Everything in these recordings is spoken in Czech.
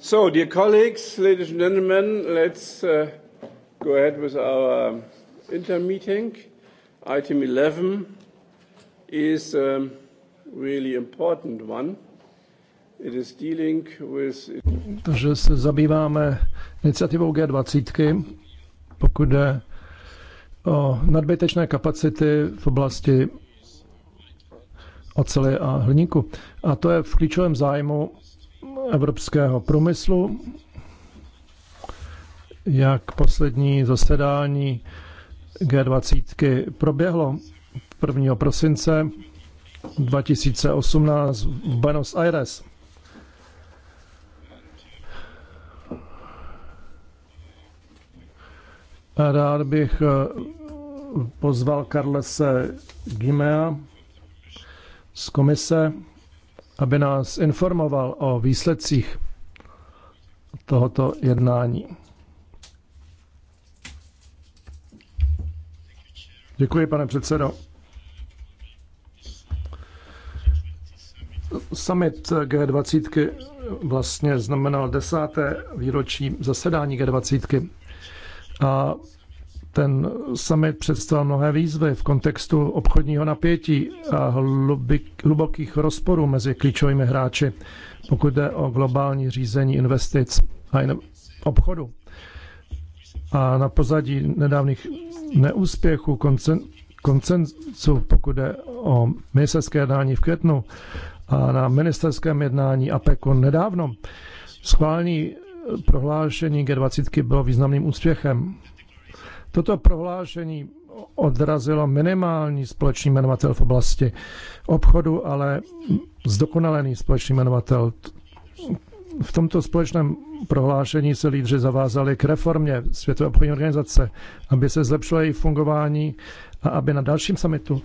So, dear colleagues, ladies and gentlemen, let's uh, go ahead with our um, intermeeting. Item 11 is a um, really important one. It is dealing with... Takže se zabýváme iniciativou G20, pokud jde o nadbytečné kapacity v oblasti ocely a hliníku. A to je v klíčovém zájmu evropského průmyslu, jak poslední zasedání G20 proběhlo 1. prosince 2018 v Buenos Aires. Rád bych eh, pozval Karlese Gimea z komise aby nás informoval o výsledcích tohoto jednání. Děkuji, pane předsedo. Summit G20 vlastně znamenal desáté výročí zasedání G20. A ten summit představil mnohé výzvy v kontextu obchodního napětí a hlubokých rozporů mezi klíčovými hráči, pokud jde o globální řízení investic a obchodu. A na pozadí nedávných neúspěchů koncen, koncenzu, pokud jde o ministerské jednání v květnu a na ministerském jednání APECu nedávno, schválení prohlášení G20 bylo významným úspěchem. Toto prohlášení odrazilo minimální společný jmenovatel v oblasti obchodu, ale zdokonalený společný jmenovatel. V tomto společném prohlášení se lídři zavázali k reformě Světové obchodní organizace, aby se zlepšilo její fungování a aby na dalším samitu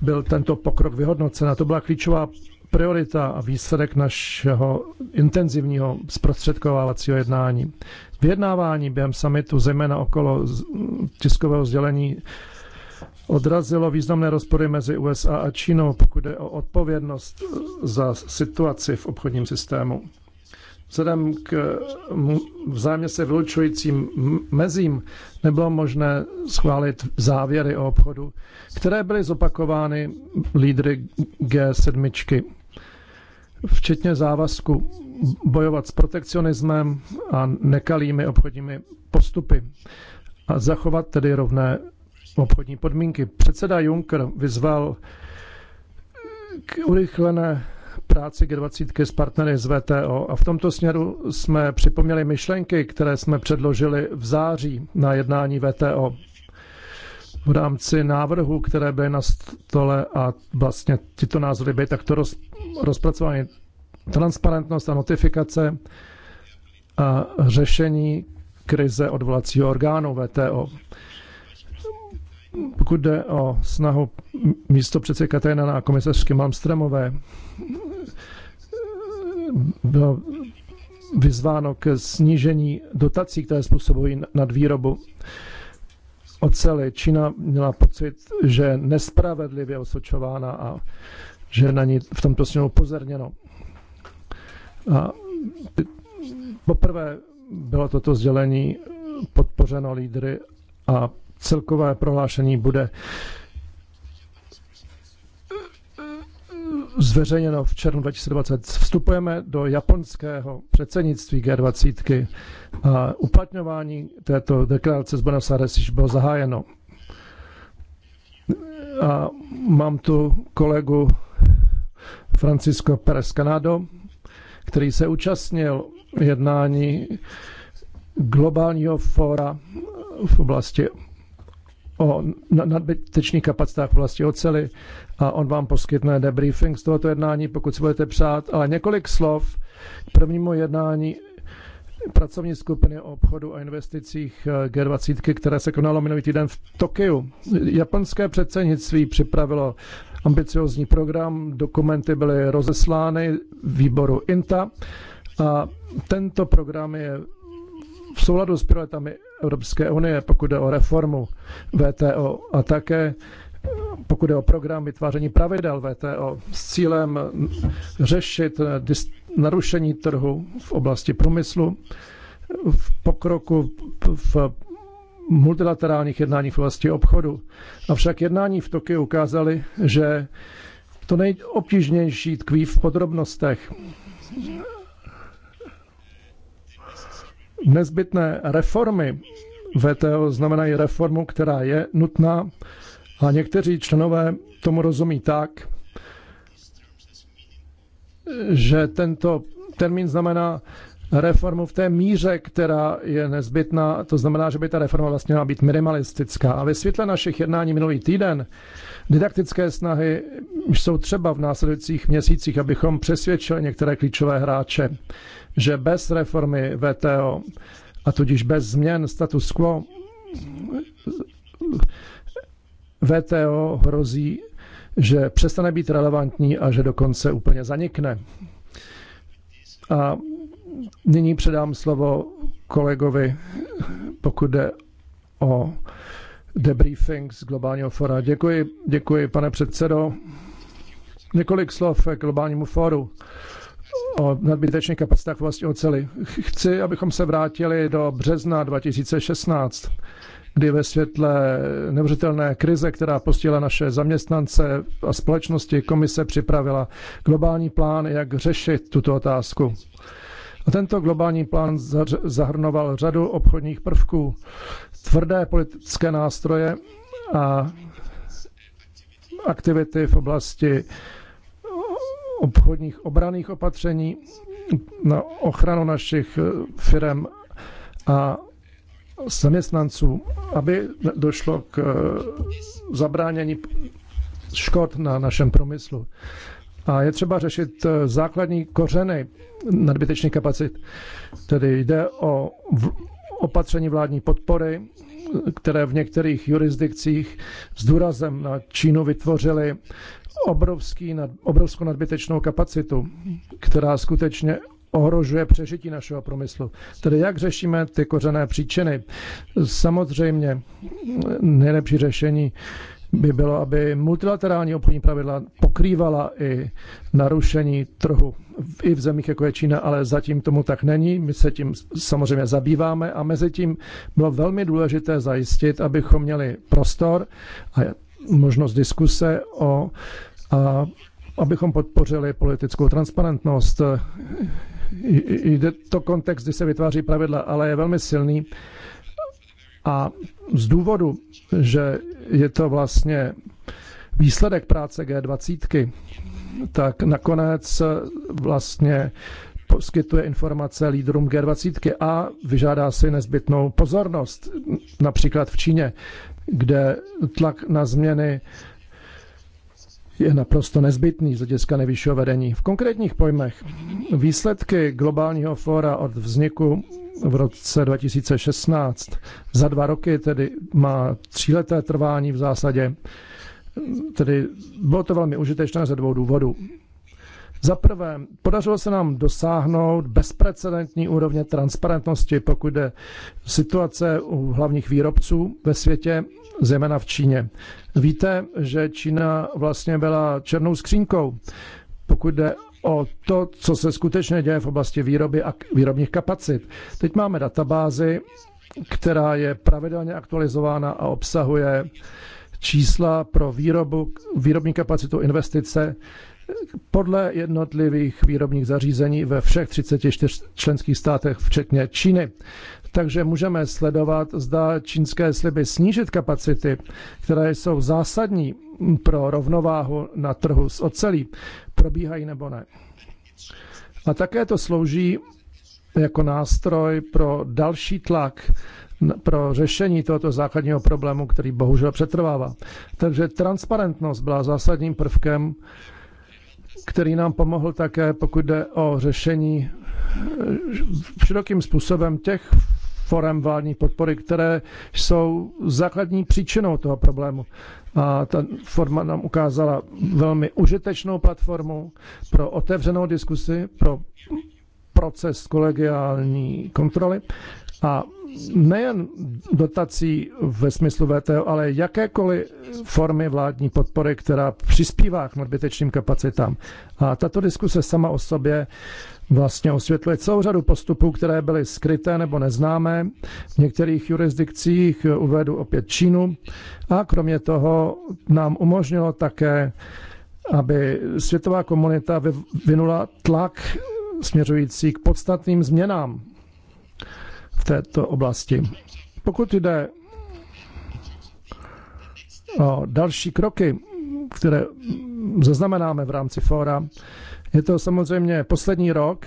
byl tento pokrok vyhodnocen. A to byla klíčová priorita a výsledek našeho intenzivního zprostředkovávacího jednání. Vyjednávání během summitu, zejména okolo tiskového sdělení, odrazilo významné rozpory mezi USA a Čínou, pokud jde o odpovědnost za situaci v obchodním systému. Vzhledem k vzájemně se vylučujícím mezím nebylo možné schválit závěry o obchodu, které byly zopakovány lídry G7 včetně závazku bojovat s protekcionismem a nekalými obchodními postupy a zachovat tedy rovné obchodní podmínky. Předseda Juncker vyzval k urychlené práci G20 s partnery z VTO a v tomto směru jsme připomněli myšlenky, které jsme předložili v září na jednání VTO v rámci návrhu, které byly na stole a vlastně tyto názory byly takto roz, rozpracovány. Transparentnost a notifikace a řešení krize odvolacího orgánu VTO. Pokud jde o snahu místo předsedy Katajna na komisařky Malmstremové, bylo vyzváno k snížení dotací, které způsobují nad výrobu oceli. Čína měla pocit, že je nespravedlivě osočována a že na ní v tomto směru upozorněno. A poprvé bylo toto sdělení podpořeno lídry a celkové prohlášení bude zveřejněno v červnu 2020. Vstupujeme do japonského předsednictví G20 a uplatňování této deklarace z Buenos Aires již bylo zahájeno. A mám tu kolegu Francisco Perez Canado, který se účastnil jednání globálního fóra v oblasti o nadbytečných kapacitách v oblasti a on vám poskytne debriefing z tohoto jednání, pokud si budete přát, ale několik slov k prvnímu jednání pracovní skupiny o obchodu a investicích eh, G20, které se konalo minulý týden v Tokiu. Japonské předsednictví připravilo ambiciozní program, dokumenty byly rozeslány výboru INTA a tento program je v souladu s prioritami Evropské unie, pokud jde o reformu VTO a také pokud jde o program vytváření pravidel VTO s cílem řešit eh, narušení trhu v oblasti průmyslu, v pokroku v multilaterálních jednáních v oblasti obchodu. Avšak jednání v Tokiu ukázaly, že to nejobtížnější tkví v podrobnostech Nezbytné reformy VTO znamenají reformu, která je nutná a někteří členové tomu rozumí tak, že tento termín znamená reformu v té míře, která je nezbytná. To znamená, že by ta reforma vlastně měla být minimalistická. A ve světle našich jednání minulý týden didaktické snahy jsou třeba v následujících měsících, abychom přesvědčili některé klíčové hráče že bez reformy VTO a tudíž bez změn status quo VTO hrozí, že přestane být relevantní a že dokonce úplně zanikne. A nyní předám slovo kolegovi, pokud jde o debriefing z Globálního fora. Děkuji, děkuji, pane předsedo. Několik slov k Globálnímu fóru o nadbytečných kapacitách vlastně oceli. Chci, abychom se vrátili do března 2016, kdy ve světle neuvěřitelné krize, která postihla naše zaměstnance a společnosti, komise připravila globální plán, jak řešit tuto otázku. A tento globální plán zahrnoval řadu obchodních prvků, tvrdé politické nástroje a aktivity v oblasti obchodních obraných opatření na ochranu našich eh, firm a zaměstnanců, aby došlo k eh, zabránění škod na našem průmyslu. A je třeba řešit eh, základní kořeny nadbytečných kapacit. Tedy jde o opatření vládní podpory, které v některých jurisdikcích s důrazem na Čínu vytvořily obrovský, nad, obrovskou nadbytečnou kapacitu, která skutečně ohrožuje přežití našeho průmyslu. Tedy jak řešíme ty kořené příčiny? Samozřejmě nejlepší řešení by bylo, aby multilaterální obchodní pravidla pokrývala i narušení trhu i v zemích, jako je Čína, ale zatím tomu tak není. My se tím samozřejmě zabýváme a mezi tím bylo velmi důležité zajistit, abychom měli prostor a možnost diskuse o a abychom podpořili politickou transparentnost. Jde to kontext, kdy se vytváří pravidla, ale je velmi silný. A z důvodu, že je to vlastně výsledek práce G20, tak nakonec vlastně poskytuje informace lídrům G20 a vyžádá si nezbytnou pozornost, například v Číně, kde tlak na změny je naprosto nezbytný z hlediska nejvyššího vedení. V konkrétních pojmech výsledky globálního fóra od vzniku v roce 2016 za dva roky, tedy má tříleté trvání v zásadě, tedy bylo to velmi užitečné ze dvou důvodů. Za prvé, podařilo se nám dosáhnout bezprecedentní úrovně transparentnosti, pokud jde situace u hlavních výrobců ve světě, zejména v Číně. Víte, že Čína vlastně byla černou skřínkou, pokud jde o to, co se skutečně děje v oblasti výroby a výrobních kapacit. Teď máme databázy, která je pravidelně aktualizována a obsahuje čísla pro výrobu, výrobní kapacitu investice podle jednotlivých výrobních zařízení ve všech 34 členských státech, včetně Číny. Takže můžeme sledovat, zda čínské sliby snížit kapacity, které jsou zásadní pro rovnováhu na trhu s ocelí, probíhají nebo ne. A také to slouží jako nástroj pro další tlak pro řešení tohoto základního problému, který bohužel přetrvává. Takže transparentnost byla zásadním prvkem který nám pomohl také, pokud jde o řešení eh, širokým způsobem těch forem vládní podpory, které jsou základní příčinou toho problému. A ta forma nám ukázala velmi užitečnou platformu pro otevřenou diskusi, pro proces kolegiální kontroly a nejen dotací ve smyslu VTO, ale jakékoliv formy vládní podpory, která přispívá k nadbytečným kapacitám. A tato diskuse sama o sobě vlastně osvětluje celou řadu postupů, které byly skryté nebo neznámé. V některých jurisdikcích uvedu opět Čínu a kromě toho nám umožnilo také, aby světová komunita vyvinula tlak směřující k podstatným změnám v této oblasti. Pokud jde o další kroky, které zaznamenáme v rámci fóra, je to samozřejmě poslední rok,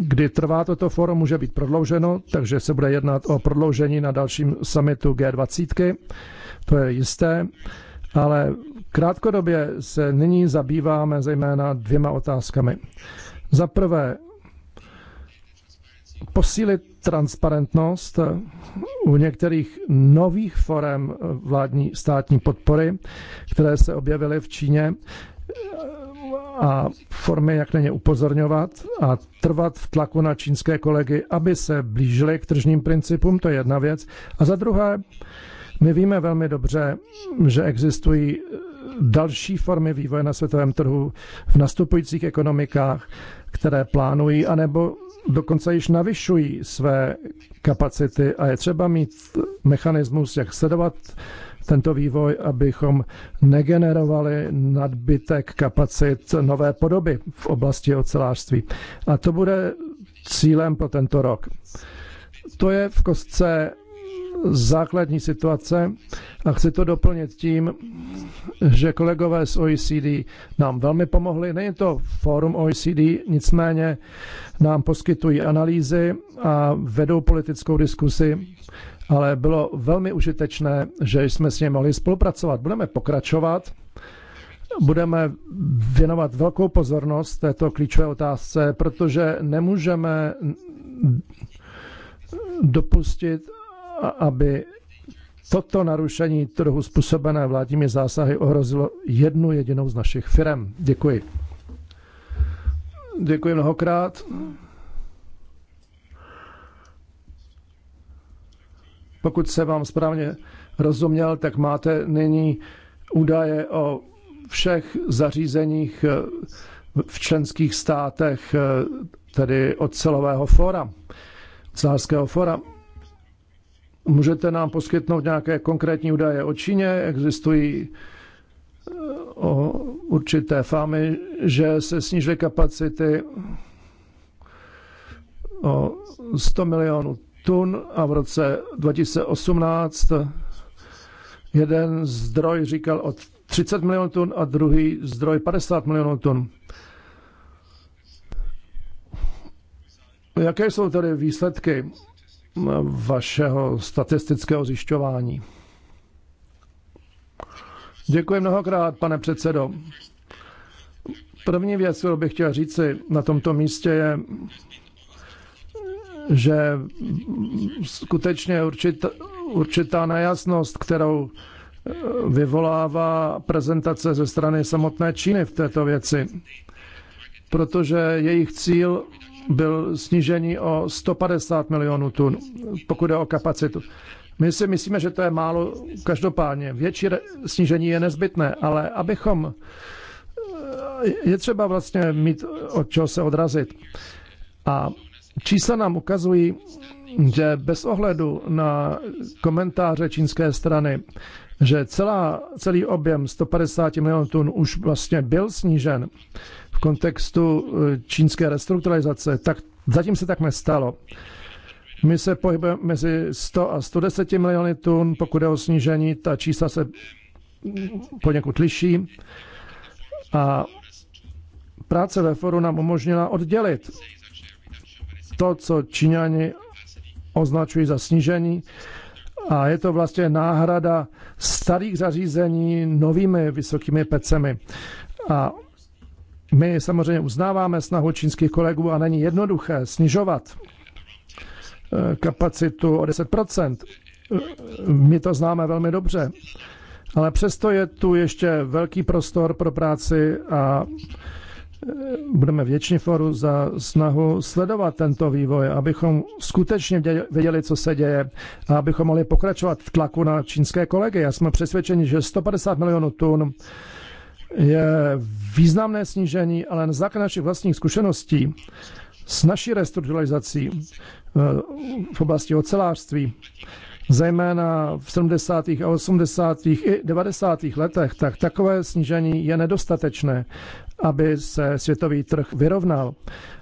kdy trvá toto fórum, může být prodlouženo, takže se bude jednat o prodloužení na dalším summitu G20, to je jisté, ale krátkodobě se nyní zabýváme zejména dvěma otázkami. Za prvé, posílit transparentnost u některých nových forem vládní státní podpory, které se objevily v Číně a formy, jak na ně upozorňovat a trvat v tlaku na čínské kolegy, aby se blížili k tržním principům, to je jedna věc. A za druhé, my víme velmi dobře, že existují další formy vývoje na světovém trhu v nastupujících ekonomikách, které plánují anebo dokonce již navyšují své kapacity a je třeba mít mechanismus, jak sledovat tento vývoj, abychom negenerovali nadbytek kapacit nové podoby v oblasti ocelářství. A to bude cílem pro tento rok. To je v kostce základní situace a chci to doplnit tím, že kolegové z OECD nám velmi pomohli. Není to fórum OECD, nicméně nám poskytují analýzy a vedou politickou diskusi, ale bylo velmi užitečné, že jsme s nimi mohli spolupracovat. Budeme pokračovat budeme věnovat velkou pozornost této klíčové otázce, protože nemůžeme dopustit, aby toto narušení trhu způsobené vládními zásahy ohrozilo jednu jedinou z našich firm. Děkuji. Děkuji mnohokrát. Pokud se vám správně rozuměl, tak máte nyní údaje o všech zařízeních eh, v členských státech, eh, tedy od celového fóra, celářského fóra. Můžete nám poskytnout nějaké konkrétní údaje o Číně? Existují eh, o určité fámy, že se snížily kapacity o 100 milionů tun a v roce 2018 jeden zdroj říkal o 30 milionů tun a druhý zdroj 50 milionů tun. Jaké jsou tedy výsledky vašeho statistického zjišťování. Děkuji mnohokrát, pane předsedo. První věc, kterou bych chtěl říci na tomto místě, je, že skutečně určit, určitá nejasnost, kterou vyvolává prezentace ze strany samotné Číny v této věci, protože jejich cíl byl snížený o 150 milionů tun, pokud jde o kapacitu. My si myslíme, že to je málo. Každopádně větší snížení je nezbytné, ale abychom eh, je třeba vlastně mít od čeho se odrazit. A čísla nám ukazují, že bez ohledu na komentáře čínské strany, že celá, celý objem 150 milionů tun už vlastně byl snížen, v kontextu eh, čínské restrukturalizace, tak zatím se tak nestalo. My se pohybujeme mezi 100 a 110 miliony tun, pokud je o snížení, ta čísla se poněkud liší. A práce ve foru nám umožnila oddělit to, co Číňani označují za snížení. A je to vlastně náhrada starých zařízení novými vysokými pecemi. A my samozřejmě uznáváme snahu čínských kolegů a není jednoduché snižovat eh, kapacitu o 10%. Eh, my to známe velmi dobře. Ale přesto je tu ještě velký prostor pro práci a eh, budeme vděční foru za snahu sledovat tento vývoj, abychom skutečně věděli, co se děje a abychom mohli pokračovat v tlaku na čínské kolegy. Já jsme přesvědčeni, že 150 milionů tun je významné snížení, ale na základě našich vlastních zkušeností s naší restrukturalizací eh, v oblasti ocelářství, zejména v 70. a 80. i 90. letech, tak takové snížení je nedostatečné, aby se světový trh vyrovnal.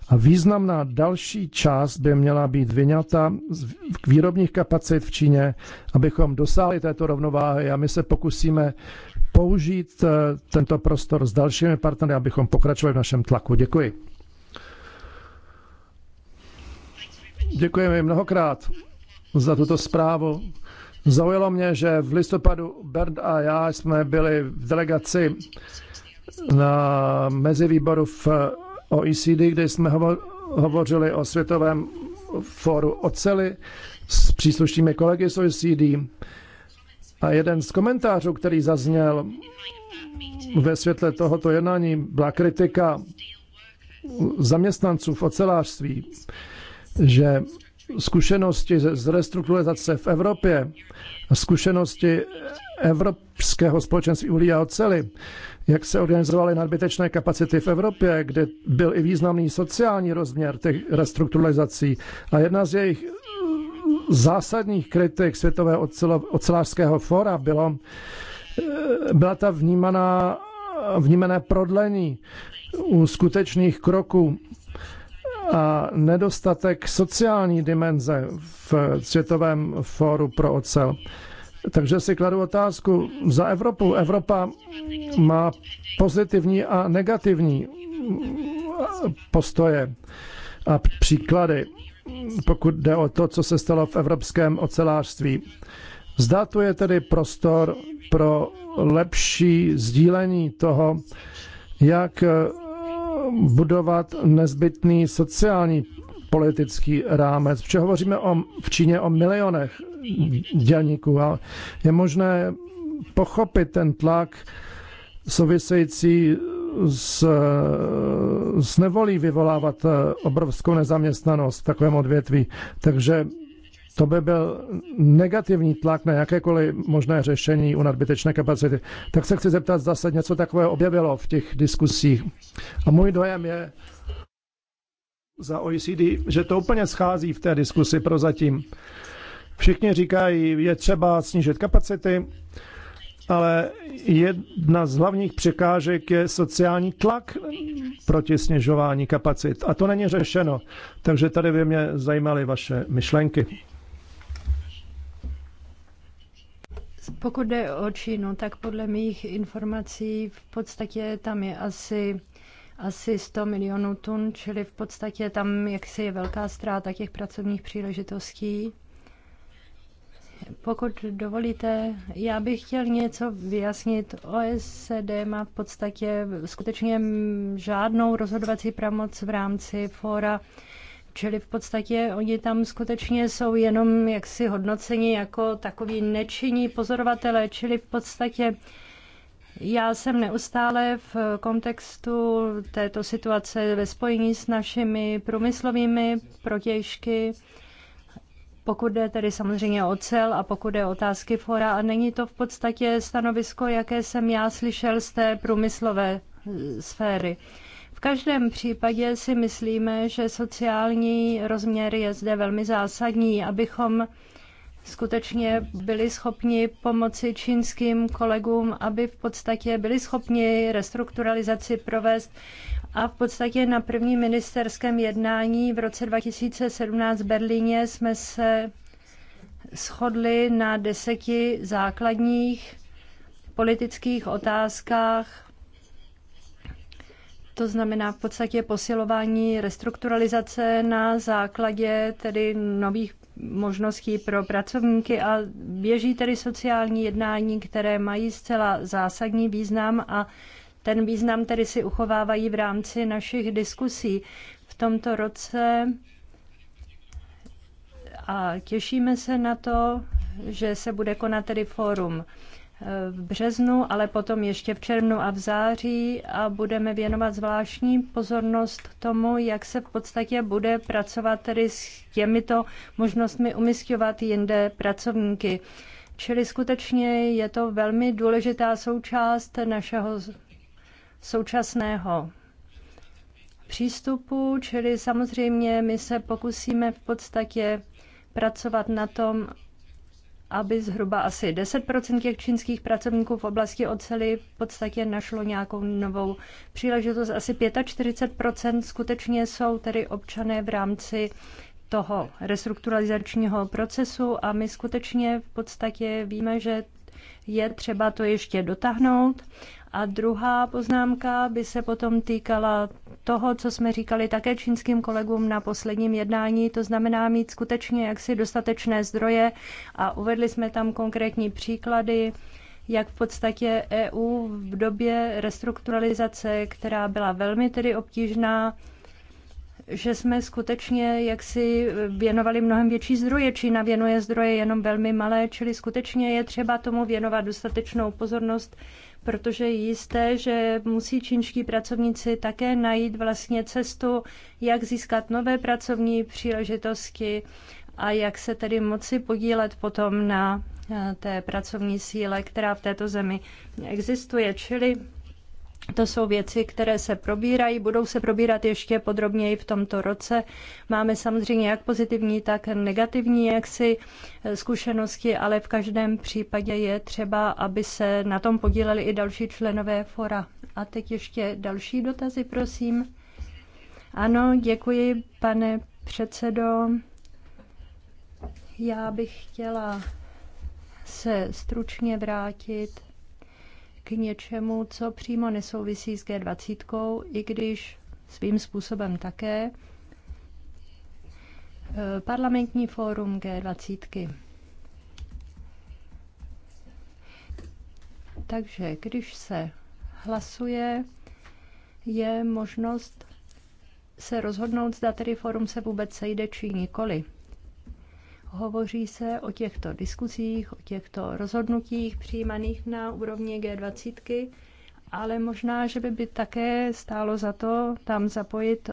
A významná další část by měla být vyňata z výrobních kapacit v Číně, abychom dosáhli této rovnováhy a my se pokusíme použít eh, tento prostor s dalšími partnery, abychom pokračovali v našem tlaku. Děkuji. Děkujeme mnohokrát za tuto zprávu. Zaujalo mě, že v listopadu Bernd a já jsme byli v delegaci na mezivýboru v OECD, kde jsme hovořili o světovém fóru oceli s příslušnými kolegy z OECD a jeden z komentářů, který zazněl ve světle tohoto jednání, byla kritika zaměstnanců v ocelářství, že zkušenosti z restrukturalizace v Evropě, zkušenosti Evropského společenství uhlí a ocely, jak se organizovaly nadbytečné kapacity v Evropě, kde byl i významný sociální rozměr těch restrukturalizací. A jedna z jejich zásadních kritik světového ocelářského fora bylo, eh, byla ta vnímaná, vnímané prodlení u skutečných kroků a nedostatek sociální dimenze v Světovém fóru pro ocel. Takže si kladu otázku za Evropu. Evropa má pozitivní a negativní postoje a příklady pokud jde o to, co se stalo v evropském ocelářství. Zda to je tedy prostor pro lepší sdílení toho, jak eh, budovat nezbytný sociální politický rámec. Protože hovoříme o, v Číně o milionech dělníků a je možné pochopit ten tlak související z, z nevolí vyvolávat eh, obrovskou nezaměstnanost v takovém odvětví. Takže to by byl negativní tlak na jakékoliv možné řešení u nadbytečné kapacity. Tak se chci zeptat, zase něco takového objevilo v těch diskusích. A můj dojem je za OECD, že to úplně schází v té diskusi prozatím. Všichni říkají, je třeba snížit kapacity, ale jedna z hlavních překážek je sociální tlak proti snižování kapacit. A to není řešeno. Takže tady by mě zajímaly vaše myšlenky. Pokud jde o Čínu, tak podle mých informací v podstatě tam je asi asi 100 milionů tun, čili v podstatě tam jaksi je velká ztráta těch pracovních příležitostí. Pokud dovolíte, já bych chtěl něco vyjasnit. OSD má v podstatě skutečně žádnou rozhodovací pravomoc v rámci fóra, čili v podstatě oni tam skutečně jsou jenom jaksi hodnoceni jako takový nečinní pozorovatelé, čili v podstatě já jsem neustále v kontextu této situace ve spojení s našimi průmyslovými protějšky pokud jde tedy samozřejmě o cel a pokud jde otázky fora, a není to v podstatě stanovisko, jaké jsem já slyšel z té průmyslové eh, sféry. V každém případě si myslíme, že sociální rozměr je zde velmi zásadní, abychom skutečně byli schopni pomoci čínským kolegům, aby v podstatě byli schopni restrukturalizaci provést a v podstatě na prvním ministerském jednání v roce 2017 v Berlíně jsme se shodli na deseti základních politických otázkách, to znamená v podstatě posilování restrukturalizace na základě tedy nových možností pro pracovníky a běží tedy sociální jednání, které mají zcela zásadní význam a ten význam tedy si uchovávají v rámci našich diskusí. V tomto roce a těšíme se na to, že se bude konat tedy fórum eh, v březnu, ale potom ještě v červnu a v září a budeme věnovat zvláštní pozornost tomu, jak se v podstatě bude pracovat tedy s těmito možnostmi umistovat jinde pracovníky. Čili skutečně je to velmi důležitá součást našeho současného přístupu, čili samozřejmě my se pokusíme v podstatě pracovat na tom, aby zhruba asi 10% těch čínských pracovníků v oblasti ocely v podstatě našlo nějakou novou příležitost. Asi 45% skutečně jsou tedy občané v rámci toho restrukturalizačního procesu a my skutečně v podstatě víme, že je třeba to ještě dotáhnout a druhá poznámka by se potom týkala toho, co jsme říkali také čínským kolegům na posledním jednání, to znamená mít skutečně jaksi dostatečné zdroje a uvedli jsme tam konkrétní příklady, jak v podstatě EU v době restrukturalizace, která byla velmi tedy obtížná, že jsme skutečně jaksi věnovali mnohem větší zdroje. Čína věnuje zdroje jenom velmi malé, čili skutečně je třeba tomu věnovat dostatečnou pozornost protože je jisté, že musí čínští pracovníci také najít vlastně cestu, jak získat nové pracovní příležitosti a jak se tedy moci podílet potom na eh, té pracovní síle, která v této zemi existuje. Čili to jsou věci, které se probírají, budou se probírat ještě podrobněji v tomto roce. Máme samozřejmě jak pozitivní, tak negativní jaksi eh, zkušenosti, ale v každém případě je třeba, aby se na tom podíleli i další členové fora. A teď ještě další dotazy, prosím. Ano, děkuji, pane předsedo. Já bych chtěla se stručně vrátit něčemu, co přímo nesouvisí s G20, i když svým způsobem také. E, parlamentní fórum G20. Takže když se hlasuje, je možnost se rozhodnout, zda tedy fórum se vůbec sejde či nikoli. Hovoří se o těchto diskuzích, o těchto rozhodnutích přijímaných na úrovni G20, ale možná, že by, by také stálo za to tam zapojit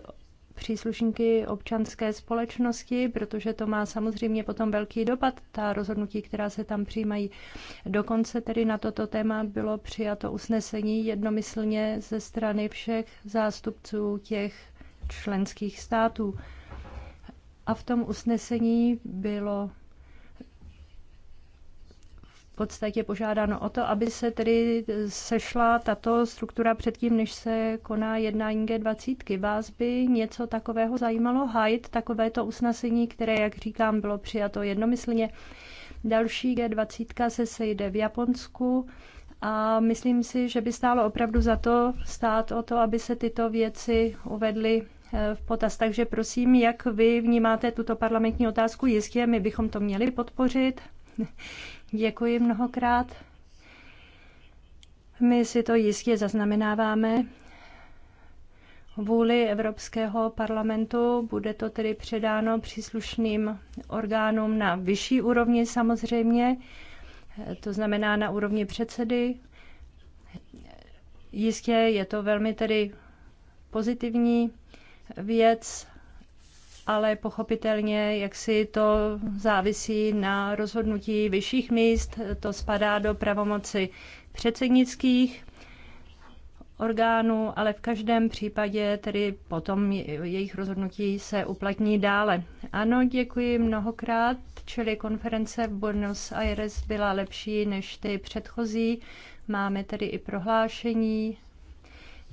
příslušníky občanské společnosti, protože to má samozřejmě potom velký dopad, ta rozhodnutí, která se tam přijímají. Dokonce tedy na toto téma bylo přijato usnesení jednomyslně ze strany všech zástupců těch členských států. A v tom usnesení bylo v podstatě požádáno o to, aby se tedy sešla tato struktura předtím, než se koná jednání G20. Vás by něco takového zajímalo hájit, takovéto usnesení, které, jak říkám, bylo přijato jednomyslně. Další G20 se sejde v Japonsku a myslím si, že by stálo opravdu za to stát o to, aby se tyto věci uvedly Eh, v potaz. Takže prosím, jak vy vnímáte tuto parlamentní otázku? Jistě, my bychom to měli podpořit. Děkuji mnohokrát. My si to jistě zaznamenáváme. Vůli Evropského parlamentu bude to tedy předáno příslušným orgánům na vyšší úrovni samozřejmě, eh, to znamená na úrovni předsedy. Jistě je to velmi tedy pozitivní věc, ale pochopitelně, jak si to závisí na rozhodnutí vyšších míst, to spadá do pravomoci předsednických orgánů, ale v každém případě tedy potom jejich rozhodnutí se uplatní dále. Ano, děkuji mnohokrát, čili konference v Buenos Aires byla lepší než ty předchozí. Máme tedy i prohlášení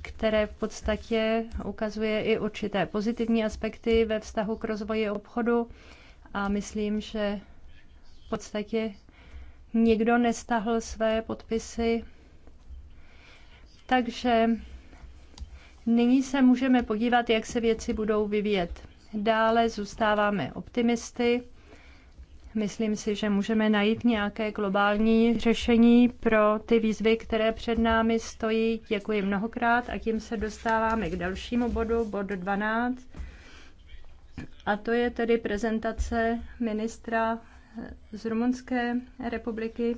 které v podstatě ukazuje i určité pozitivní aspekty ve vztahu k rozvoji obchodu. A myslím, že v podstatě nikdo nestahl své podpisy. Takže nyní se můžeme podívat, jak se věci budou vyvíjet. Dále zůstáváme optimisty Myslím si, že můžeme najít nějaké globální řešení pro ty výzvy, které před námi stojí. Děkuji mnohokrát a tím se dostáváme k dalšímu bodu, bod 12. A to je tedy prezentace ministra z Rumunské republiky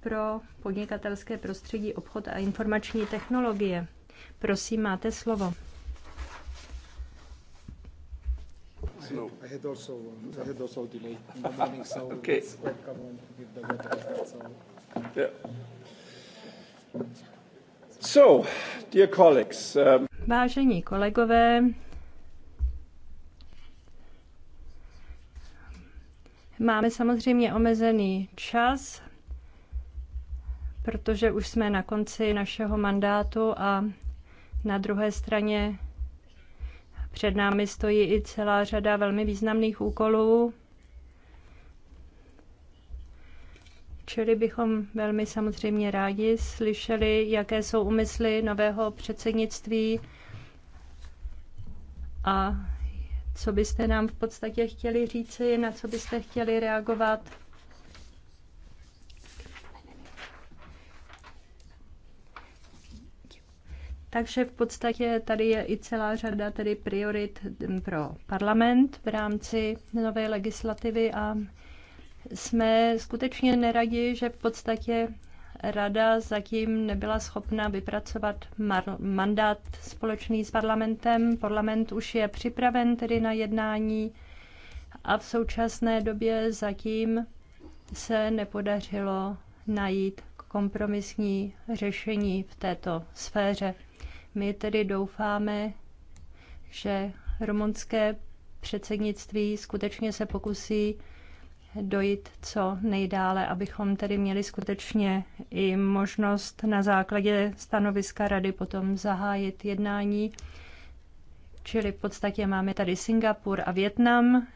pro podnikatelské prostředí, obchod a informační technologie. Prosím, máte slovo. No. I had also uh, I had also delayed in the morning, so okay. it's quite common with the weather. So. Yeah. So, dear colleagues, um... Vážení kolegové, máme samozřejmě omezený čas, protože už jsme na konci našeho mandátu a na druhé straně před námi stojí i celá řada velmi významných úkolů. Čili bychom velmi samozřejmě rádi slyšeli, jaké jsou úmysly nového předsednictví a co byste nám v podstatě chtěli říci, na co byste chtěli reagovat Takže v podstatě tady je i celá řada tedy priorit mm, pro parlament v rámci nové legislativy a jsme skutečně neradi, že v podstatě rada zatím nebyla schopna vypracovat mandát společný s parlamentem. Parlament už je připraven tedy na jednání a v současné době zatím se nepodařilo najít kompromisní řešení v této sféře. My tedy doufáme, že rumunské předsednictví skutečně se pokusí dojít co nejdále, abychom tedy měli skutečně i možnost na základě stanoviska rady potom zahájit jednání. Čili v podstatě máme tady Singapur a Větnam.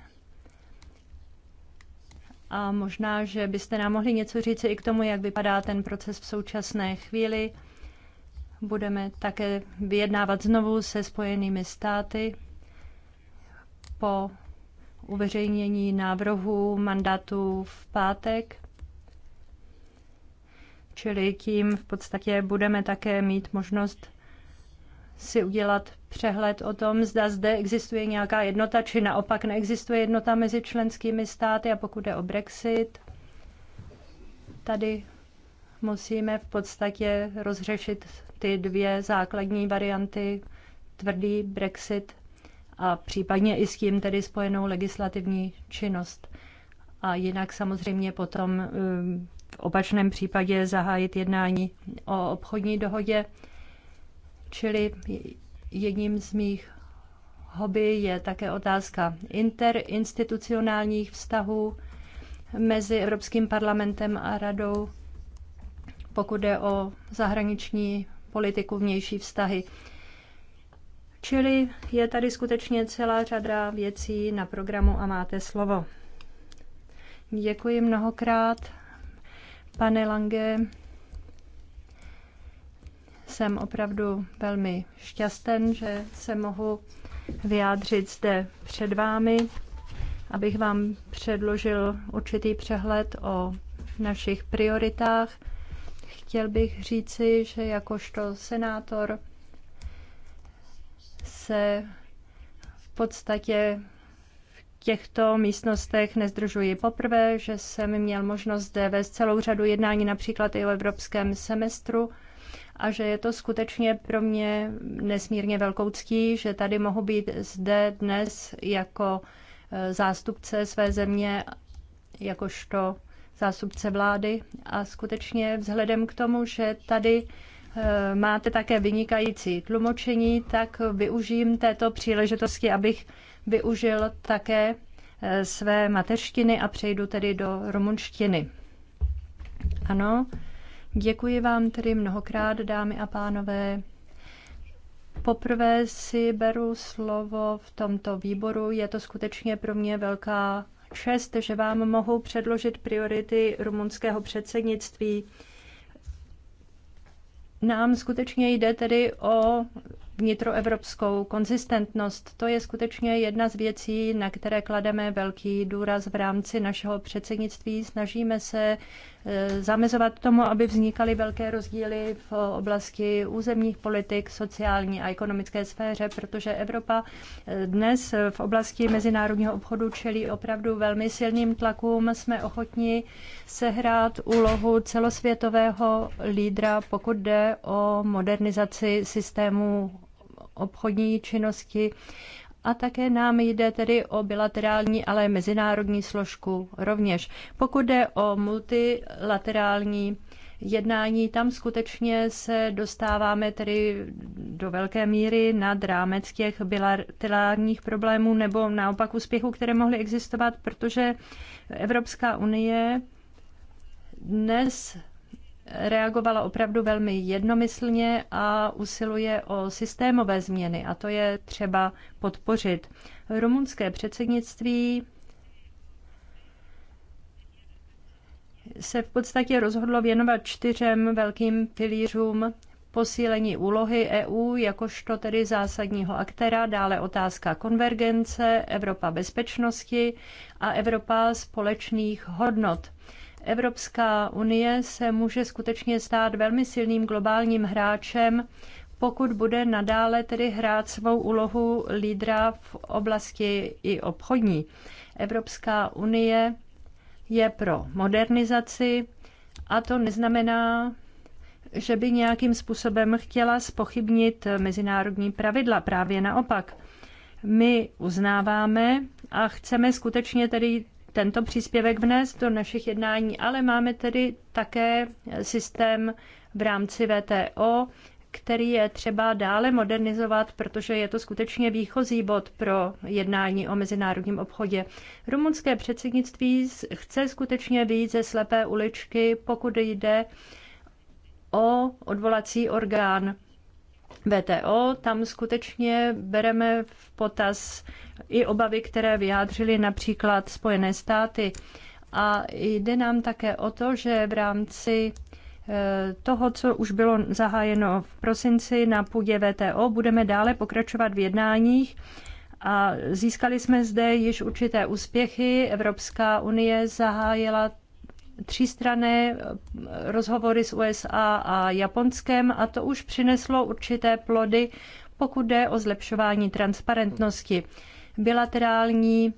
A možná, že byste nám mohli něco říct i k tomu, jak vypadá ten proces v současné chvíli budeme také vyjednávat znovu se Spojenými státy po uveřejnění návrhu mandátu v pátek. Čili tím v podstatě budeme také mít možnost si udělat přehled o tom, zda zde existuje nějaká jednota, či naopak neexistuje jednota mezi členskými státy. A pokud je o Brexit, tady musíme v podstatě rozřešit ty dvě základní varianty, tvrdý Brexit a případně i s tím tedy spojenou legislativní činnost. A jinak samozřejmě potom um, v opačném případě zahájit jednání o obchodní dohodě. Čili jedním z mých hobby je také otázka interinstitucionálních vztahů mezi Evropským parlamentem a radou, pokud je o zahraniční politiku, vnější vztahy. Čili je tady skutečně celá řada věcí na programu a máte slovo. Děkuji mnohokrát, pane Lange. Jsem opravdu velmi šťasten, že se mohu vyjádřit zde před vámi, abych vám předložil určitý přehled o našich prioritách Chtěl bych říci, že jakožto senátor se v podstatě v těchto místnostech nezdržuji poprvé, že jsem měl možnost zde vést celou řadu jednání například i o evropském semestru a že je to skutečně pro mě nesmírně velkou ctí, že tady mohu být zde dnes jako e, zástupce své země, jakožto zástupce vlády. A skutečně vzhledem k tomu, že tady eh, máte také vynikající tlumočení, tak využijím této příležitosti, abych využil také eh, své mateřštiny a přejdu tedy do rumunštiny. Ano, děkuji vám tedy mnohokrát, dámy a pánové. Poprvé si beru slovo v tomto výboru. Je to skutečně pro mě velká čest, že vám mohu předložit priority rumunského předsednictví. Nám skutečně jde tedy o vnitroevropskou konzistentnost. To je skutečně jedna z věcí, na které klademe velký důraz v rámci našeho předsednictví. Snažíme se eh, zamezovat tomu, aby vznikaly velké rozdíly v oblasti územních politik, sociální a ekonomické sféře, protože Evropa eh, dnes v oblasti mezinárodního obchodu čelí opravdu velmi silným tlakům. Jsme ochotni sehrát úlohu celosvětového lídra, pokud jde o modernizaci systému obchodní činnosti. A také nám jde tedy o bilaterální, ale mezinárodní složku rovněž. Pokud jde o multilaterální jednání, tam skutečně se dostáváme tedy do velké míry nad rámec těch bilaterálních problémů nebo naopak úspěchů, které mohly existovat, protože Evropská unie dnes reagovala opravdu velmi jednomyslně a usiluje o systémové změny a to je třeba podpořit. Rumunské předsednictví se v podstatě rozhodlo věnovat čtyřem velkým pilířům posílení úlohy EU jakožto tedy zásadního aktéra, dále otázka konvergence, Evropa bezpečnosti a Evropa společných hodnot. Evropská unie se může skutečně stát velmi silným globálním hráčem, pokud bude nadále tedy hrát svou úlohu lídra v oblasti i obchodní. Evropská unie je pro modernizaci a to neznamená, že by nějakým způsobem chtěla spochybnit mezinárodní pravidla. Právě naopak. My uznáváme a chceme skutečně tedy tento příspěvek vnést do našich jednání, ale máme tedy také systém v rámci VTO, který je třeba dále modernizovat, protože je to skutečně výchozí bod pro jednání o mezinárodním obchodě. Rumunské předsednictví chce skutečně vyjít ze slepé uličky, pokud jde o odvolací orgán VTO, tam skutečně bereme v potaz i obavy, které vyjádřily například Spojené státy. A jde nám také o to, že v rámci e, toho, co už bylo zahájeno v prosinci na půdě VTO, budeme dále pokračovat v jednáních a získali jsme zde již určité úspěchy. Evropská unie zahájila třístrané eh, rozhovory s USA a Japonskem a to už přineslo určité plody, pokud jde o zlepšování transparentnosti. Bilaterální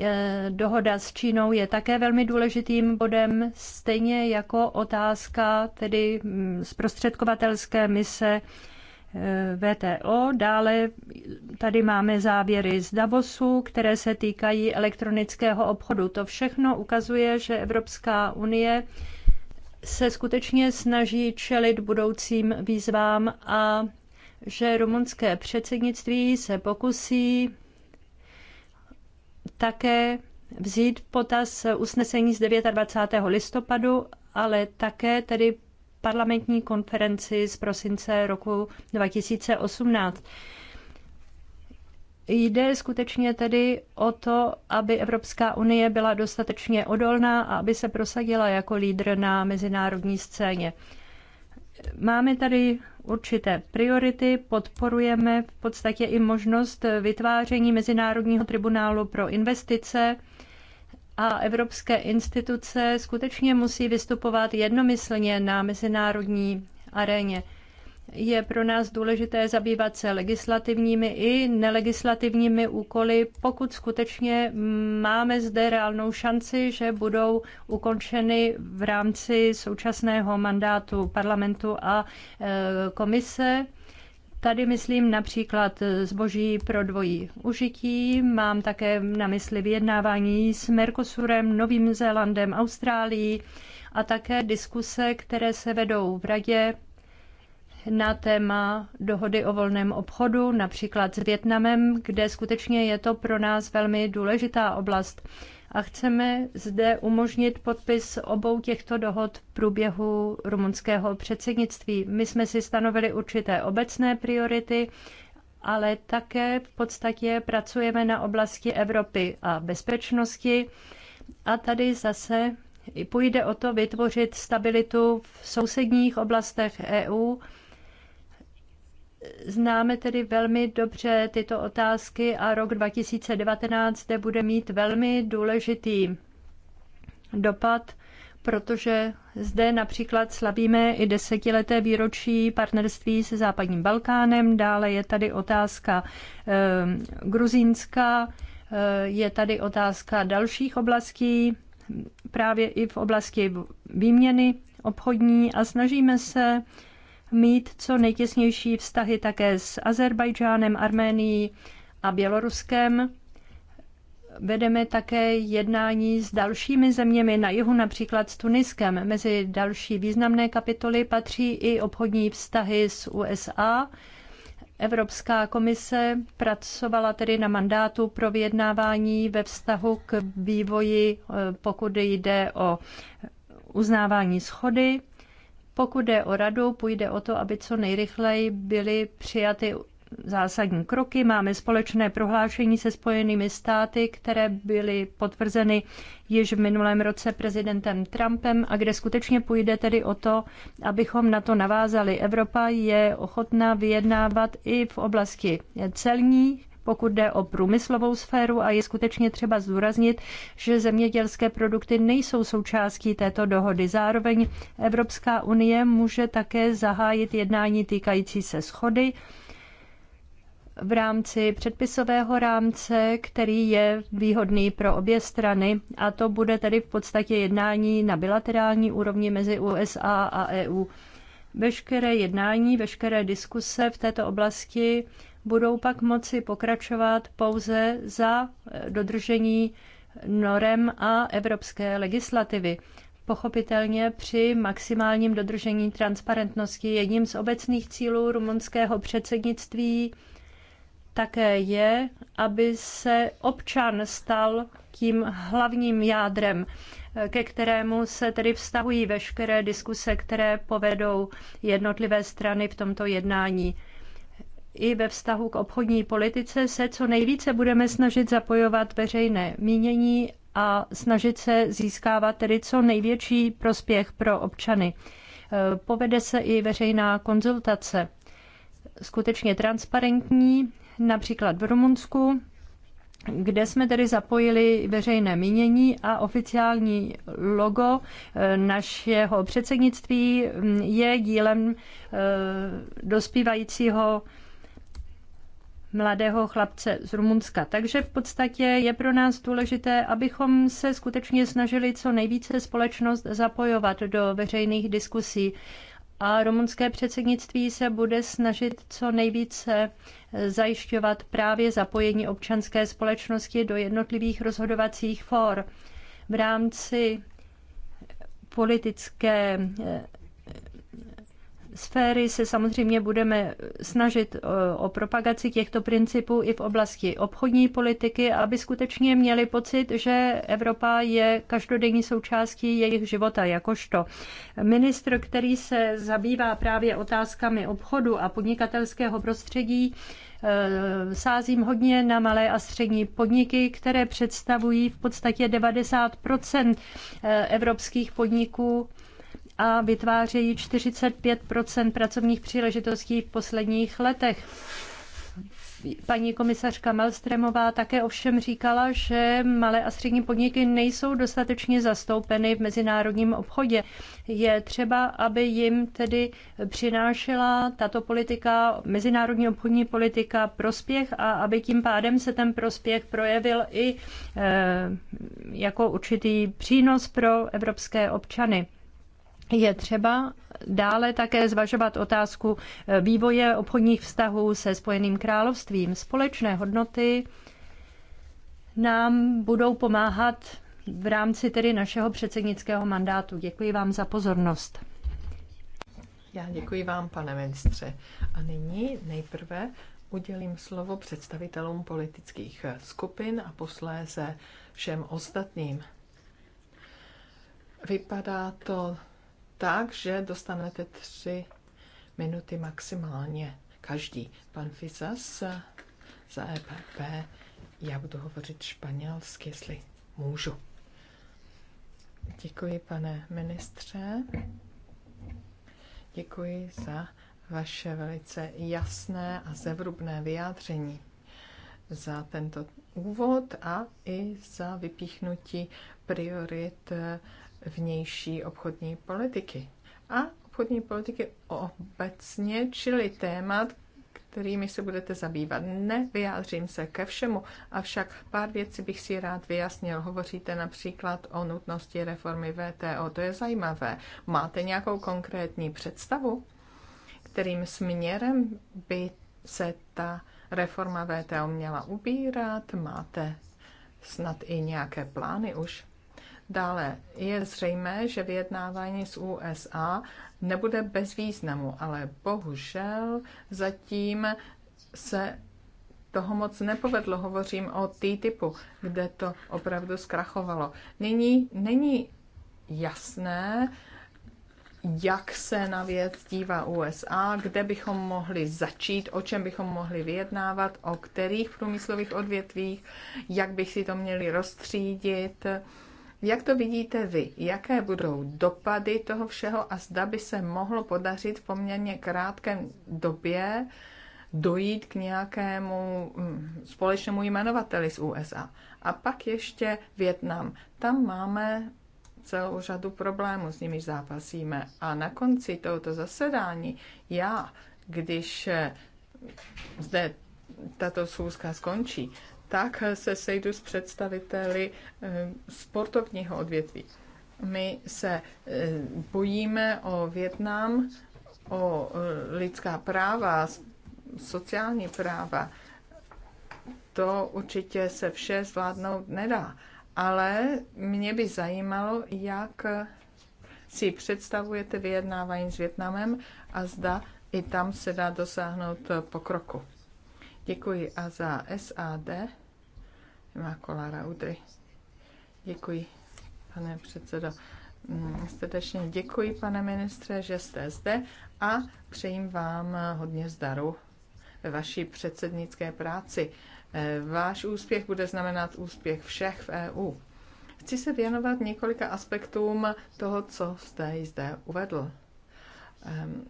eh, dohoda s Čínou je také velmi důležitým bodem, stejně jako otázka tedy mm, zprostředkovatelské mise VTO. Dále tady máme závěry z Davosu, které se týkají elektronického obchodu. To všechno ukazuje, že Evropská unie se skutečně snaží čelit budoucím výzvám a že rumunské předsednictví se pokusí také vzít potaz usnesení z 29. listopadu, ale také tedy parlamentní konferenci z prosince roku 2018. Jde skutečně tedy o to, aby Evropská unie byla dostatečně odolná a aby se prosadila jako lídr na mezinárodní scéně. Máme tady určité priority, podporujeme v podstatě i možnost vytváření Mezinárodního tribunálu pro investice, a evropské instituce skutečně musí vystupovat jednomyslně na mezinárodní aréně. Je pro nás důležité zabývat se legislativními i nelegislativními úkoly, pokud skutečně máme zde reálnou šanci, že budou ukončeny v rámci současného mandátu parlamentu a e, komise Tady myslím například zboží pro dvojí užití. Mám také na mysli vyjednávání s Mercosurem, Novým Zélandem, Austrálií a také diskuse, které se vedou v radě na téma dohody o volném obchodu, například s Větnamem, kde skutečně je to pro nás velmi důležitá oblast a chceme zde umožnit podpis obou těchto dohod v průběhu rumunského předsednictví. My jsme si stanovili určité obecné priority, ale také v podstatě pracujeme na oblasti Evropy a bezpečnosti. A tady zase půjde o to vytvořit stabilitu v sousedních oblastech EU Známe tedy velmi dobře tyto otázky a rok 2019 zde bude mít velmi důležitý dopad, protože zde například slavíme i desetileté výročí partnerství se Západním Balkánem, dále je tady otázka eh, Gruzínska, eh, je tady otázka dalších oblastí, právě i v oblasti výměny obchodní a snažíme se eh, mít co nejtěsnější vztahy také s Azerbajdžánem, Arménií a Běloruskem. Vedeme také jednání s dalšími zeměmi na jihu, například s Tuniskem. Mezi další významné kapitoly patří i obchodní vztahy s USA. Evropská komise pracovala tedy na mandátu pro vyjednávání ve vztahu k vývoji, eh, pokud jde o uznávání schody. Pokud jde o radu, půjde o to, aby co nejrychleji byly přijaty zásadní kroky. Máme společné prohlášení se Spojenými státy, které byly potvrzeny již v minulém roce prezidentem Trumpem a kde skutečně půjde tedy o to, abychom na to navázali. Evropa je ochotná vyjednávat i v oblasti celní pokud jde o průmyslovou sféru a je skutečně třeba zdůraznit, že zemědělské produkty nejsou součástí této dohody. Zároveň Evropská unie může také zahájit jednání týkající se schody v rámci předpisového rámce, který je výhodný pro obě strany a to bude tedy v podstatě jednání na bilaterální úrovni mezi USA a EU. Veškeré jednání, veškeré diskuse v této oblasti budou pak moci pokračovat pouze za eh, dodržení norem a evropské legislativy. Pochopitelně při maximálním dodržení transparentnosti jedním z obecných cílů rumunského předsednictví také je, aby se občan stal tím hlavním jádrem, eh, ke kterému se tedy vztahují veškeré diskuse, které povedou jednotlivé strany v tomto jednání i ve vztahu k obchodní politice se co nejvíce budeme snažit zapojovat veřejné mínění a snažit se získávat tedy co největší prospěch pro občany. E, povede se i veřejná konzultace, skutečně transparentní, například v Rumunsku, kde jsme tedy zapojili veřejné mínění a oficiální logo e, našeho předsednictví je dílem e, dospívajícího mladého chlapce z Rumunska. Takže v podstatě je pro nás důležité, abychom se skutečně snažili co nejvíce společnost zapojovat do veřejných diskusí. A rumunské předsednictví se bude snažit co nejvíce zajišťovat právě zapojení občanské společnosti do jednotlivých rozhodovacích for v rámci politické sféry se samozřejmě budeme snažit eh, o propagaci těchto principů i v oblasti obchodní politiky, aby skutečně měli pocit, že Evropa je každodenní součástí jejich života, jakožto ministr, který se zabývá právě otázkami obchodu a podnikatelského prostředí, eh, sázím hodně na malé a střední podniky, které představují v podstatě 90 eh, evropských podniků a vytvářejí 45 pracovních příležitostí v posledních letech. Paní komisařka Malstremová také ovšem říkala, že malé a střední podniky nejsou dostatečně zastoupeny v mezinárodním obchodě. Je třeba, aby jim tedy přinášela tato politika, mezinárodní obchodní politika, prospěch a aby tím pádem se ten prospěch projevil i eh, jako určitý přínos pro evropské občany je třeba dále také zvažovat otázku eh, vývoje obchodních vztahů se Spojeným královstvím. Společné hodnoty nám budou pomáhat v rámci tedy našeho předsednického mandátu. Děkuji vám za pozornost. Já děkuji vám, pane ministře. A nyní nejprve udělím slovo představitelům politických eh, skupin a posléze všem ostatním. Vypadá to tak, že dostanete tři minuty maximálně každý. Pan Fizas za EPP, já budu hovořit španělsky, jestli můžu. Děkuji, pane ministře. Děkuji za vaše velice jasné a zevrubné vyjádření za tento úvod a i za vypíchnutí priorit vnější obchodní politiky a obchodní politiky obecně, čili témat, kterými se budete zabývat. Nevyjádřím se ke všemu, avšak pár věcí bych si rád vyjasnil. Hovoříte například o nutnosti reformy VTO, to je zajímavé. Máte nějakou konkrétní představu, kterým směrem by se ta reforma VTO měla ubírat? Máte snad i nějaké plány už? Dále je zřejmé, že vyjednávání s USA nebude bez významu, ale bohužel zatím se toho moc nepovedlo. Hovořím o T-typu, kde to opravdu zkrachovalo. Nyní není jasné, jak se na věc dívá USA, kde bychom mohli začít, o čem bychom mohli vyjednávat, o kterých průmyslových odvětvích, jak bych si to měli rozstřídit jak to vidíte vy? Jaké budou dopady toho všeho a zda by se mohlo podařit v poměrně krátkém době dojít k nějakému mm, společnému jmenovateli z USA? A pak ještě Větnam. Tam máme celou řadu problémů, s nimiž zápasíme. A na konci tohoto zasedání já, když eh, zde tato schůzka skončí, tak se sejdu s představiteli eh, sportovního odvětví. My se eh, bojíme o Větnam, o eh, lidská práva, sociální práva. To určitě se vše zvládnout nedá. Ale mě by zajímalo, jak si představujete vyjednávání s Větnamem a zda i tam se dá dosáhnout pokroku. Děkuji a za SAD má Kolára Udry. Děkuji, pane předsedo. Mm, srdečně děkuji, pane ministře, že jste zde a přejím vám hodně zdaru ve vaší předsednické práci. Eh, váš úspěch bude znamenat úspěch všech v EU. Chci se věnovat několika aspektům toho, co jste zde uvedl. Ehm,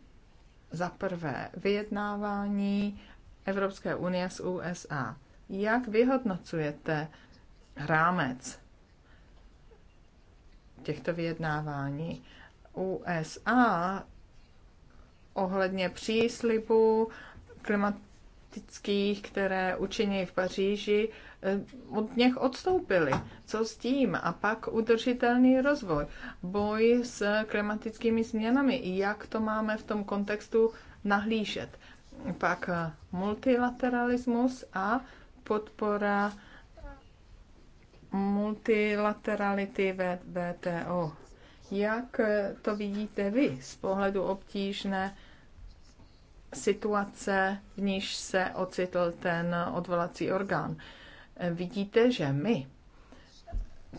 za prvé, vyjednávání Evropské unie s USA. Jak vyhodnocujete rámec těchto vyjednávání? USA ohledně příslibu klimatických, které učiní v Paříži, eh, od něch odstoupili. Co s tím? A pak udržitelný rozvoj, boj s klimatickými změnami. Jak to máme v tom kontextu nahlížet? Pak eh, multilateralismus a podpora multilaterality VTO. Jak to vidíte vy z pohledu obtížné situace, v níž se ocitl ten odvolací orgán? Vidíte, že my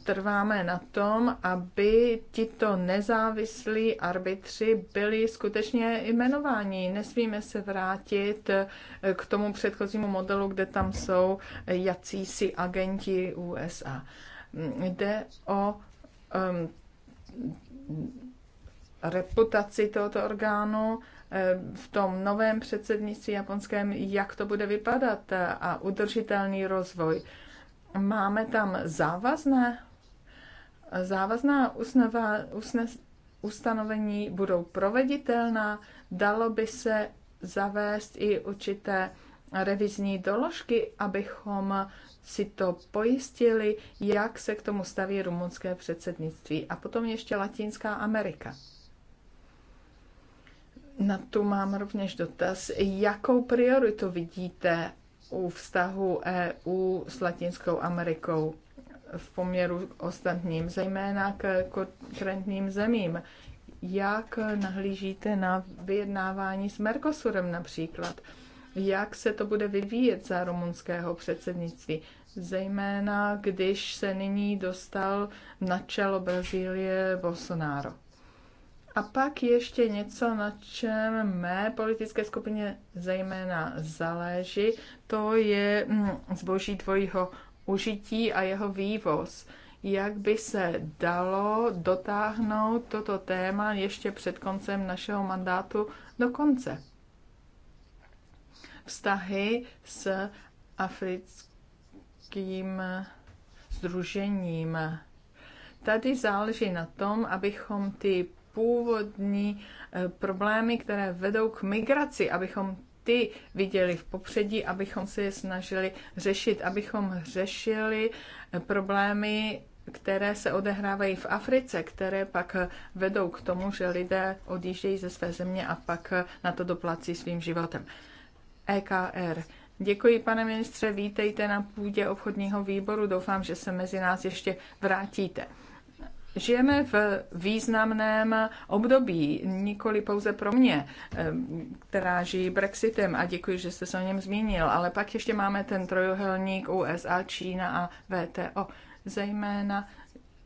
trváme na tom, aby tito nezávislí arbitři byli skutečně jmenováni. Nesmíme se vrátit eh, k tomu předchozímu modelu, kde tam jsou jacísi agenti USA. Mm, jde o um, reputaci tohoto orgánu eh, v tom novém předsednictví japonském, jak to bude vypadat eh, a udržitelný rozvoj. Máme tam závazné, závazná usneva, usnes, ustanovení, budou proveditelná, dalo by se zavést i určité revizní doložky, abychom si to pojistili, jak se k tomu staví rumunské předsednictví. A potom ještě Latinská Amerika. Na tu mám rovněž dotaz, jakou prioritu vidíte u vztahu EU s Latinskou Amerikou v poměru k ostatním, zejména k konkrétním zemím. Jak nahlížíte na vyjednávání s Mercosurem například? Jak se to bude vyvíjet za rumunského předsednictví? Zejména, když se nyní dostal na čelo Brazílie Bolsonaro. A pak ještě něco, na čem mé politické skupině zejména záleží, to je mm, zboží dvojího užití a jeho vývoz. Jak by se dalo dotáhnout toto téma ještě před koncem našeho mandátu do konce? Vztahy s africkým združením. Tady záleží na tom, abychom ty původní eh, problémy, které vedou k migraci, abychom ty viděli v popředí, abychom se je snažili řešit, abychom řešili eh, problémy, které se odehrávají v Africe, které pak eh, vedou k tomu, že lidé odjíždějí ze své země a pak na to doplací svým životem. EKR. Děkuji, pane ministře, vítejte na půdě obchodního výboru. Doufám, že se mezi nás ještě vrátíte. Žijeme v významném období, nikoli pouze pro mě, která žijí Brexitem a děkuji, že jste se o něm zmínil, ale pak ještě máme ten trojuhelník USA, Čína a VTO. Zejména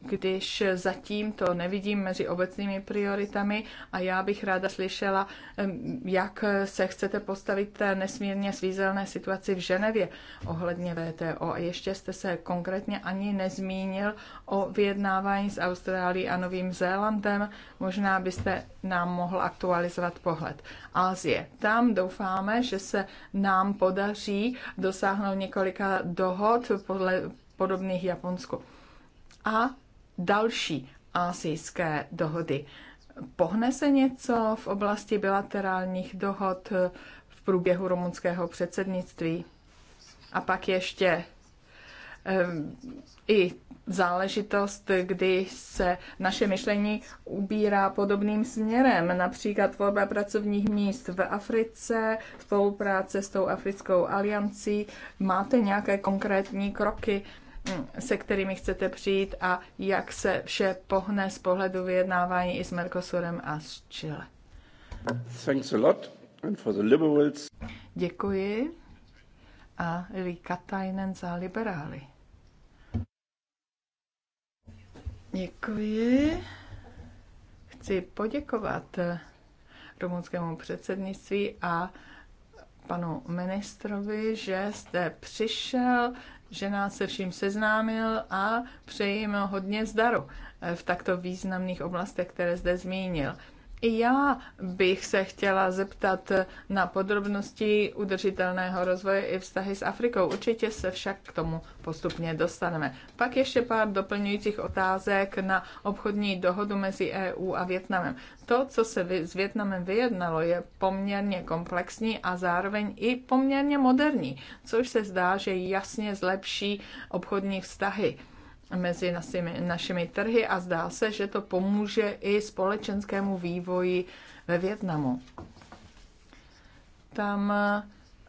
když zatím to nevidím mezi obecnými prioritami a já bych ráda slyšela, jak se chcete postavit té nesmírně svízelné situaci v Ženevě ohledně VTO. A ještě jste se konkrétně ani nezmínil o vyjednávání s Austrálií a Novým Zélandem. Možná byste nám mohl aktualizovat pohled. Asie. Tam doufáme, že se nám podaří dosáhnout několika dohod podle podobných Japonsku. A další asijské dohody. Pohne se něco v oblasti bilaterálních dohod v průběhu rumunského předsednictví? A pak ještě ehm, i záležitost, kdy se naše myšlení ubírá podobným směrem, například tvorba pracovních míst v Africe, spolupráce s tou Africkou aliancí. Máte nějaké konkrétní kroky, se kterými chcete přijít a jak se vše pohne z pohledu vyjednávání i s Mercosurem a s Chile. Thanks a lot. And for the liberals. Děkuji. A Rika Tajnen za liberály. Děkuji. Chci poděkovat eh, rumunskému předsednictví a panu ministrovi, že jste přišel že nás se vším seznámil a přeji mu hodně zdaru v takto významných oblastech, které zde zmínil. I já bych se chtěla zeptat na podrobnosti udržitelného rozvoje i vztahy s Afrikou. Určitě se však k tomu postupně dostaneme. Pak ještě pár doplňujících otázek na obchodní dohodu mezi EU a Větnamem. To, co se s Větnamem vyjednalo, je poměrně komplexní a zároveň i poměrně moderní, což se zdá, že jasně zlepší obchodní vztahy mezi našimi, našimi trhy a zdá se, že to pomůže i společenskému vývoji ve Větnamu. Tam eh,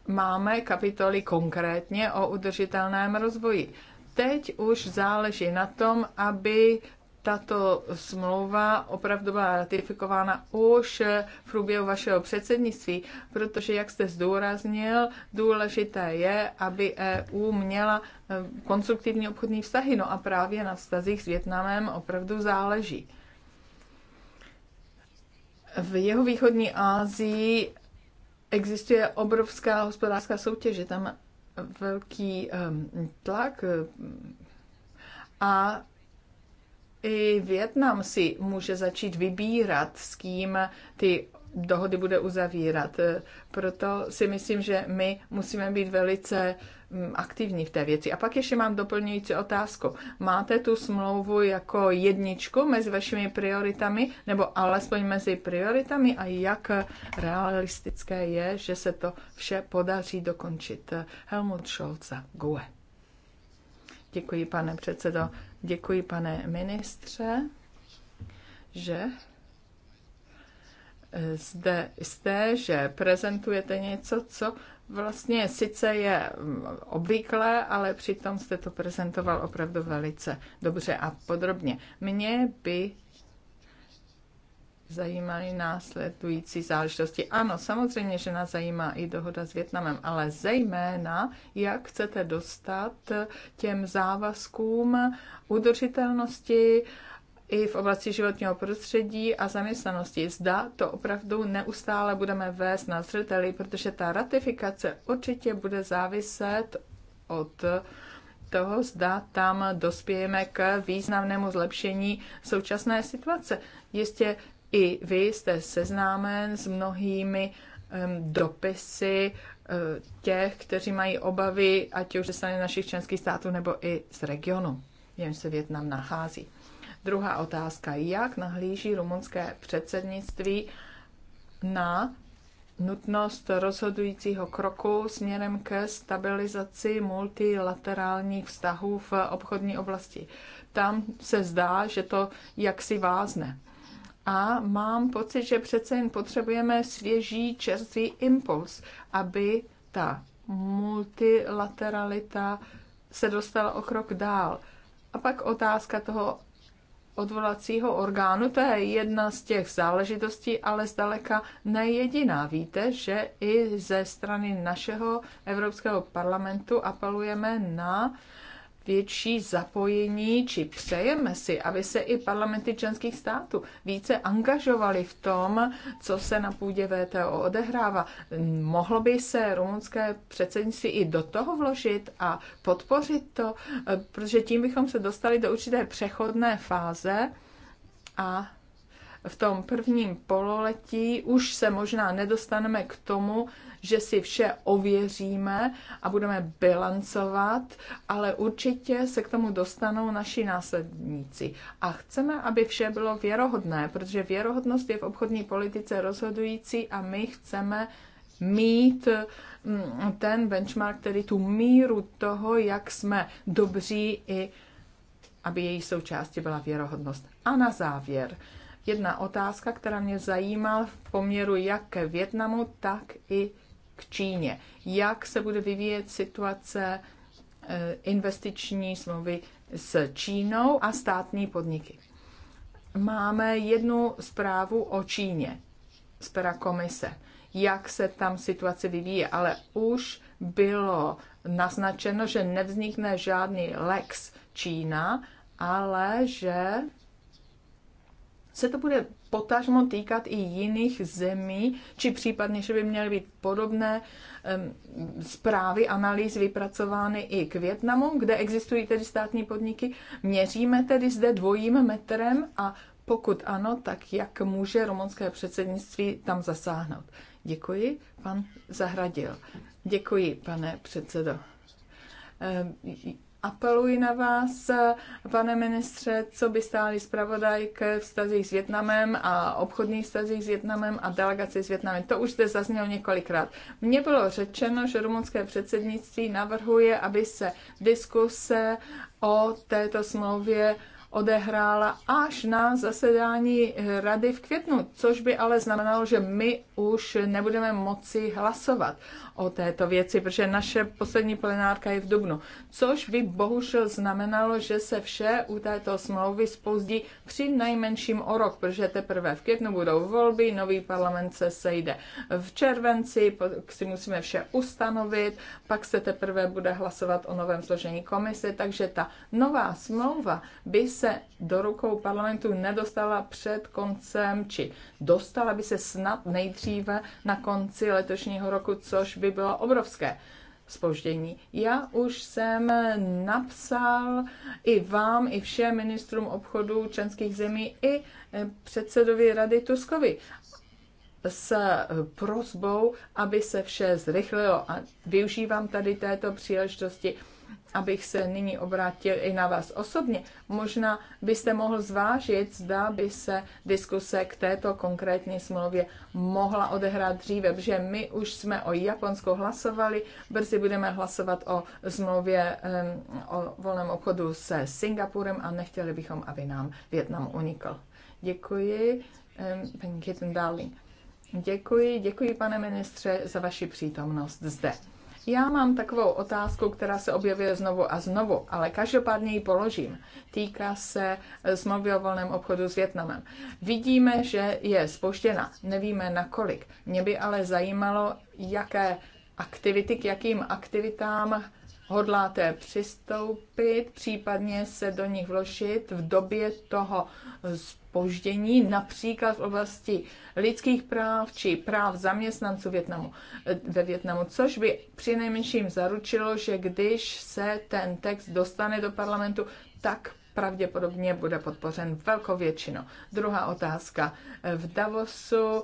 máme kapitoly konkrétně o udržitelném rozvoji. Teď už záleží na tom, aby tato smlouva opravdu byla ratifikována už v průběhu vašeho předsednictví, protože, jak jste zdůraznil, důležité je, aby EU měla eh, konstruktivní obchodní vztahy. No a právě na vztazích s Větnamem opravdu záleží. V jeho východní Asii existuje obrovská hospodářská soutěž, je tam velký ehm, tlak eh, a i Větnam si může začít vybírat, s kým ty dohody bude uzavírat. Proto si myslím, že my musíme být velice mm, aktivní v té věci. A pak ještě mám doplňující otázku. Máte tu smlouvu jako jedničku mezi vašimi prioritami, nebo alespoň mezi prioritami a jak realistické je, že se to vše podaří dokončit? Helmut Scholz, GUE. Děkuji, pane předsedo. Děkuji, pane ministře, že eh, zde jste, že prezentujete něco, co vlastně sice je mm, obvyklé, ale přitom jste to prezentoval opravdu velice dobře a podrobně. Mě by zajímají následující záležitosti. Ano, samozřejmě, že nás zajímá i dohoda s Větnamem, ale zejména, jak chcete dostat těm závazkům udržitelnosti i v oblasti životního prostředí a zaměstnanosti. Zda to opravdu neustále budeme vést na zřeteli, protože ta ratifikace určitě bude záviset od toho, zda tam dospějeme k významnému zlepšení současné situace. Jistě i vy jste seznámen s mnohými um, dopisy um, těch, kteří mají obavy, ať už ze strany našich členských států nebo i z regionu, v němž se Větnam nachází. Druhá otázka. Jak nahlíží rumunské předsednictví na nutnost rozhodujícího kroku směrem ke stabilizaci multilaterálních vztahů v obchodní oblasti. Tam se zdá, že to jaksi vázne. A mám pocit, že přece jen potřebujeme svěží, čerstvý impuls, aby ta multilateralita se dostala o krok dál. A pak otázka toho odvolacího orgánu, to je jedna z těch záležitostí, ale zdaleka nejediná. Víte, že i ze strany našeho Evropského parlamentu apelujeme na uh, větší zapojení, či přejeme si, aby se i parlamenty členských států více angažovaly v tom, co se na půdě VTO odehrává. Mohlo by se rumunské předsednictví i do toho vložit a podpořit to, eh, protože tím bychom se dostali do určité přechodné fáze a v tom prvním pololetí už se možná nedostaneme k tomu, že si vše ověříme a budeme bilancovat, ale určitě se k tomu dostanou naši následníci. A chceme, aby vše bylo věrohodné, protože věrohodnost je v obchodní politice rozhodující a my chceme mít mm, ten benchmark, tedy tu míru toho, jak jsme dobří i aby její součástí byla věrohodnost. A na závěr, jedna otázka, která mě zajímá v poměru jak ke Větnamu, tak i k Číně. Jak se bude vyvíjet situace e, investiční smlouvy s Čínou a státní podniky? Máme jednu zprávu o Číně z pera komise, jak se tam situace vyvíje, ale už bylo naznačeno, že nevznikne žádný lex Čína, ale že se to bude potažmo týkat i jiných zemí, či případně, že by měly být podobné um, zprávy, analýz vypracovány i k Větnamu, kde existují tedy státní podniky. Měříme tedy zde dvojím metrem a pokud ano, tak jak může rumunské předsednictví tam zasáhnout? Děkuji, pan Zahradil. Děkuji, pane předsedo. Um, Apeluji na vás, pane ministře, co by stáli zpravodaj k vztazích s Větnamem a obchodní vztazích s Větnamem a delegaci s Větnamem. To už zde zaznělo několikrát. Mně bylo řečeno, že rumunské předsednictví navrhuje, aby se diskuse o této smlouvě odehrála až na zasedání rady v květnu, což by ale znamenalo, že my už nebudeme moci hlasovat o této věci, protože naše poslední plenárka je v Dubnu, což by bohužel znamenalo, že se vše u této smlouvy spouzdí při nejmenším o rok, protože teprve v květnu budou volby, nový parlament se sejde v červenci, si musíme vše ustanovit, pak se teprve bude hlasovat o novém složení komise, takže ta nová smlouva by se do rukou parlamentu nedostala před koncem či dostala by se snad nejdříve na konci letošního roku, což by bylo obrovské spoždění. Já už jsem napsal i vám, i všem ministrům obchodu členských zemí, i eh, předsedovi Rady Tuskovi s eh, prozbou, aby se vše zrychlilo. A využívám tady této příležitosti abych se nyní obrátil i na vás osobně, možná byste mohl zvážit, zda by se diskuse k této konkrétní smlouvě mohla odehrát dříve, protože my už jsme o Japonsku hlasovali, brzy budeme hlasovat o smlouvě o volném obchodu se Singapurem a nechtěli bychom, aby nám Větnam unikl. Děkuji, paní Kitten Darling. Děkuji, děkuji pane ministře za vaši přítomnost zde. Já mám takovou otázku, která se objevuje znovu a znovu, ale každopádně ji položím. Týká se smlouvy o volném obchodu s Větnamem. Vidíme, že je spoštěna, nevíme na kolik. Mě by ale zajímalo, jaké aktivity, k jakým aktivitám hodláte přistoupit, případně se do nich vložit v době toho spoždění, například v oblasti lidských práv či práv zaměstnanců Větnamu, eh, ve Větnamu, což by přinejmenším zaručilo, že když se ten text dostane do parlamentu, tak pravděpodobně bude podpořen velkou většinou. Druhá otázka. V Davosu eh,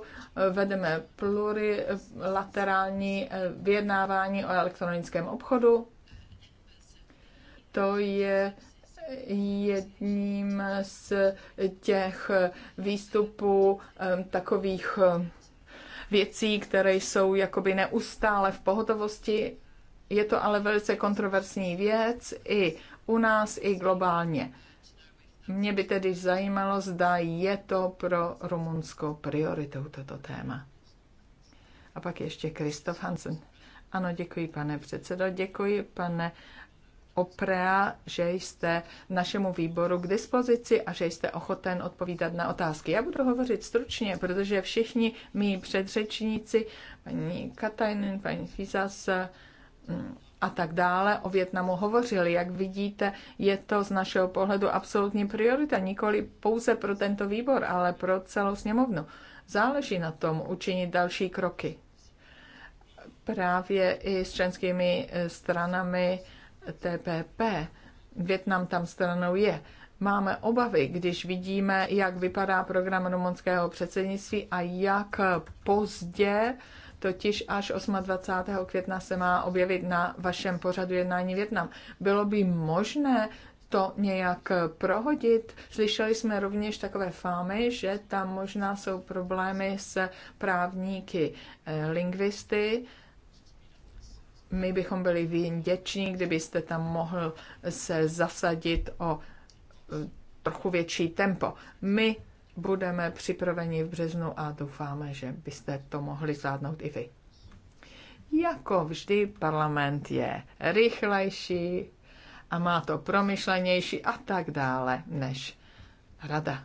vedeme plurilaterální eh, vyjednávání o elektronickém obchodu. To je jedním z těch výstupů takových věcí, které jsou jakoby neustále v pohotovosti. Je to ale velice kontroverzní věc i u nás, i globálně. Mě by tedy zajímalo, zda je to pro rumunskou prioritou toto téma. A pak ještě Kristof Hansen. Ano, děkuji, pane předsedo, děkuji, pane Oprea, že jste našemu výboru k dispozici a že jste ochoten odpovídat na otázky. Já budu hovořit stručně, protože všichni mý předřečníci, paní Katajnen, paní Fizas mm, a tak dále, o Větnamu hovořili. Jak vidíte, je to z našeho pohledu absolutní priorita, nikoli pouze pro tento výbor, ale pro celou sněmovnu. Záleží na tom učinit další kroky. Právě i s členskými eh, stranami TPP, Větnam tam stranou je, máme obavy, když vidíme, jak vypadá program rumunského předsednictví a jak pozdě, totiž až 28. května se má objevit na vašem pořadu jednání Větnam. Bylo by možné to nějak prohodit. Slyšeli jsme rovněž takové fámy, že tam možná jsou problémy s právníky, eh, lingvisty, my bychom byli vděční, kdybyste tam mohl se zasadit o e, trochu větší tempo. My budeme připraveni v březnu a doufáme, že byste to mohli zvládnout i vy. Jako vždy, parlament je rychlejší a má to promyšlenější a tak dále než rada.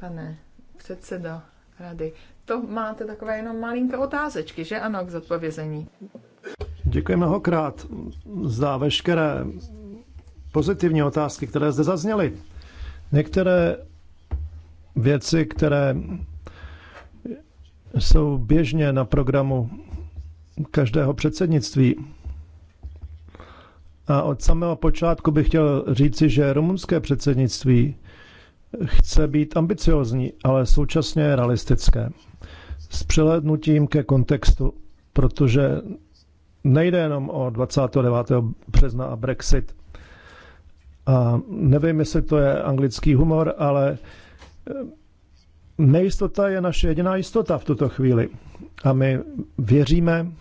Pane předsedo rady, to máte takové jenom malinké otázečky, že ano, k zodpovězení. Děkuji mnohokrát za veškeré pozitivní otázky, které zde zazněly. Některé věci, které jsou běžně na programu každého předsednictví. A od samého počátku bych chtěl říci, že rumunské předsednictví chce být ambiciozní, ale současně realistické s přelednutím ke kontextu, protože nejde jenom o 29. března a Brexit. A nevím, jestli to je anglický humor, ale eh, nejistota je naše jediná jistota v tuto chvíli. A my věříme,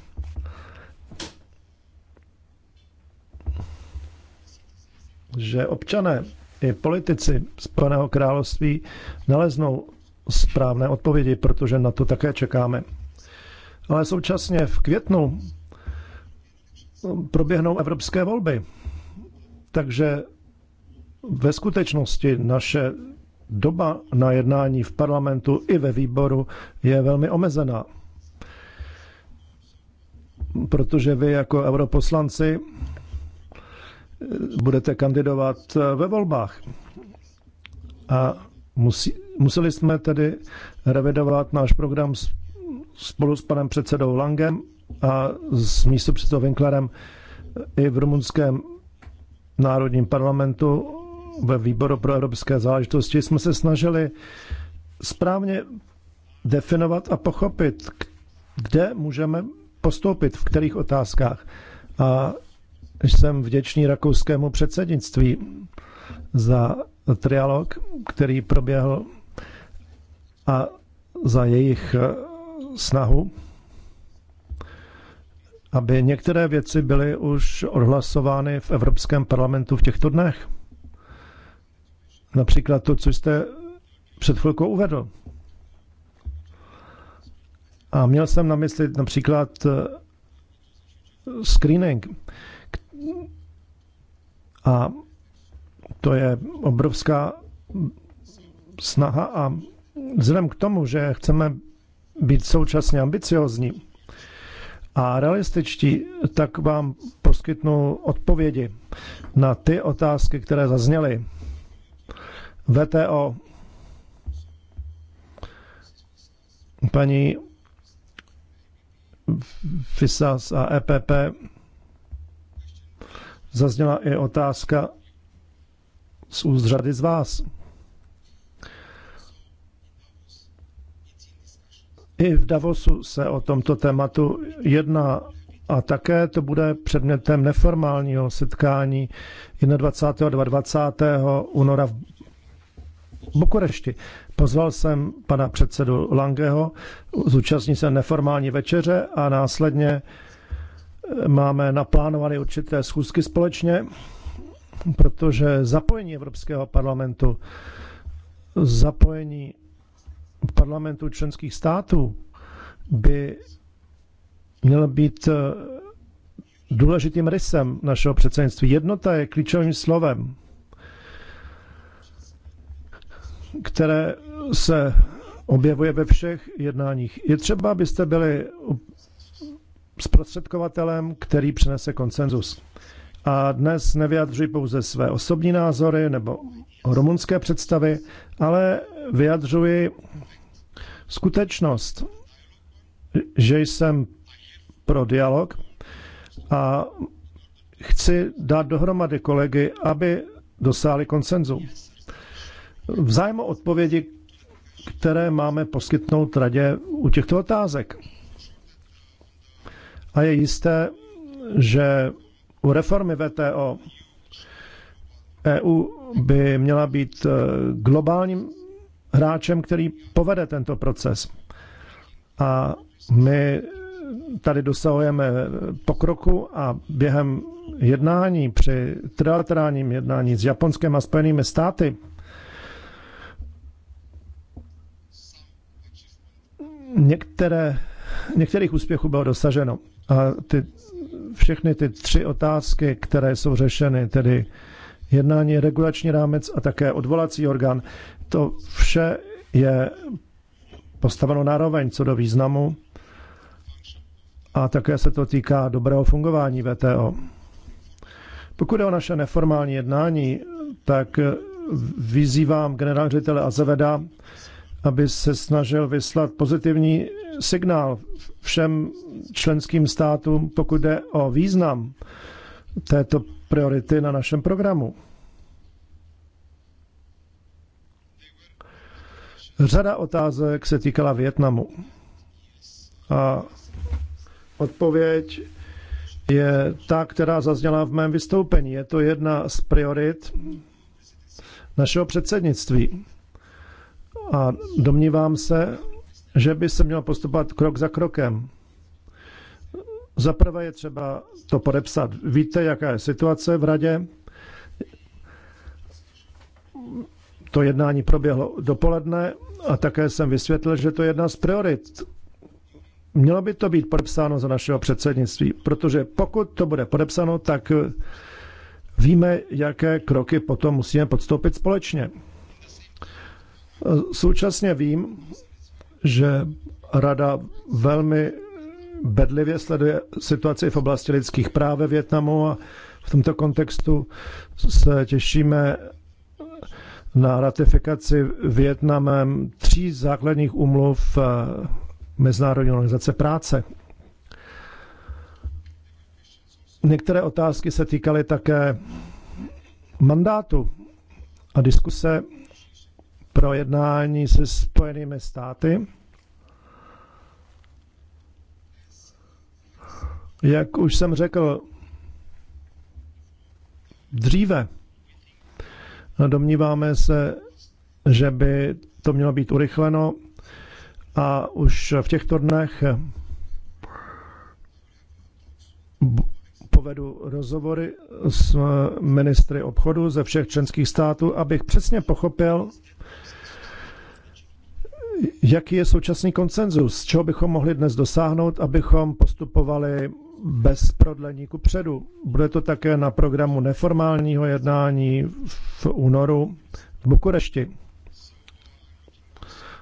že občané i politici Spojeného království naleznou správné odpovědi, protože na to také čekáme. Ale současně v květnu proběhnou evropské volby. Takže ve skutečnosti naše doba na jednání v parlamentu i ve výboru je velmi omezená. Protože vy jako europoslanci budete kandidovat ve volbách. A Musí, museli jsme tedy revidovat náš program spolu s panem předsedou Langem a s předsedou Winklerem i v rumunském národním parlamentu ve výboru pro evropské záležitosti jsme se snažili správně definovat a pochopit, kde můžeme postoupit, v kterých otázkách. A jsem vděčný rakouskému předsednictví za trialog, který proběhl a za jejich eh, snahu, aby některé věci byly už odhlasovány v Evropském parlamentu v těchto dnech. Například to, co jste před chvilkou uvedl. A měl jsem na mysli například eh, screening. A to je obrovská snaha a vzhledem k tomu, že chceme být současně ambiciozní a realističtí, tak vám poskytnu odpovědi na ty otázky, které zazněly. VTO. Paní FISAS a EPP zazněla i otázka z úst řady z vás. I v Davosu se o tomto tématu jedná a také to bude předmětem neformálního setkání 21. a 22. února v Bukurešti. Pozval jsem pana předsedu Langeho, zúčastní se neformální večeře a následně máme naplánované určité schůzky společně protože zapojení Evropského parlamentu, zapojení parlamentu členských států by mělo být eh, důležitým rysem našeho předsednictví. Jednota je klíčovým slovem, které se objevuje ve všech jednáních. Je třeba, abyste byli zprostředkovatelem, který přinese konsenzus a dnes nevyjadřuji pouze své osobní názory nebo rumunské představy, ale vyjadřuji skutečnost, že jsem pro dialog a chci dát dohromady kolegy, aby dosáhli konsenzu. V zájmu odpovědi, které máme poskytnout radě u těchto otázek. A je jisté, že u reformy VTO EU by měla být e, globálním hráčem, který povede tento proces. A my tady dosahujeme pokroku a během jednání při trilaterálním jednání s Japonskem a Spojenými státy některé, některých úspěchů bylo dosaženo. A ty všechny ty tři otázky, které jsou řešeny, tedy jednání, regulační rámec a také odvolací orgán, to vše je postaveno na roveň co do významu a také se to týká dobrého fungování VTO. Pokud je o naše neformální jednání, tak vyzývám generál ředitele Azeveda, aby se snažil vyslat pozitivní signál všem členským státům, pokud jde o význam této priority na našem programu. Řada otázek se týkala Větnamu. A odpověď je ta, která zazněla v mém vystoupení. Je to jedna z priorit našeho předsednictví. A domnívám se, že by se mělo postupovat krok za krokem. Zaprvé je třeba to podepsat. Víte, jaká je situace v radě? To jednání proběhlo dopoledne a také jsem vysvětlil, že to je jedna z priorit. Mělo by to být podepsáno za našeho předsednictví, protože pokud to bude podepsáno, tak víme, jaké kroky potom musíme podstoupit společně. Současně vím, že rada velmi bedlivě sleduje situaci v oblasti lidských práv ve Větnamu a v tomto kontextu se těšíme na ratifikaci Větnamem tří základních umluv eh, Mezinárodní organizace práce. Některé otázky se týkaly také mandátu a diskuse pro jednání se Spojenými státy. Jak už jsem řekl dříve, domníváme se, že by to mělo být urychleno a už v těchto dnech povedu rozhovory s ministry obchodu ze všech členských států, abych přesně pochopil, jaký je současný koncenzus, čeho bychom mohli dnes dosáhnout, abychom postupovali bez prodlení ku předu. Bude to také na programu neformálního jednání v únoru v Bukurešti.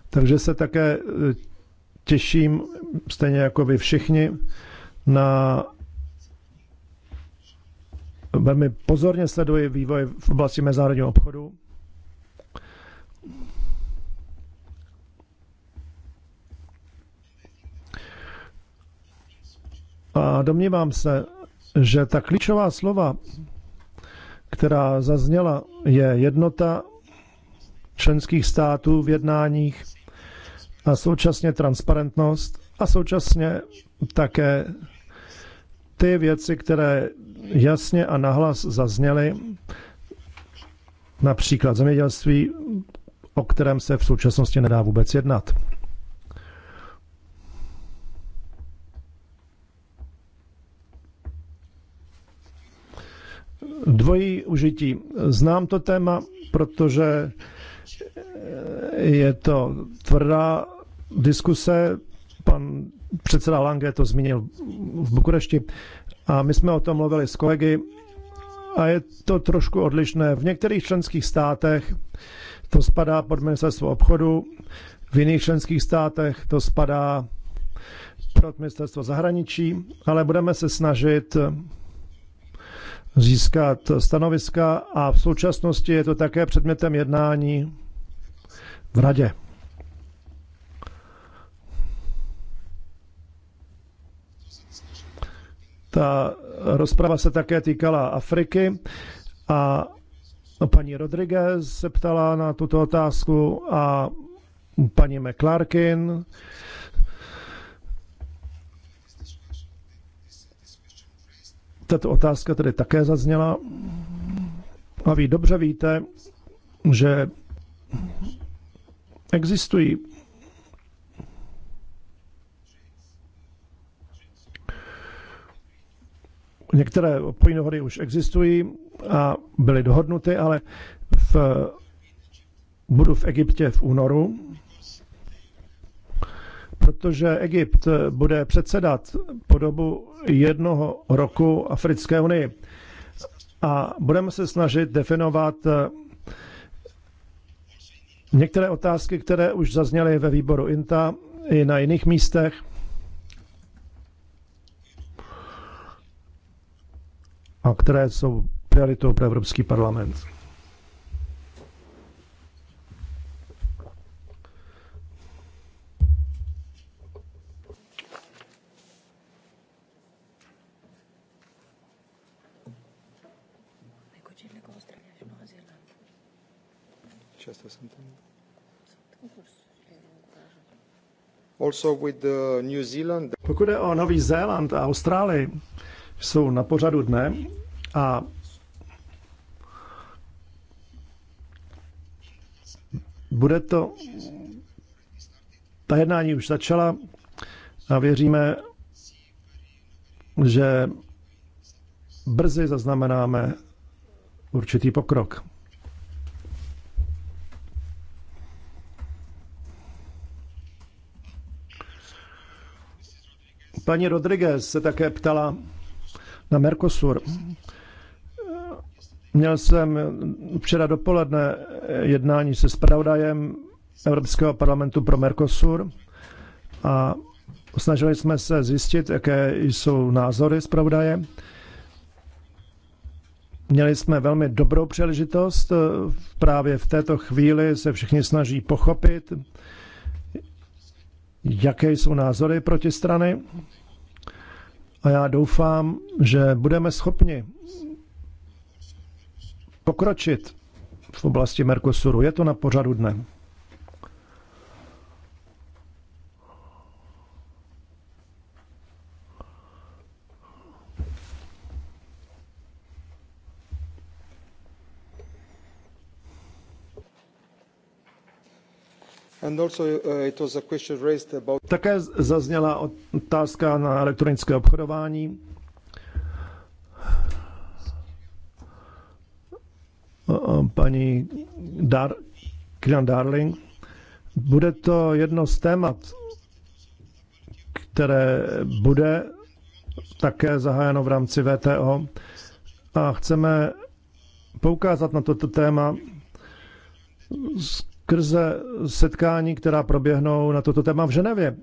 Takže se také e, těším, stejně jako vy všichni, na velmi pozorně sleduji vývoj v oblasti mezinárodního obchodu A domnívám se, že ta klíčová slova, která zazněla, je jednota členských států v jednáních a současně transparentnost a současně také ty věci, které jasně a nahlas zazněly, například zemědělství, o kterém se v současnosti nedá vůbec jednat. dvojí užití. Znám to téma, protože eh, je to tvrdá diskuse. Pan předseda Lange to zmínil v Bukurešti a my jsme o tom mluvili s kolegy a je to trošku odlišné. V některých členských státech to spadá pod ministerstvo obchodu, v jiných členských státech to spadá pod ministerstvo zahraničí, ale budeme se snažit získat stanoviska a v současnosti je to také předmětem jednání v radě. Ta rozprava se také týkala Afriky a paní Rodriguez se ptala na tuto otázku a paní McClarkin Tato otázka tedy také zazněla. A vy dobře víte, že existují Některé pojinohody už existují a byly dohodnuty, ale v, budu v Egyptě v únoru protože Egypt bude předsedat po dobu jednoho roku Africké unii. A budeme se snažit definovat eh, některé otázky, které už zazněly ve výboru INTA i na jiných místech. a které jsou prioritou pro Evropský parlament. Pokud je o Nový Zéland a Austrálii, jsou na pořadu dne a bude to... Ta jednání už začala a věříme, že brzy zaznamenáme určitý pokrok. Paní Rodriguez se také ptala na Mercosur. Měl jsem včera dopoledne jednání se spravodajem Evropského parlamentu pro Mercosur a snažili jsme se zjistit, jaké jsou názory zpravodaje. Měli jsme velmi dobrou příležitost. Právě v této chvíli se všichni snaží pochopit, jaké jsou názory proti strany. A já doufám, že budeme schopni pokročit v oblasti Mercosuru. Je to na pořadu dne. Uh, také zazněla otázka na elektronické obchodování. Paní Dar, Kylian Darling, bude to jedno z témat, které bude také zahájeno v rámci VTO a chceme poukázat na toto téma z skrze setkání, která proběhnou na toto téma v Ženevě.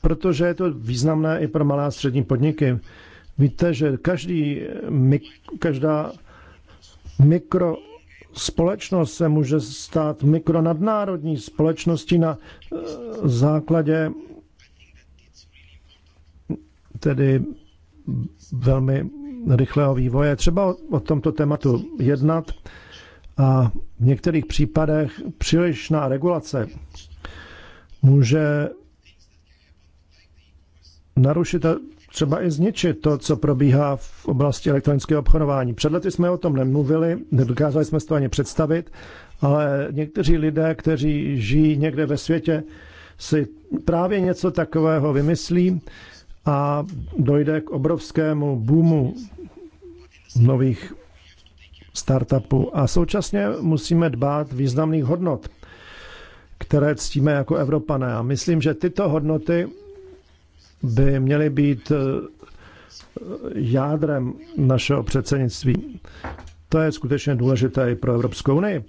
Protože je to významné i pro malé a střední podniky. Víte, že každý, každá mikro společnost se může stát mikronadnárodní společností na eh, základě tedy velmi rychlého vývoje. Třeba o, o tomto tématu jednat a v některých případech přílišná regulace může narušit a třeba i zničit to, co probíhá v oblasti elektronického obchodování. Před lety jsme o tom nemluvili, nedokázali jsme si to ani představit, ale někteří lidé, kteří žijí někde ve světě, si právě něco takového vymyslí a dojde k obrovskému boomu nových Startupu A současně musíme dbát významných hodnot, které ctíme jako Evropané. A myslím, že tyto hodnoty by měly být eh, jádrem našeho předsednictví. To je skutečně důležité i pro Evropskou unii.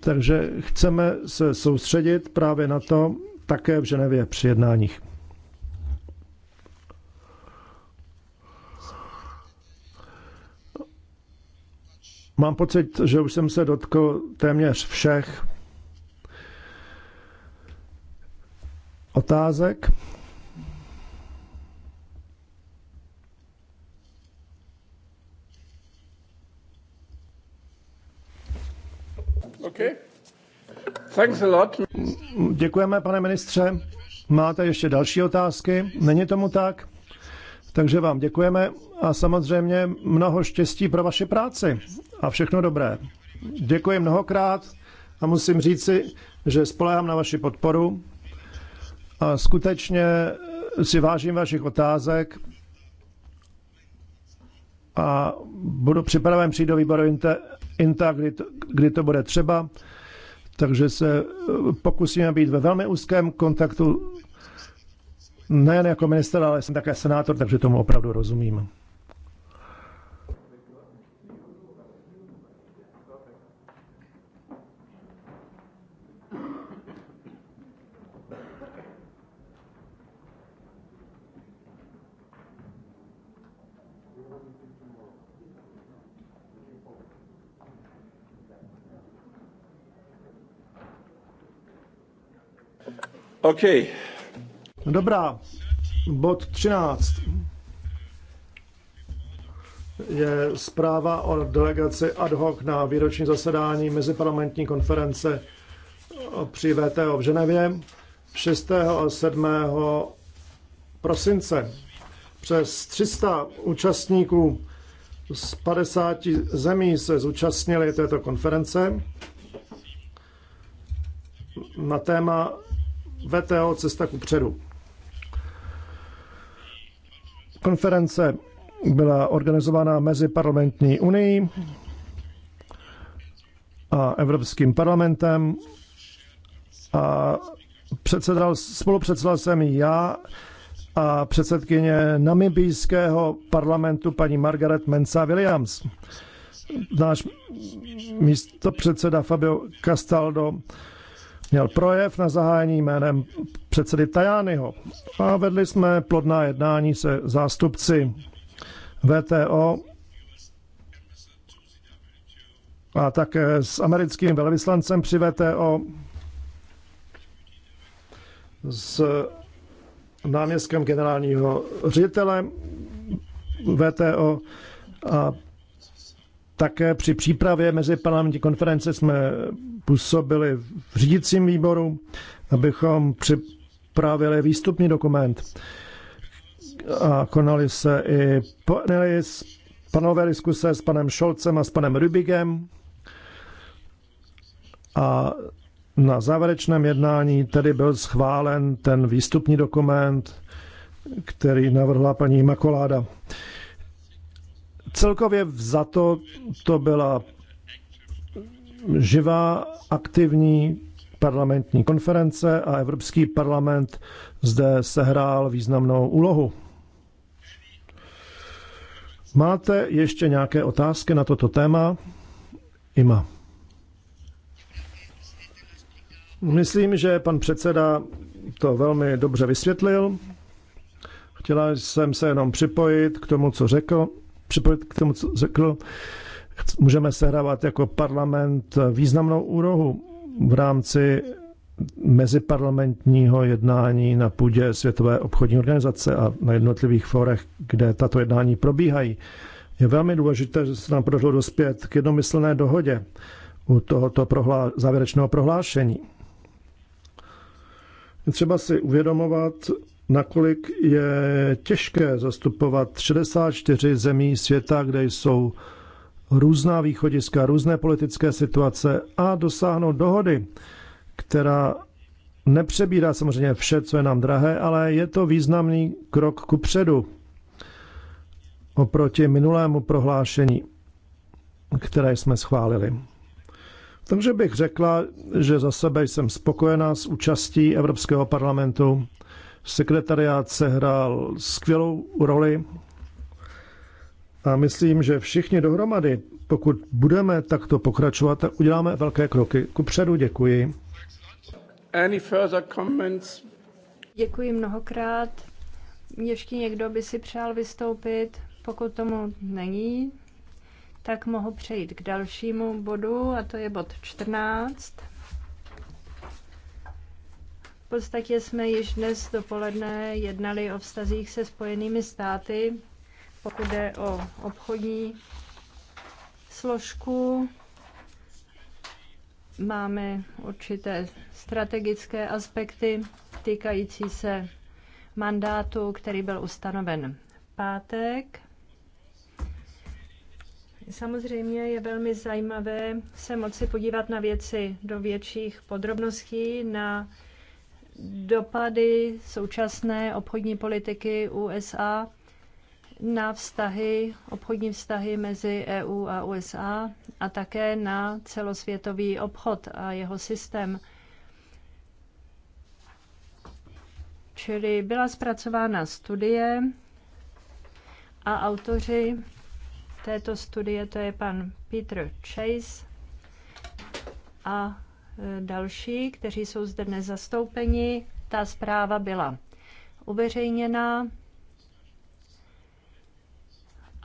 Takže chceme se soustředit právě na to také v Ženevě při jednáních. Mám pocit, že už jsem se dotkl téměř všech otázek. Děkujeme, pane ministře. Máte ještě další otázky? Není tomu tak? Takže vám děkujeme a samozřejmě mnoho štěstí pro vaše práci a všechno dobré. Děkuji mnohokrát a musím říci, že spolehám na vaši podporu a skutečně si vážím vašich otázek a budu připraven přijít do výboru INTA, INTA kdy, to, kdy to bude třeba. Takže se pokusíme být ve velmi úzkém kontaktu Nejen jako minister, ale jsem také senátor, takže tomu opravdu rozumím. Okay. Dobrá, bod 13 je zpráva o delegaci ad hoc na výroční zasedání Meziparlamentní konference při VTO v Ženevě 6. a 7. prosince. Přes 300 účastníků z 50 zemí se zúčastnili této konference na téma VTO cesta ku předu. Konference byla organizována mezi parlamentní unii a Evropským parlamentem a předsedal, spolupředsedal jsem já a předsedkyně namibijského parlamentu paní Margaret Mensa Williams. Náš místo předseda Fabio Castaldo měl projev na zahájení jménem předsedy Tajányho a vedli jsme plodná jednání se zástupci VTO a také s americkým velvyslancem při VTO, s náměstkem generálního ředitele VTO a také při přípravě mezi parlamentní konference jsme působili v řídícím výboru, abychom připravili výstupní dokument a konali se i panely, panové diskuse s panem Šolcem a s panem Rubigem. A na závěrečném jednání tedy byl schválen ten výstupní dokument, který navrhla paní Makoláda. Celkově za to to byla živá, aktivní parlamentní konference a Evropský parlament zde sehrál významnou úlohu. Máte ještě nějaké otázky na toto téma? Ima. Myslím, že pan předseda to velmi dobře vysvětlil. Chtěla jsem se jenom připojit k tomu, co řekl. Připojit k tomu, co řekl můžeme sehrávat jako parlament významnou úrohu v rámci meziparlamentního jednání na půdě Světové obchodní organizace a na jednotlivých forech, kde tato jednání probíhají. Je velmi důležité, že se nám podařilo dospět k jednomyslné dohodě u tohoto prohlá- závěrečného prohlášení. Je třeba si uvědomovat, nakolik je těžké zastupovat 64 zemí světa, kde jsou různá východiska, různé politické situace a dosáhnout dohody, která nepřebírá samozřejmě vše, co je nám drahé, ale je to významný krok ku předu oproti minulému prohlášení, které jsme schválili. Takže bych řekla, že za sebe jsem spokojená s účastí Evropského parlamentu. Sekretariát sehrál skvělou roli a myslím, že všichni dohromady, pokud budeme takto pokračovat, tak uděláme velké kroky. Kupředu děkuji. Any further comments? Děkuji mnohokrát. Ještě někdo by si přál vystoupit? Pokud tomu není, tak mohu přejít k dalšímu bodu, a to je bod 14. V podstatě jsme již dnes dopoledne jednali o vztazích se Spojenými státy pokud jde o obchodní složku, máme určité strategické aspekty týkající se mandátu, který byl ustanoven v pátek. Samozřejmě je velmi zajímavé se moci podívat na věci do větších podrobností, na dopady současné obchodní politiky USA na vztahy, obchodní vztahy mezi EU a USA a také na celosvětový obchod a jeho systém. Čili byla zpracována studie a autoři této studie to je pan Peter Chase a e, další, kteří jsou zde nezastoupeni. Ta zpráva byla uveřejněná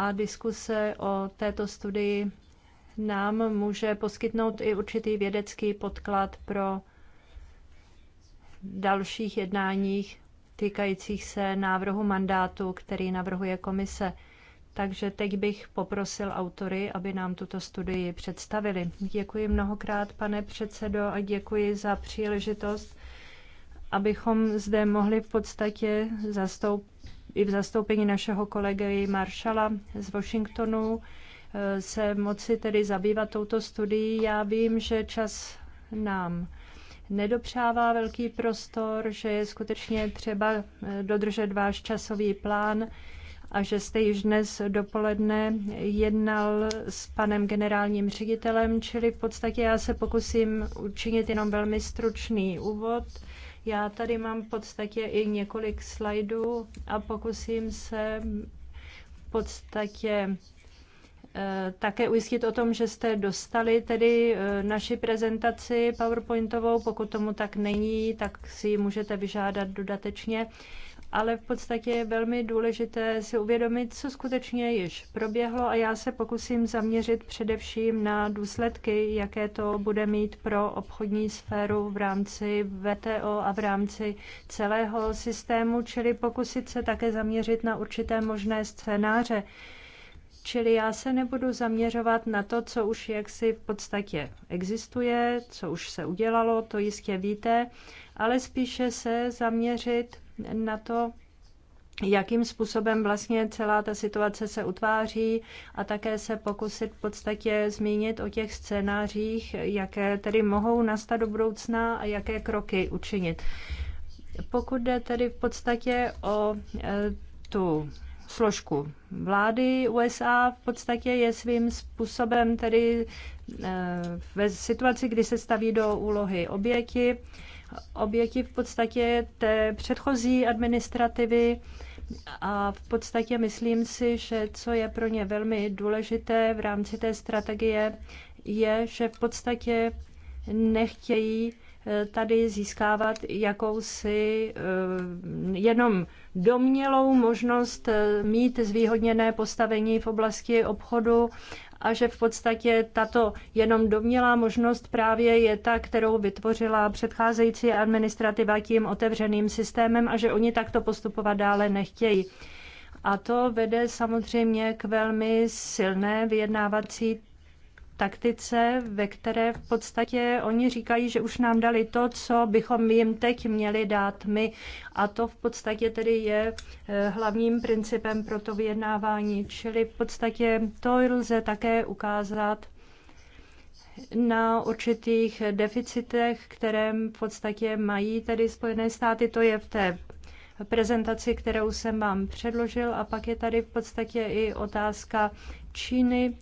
a diskuse o této studii nám může poskytnout i určitý vědecký podklad pro dalších jednáních týkajících se návrhu mandátu, který navrhuje komise. Takže teď bych poprosil autory, aby nám tuto studii představili. Děkuji mnohokrát, pane předsedo, a děkuji za příležitost, abychom zde mohli v podstatě zastoupit i v zastoupení našeho kolegy Maršala z Washingtonu eh, se moci tedy zabývat touto studií. Já vím, že čas nám nedopřává velký prostor, že je skutečně třeba eh, dodržet váš časový plán a že jste již dnes dopoledne jednal s panem generálním ředitelem, čili v podstatě já se pokusím učinit jenom velmi stručný úvod já tady mám v podstatě i několik slajdů a pokusím se v podstatě eh, také ujistit o tom, že jste dostali tedy eh, naši prezentaci PowerPointovou. Pokud tomu tak není, tak si ji můžete vyžádat dodatečně ale v podstatě je velmi důležité si uvědomit, co skutečně již proběhlo a já se pokusím zaměřit především na důsledky, jaké to bude mít pro obchodní sféru v rámci VTO a v rámci celého systému, čili pokusit se také zaměřit na určité možné scénáře. Čili já se nebudu zaměřovat na to, co už jaksi v podstatě existuje, co už se udělalo, to jistě víte, ale spíše se zaměřit na to, jakým způsobem vlastně celá ta situace se utváří a také se pokusit v podstatě zmínit o těch scénářích, jaké tedy mohou nastat do budoucna a jaké kroky učinit. Pokud jde tedy v podstatě o e, tu složku vlády USA, v podstatě je svým způsobem tedy e, ve situaci, kdy se staví do úlohy oběti, oběti v podstatě té předchozí administrativy a v podstatě myslím si, že co je pro ně velmi důležité v rámci té strategie, je, že v podstatě nechtějí eh, tady získávat jakousi eh, jenom domělou možnost eh, mít zvýhodněné postavení v oblasti obchodu a že v podstatě tato jenom domělá možnost právě je ta, kterou vytvořila předcházející administrativa tím otevřeným systémem a že oni takto postupovat dále nechtějí. A to vede samozřejmě k velmi silné vyjednávací taktice, ve které v podstatě oni říkají, že už nám dali to, co bychom jim teď měli dát my. A to v podstatě tedy je eh, hlavním principem pro to vyjednávání. Čili v podstatě to lze také ukázat na určitých deficitech, které v podstatě mají tedy Spojené státy. To je v té prezentaci, kterou jsem vám předložil. A pak je tady v podstatě i otázka Číny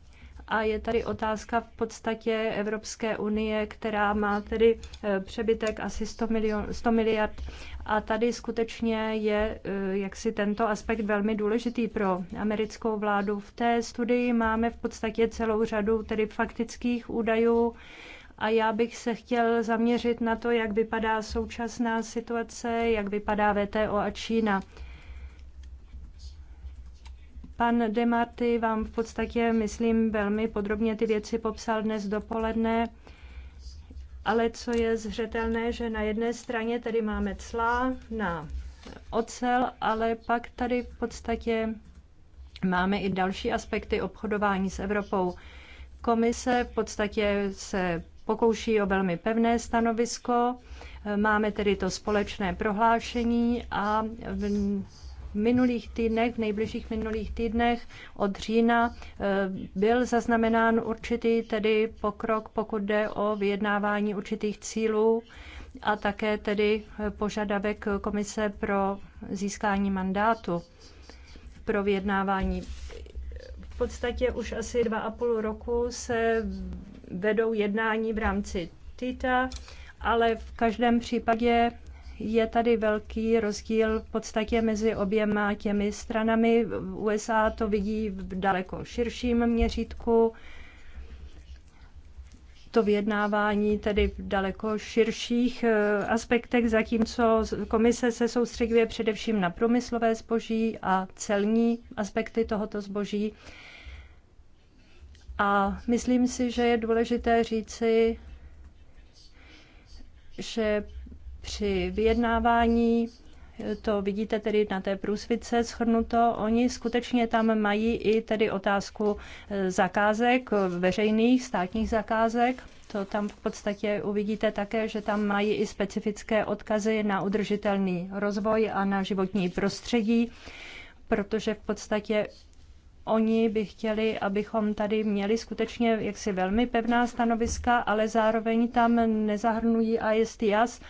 a je tady otázka v podstatě Evropské unie, která má tedy eh, přebytek asi 100, milion, 100 miliard. A tady skutečně je eh, jaksi tento aspekt velmi důležitý pro americkou vládu. V té studii máme v podstatě celou řadu tedy faktických údajů a já bych se chtěl zaměřit na to, jak vypadá současná situace, jak vypadá VTO a Čína. Pan Demarty vám v podstatě, myslím, velmi podrobně ty věci popsal dnes dopoledne. Ale co je zřetelné, že na jedné straně tady máme cla na ocel, ale pak tady v podstatě máme i další aspekty obchodování s Evropou. Komise v podstatě se pokouší o velmi pevné stanovisko. Máme tedy to společné prohlášení a v minulých týdnech, v nejbližších minulých týdnech od října eh, byl zaznamenán určitý tedy pokrok, pokud jde o vyjednávání určitých cílů a také tedy požadavek komise pro získání mandátu pro vyjednávání. V podstatě už asi dva a půl roku se vedou jednání v rámci TITA, ale v každém případě je tady velký rozdíl v podstatě mezi oběma těmi stranami. USA to vidí v daleko širším měřítku. To vyjednávání tedy v daleko širších eh, aspektech, zatímco komise se soustředuje především na průmyslové zboží a celní aspekty tohoto zboží. A myslím si, že je důležité říci, že při vyjednávání to vidíte tedy na té průsvice schrnuto, oni skutečně tam mají i tedy otázku e, zakázek, e, veřejných státních zakázek. To tam v podstatě uvidíte také, že tam mají i specifické odkazy na udržitelný rozvoj a na životní prostředí, protože v podstatě oni by chtěli, abychom tady měli skutečně jaksi velmi pevná stanoviska, ale zároveň tam nezahrnují ISTS,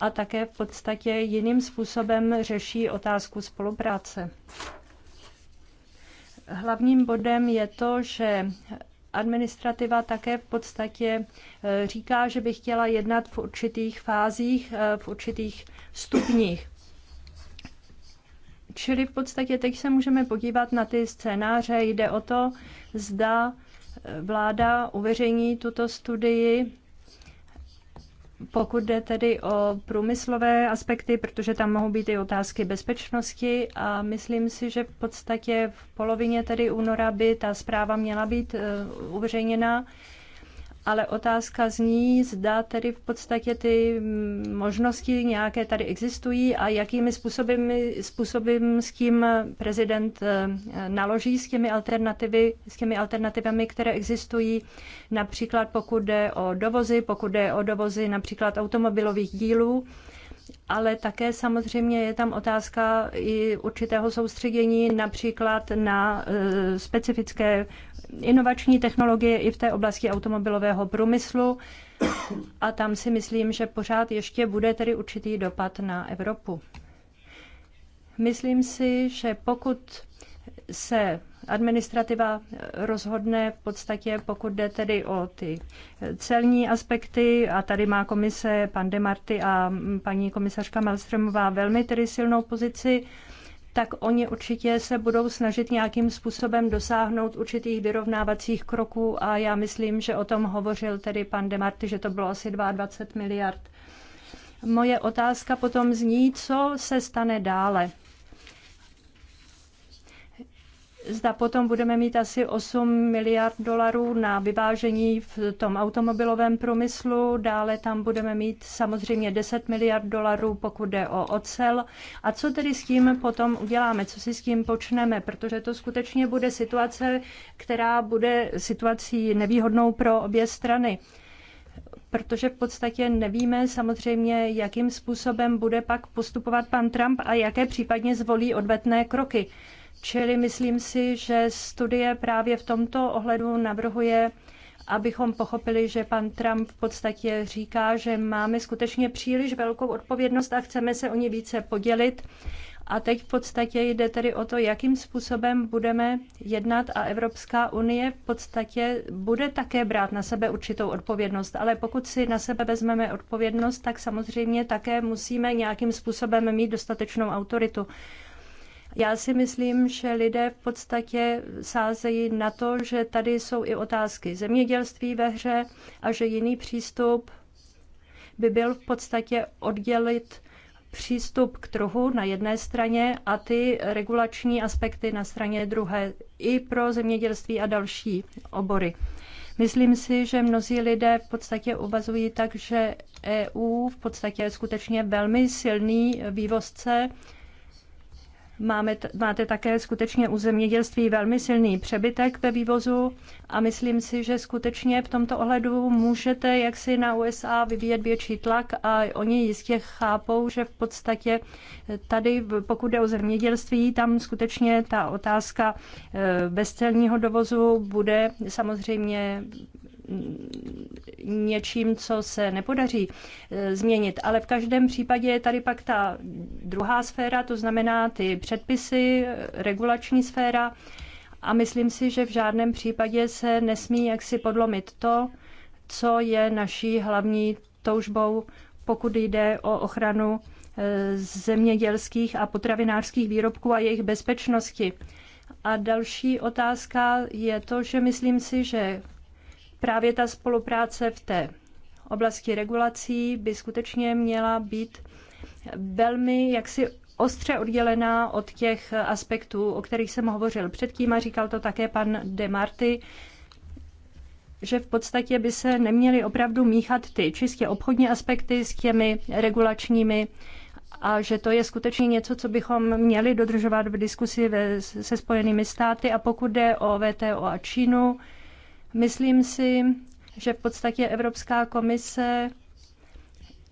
a také v podstatě jiným způsobem řeší otázku spolupráce. Hlavním bodem je to, že administrativa také v podstatě e, říká, že by chtěla jednat v určitých fázích, e, v určitých stupních. Čili v podstatě teď se můžeme podívat na ty scénáře. Jde o to, zda e, vláda uveřejní tuto studii pokud jde tedy o průmyslové aspekty, protože tam mohou být i otázky bezpečnosti a myslím si, že v podstatě v polovině tedy února by ta zpráva měla být eh, uveřejněna ale otázka zní, zda tedy v podstatě ty možnosti nějaké tady existují a jakými způsoby, způsoby s tím prezident eh, naloží s těmi, alternativy, s těmi alternativami, které existují, například pokud jde o dovozy, pokud jde o dovozy například automobilových dílů ale také samozřejmě je tam otázka i určitého soustředění například na e, specifické inovační technologie i v té oblasti automobilového průmyslu. A tam si myslím, že pořád ještě bude tedy určitý dopad na Evropu. Myslím si, že pokud se administrativa rozhodne v podstatě, pokud jde tedy o ty celní aspekty a tady má komise pan Demarty a paní komisařka Malstromová velmi tedy silnou pozici, tak oni určitě se budou snažit nějakým způsobem dosáhnout určitých vyrovnávacích kroků a já myslím, že o tom hovořil tedy pan Demarty, že to bylo asi 22 miliard. Moje otázka potom zní, co se stane dále zda potom budeme mít asi 8 miliard dolarů na vyvážení v tom automobilovém průmyslu, dále tam budeme mít samozřejmě 10 miliard dolarů, pokud jde o ocel. A co tedy s tím potom uděláme, co si s tím počneme, protože to skutečně bude situace, která bude situací nevýhodnou pro obě strany protože v podstatě nevíme samozřejmě, jakým způsobem bude pak postupovat pan Trump a jaké případně zvolí odvetné kroky. Čili myslím si, že studie právě v tomto ohledu navrhuje abychom pochopili, že pan Trump v podstatě říká, že máme skutečně příliš velkou odpovědnost a chceme se o ní více podělit. A teď v podstatě jde tedy o to, jakým způsobem budeme jednat a Evropská unie v podstatě bude také brát na sebe určitou odpovědnost. Ale pokud si na sebe vezmeme odpovědnost, tak samozřejmě také musíme nějakým způsobem mít dostatečnou autoritu. Já si myslím, že lidé v podstatě sázejí na to, že tady jsou i otázky zemědělství ve hře a že jiný přístup by byl v podstatě oddělit přístup k trhu na jedné straně a ty regulační aspekty na straně druhé i pro zemědělství a další obory. Myslím si, že mnozí lidé v podstatě uvazují tak, že EU v podstatě je skutečně velmi silný vývozce Máme, máte také skutečně u zemědělství velmi silný přebytek ve vývozu a myslím si, že skutečně v tomto ohledu můžete jaksi na USA vyvíjet větší tlak a oni jistě chápou, že v podstatě eh, tady, pokud jde o zemědělství, tam skutečně ta otázka eh, bezcelního dovozu bude samozřejmě něčím, co se nepodaří eh, změnit. Ale v každém případě je tady pak ta druhá sféra, to znamená ty předpisy, eh, regulační sféra. A myslím si, že v žádném případě se nesmí jaksi podlomit to, co je naší hlavní toužbou, pokud jde o ochranu eh, zemědělských a potravinářských výrobků a jejich bezpečnosti. A další otázka je to, že myslím si, že právě ta spolupráce v té oblasti regulací by skutečně měla být velmi jaksi ostře oddělená od těch aspektů, o kterých jsem hovořil předtím a říkal to také pan Marty, že v podstatě by se neměly opravdu míchat ty čistě obchodní aspekty s těmi regulačními a že to je skutečně něco, co bychom měli dodržovat v diskusi ve, se Spojenými státy. A pokud jde o VTO a Čínu, Myslím si, že v podstatě Evropská komise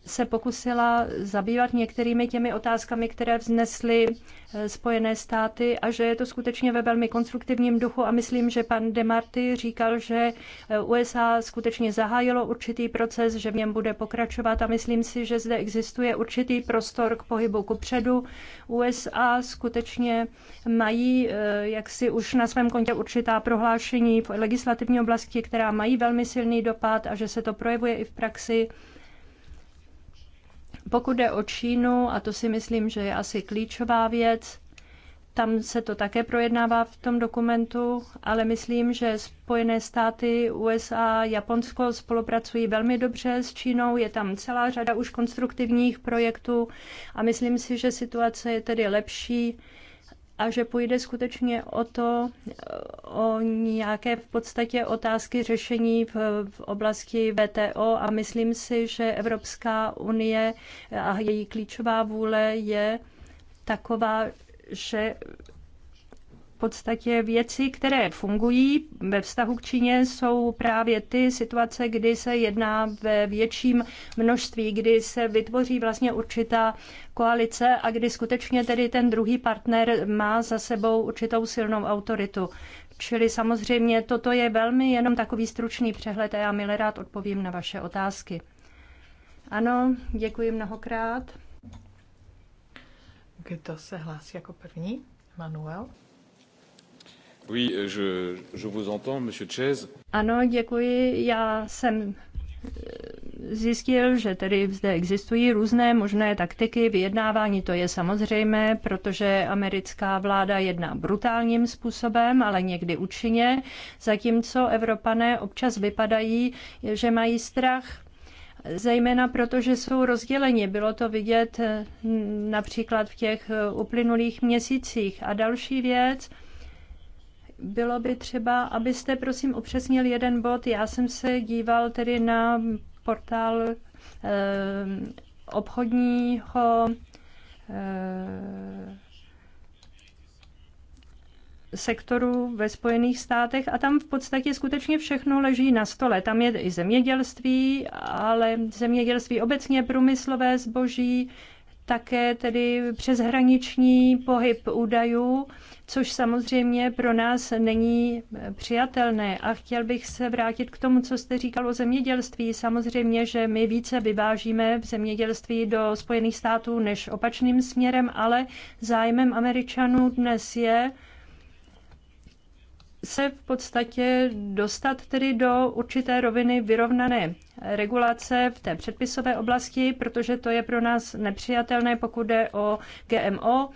se pokusila zabývat některými těmi otázkami, které vznesly eh, Spojené státy a že je to skutečně ve velmi konstruktivním duchu a myslím, že pan Demarty říkal, že eh, USA skutečně zahájilo určitý proces, že v něm bude pokračovat a myslím si, že zde existuje určitý prostor k pohybu kupředu. USA skutečně mají eh, jak si už na svém kontě určitá prohlášení v legislativní oblasti, která mají velmi silný dopad a že se to projevuje i v praxi. Pokud jde o Čínu, a to si myslím, že je asi klíčová věc, tam se to také projednává v tom dokumentu, ale myslím, že Spojené státy, USA, Japonsko spolupracují velmi dobře s Čínou. Je tam celá řada už konstruktivních projektů a myslím si, že situace je tedy lepší a že půjde skutečně o to, o nějaké v podstatě otázky řešení v, v oblasti VTO a myslím si, že Evropská unie a její klíčová vůle je taková, že podstatě věci, které fungují ve vztahu k Číně, jsou právě ty situace, kdy se jedná ve větším množství, kdy se vytvoří vlastně určitá koalice a kdy skutečně tedy ten druhý partner má za sebou určitou silnou autoritu. Čili samozřejmě toto je velmi jenom takový stručný přehled a já milé rád odpovím na vaše otázky. Ano, děkuji mnohokrát. Kdo se hlásí jako první? Manuel. Euh, ano, děkuji. Já jsem eh, zjistil, že tedy zde existují různé možné taktiky vyjednávání. To je samozřejmé, protože americká vláda jedná brutálním způsobem, ale někdy účinně, zatímco Evropané občas vypadají, že mají strach zejména proto, že jsou rozděleni. Bylo to vidět eh, například v těch eh, uplynulých měsících. A další věc, bylo by třeba, abyste prosím upřesnil jeden bod. Já jsem se díval tedy na portál eh, obchodního eh, sektoru ve Spojených státech a tam v podstatě skutečně všechno leží na stole. Tam je i zemědělství, ale zemědělství obecně průmyslové zboží, také tedy přeshraniční pohyb údajů, což samozřejmě pro nás není přijatelné. A chtěl bych se vrátit k tomu, co jste říkal o zemědělství. Samozřejmě, že my více vyvážíme v zemědělství do Spojených států než opačným směrem, ale zájmem Američanů dnes je, se v podstatě dostat tedy do určité roviny vyrovnané regulace v té předpisové oblasti, protože to je pro nás nepřijatelné, pokud jde o GMO.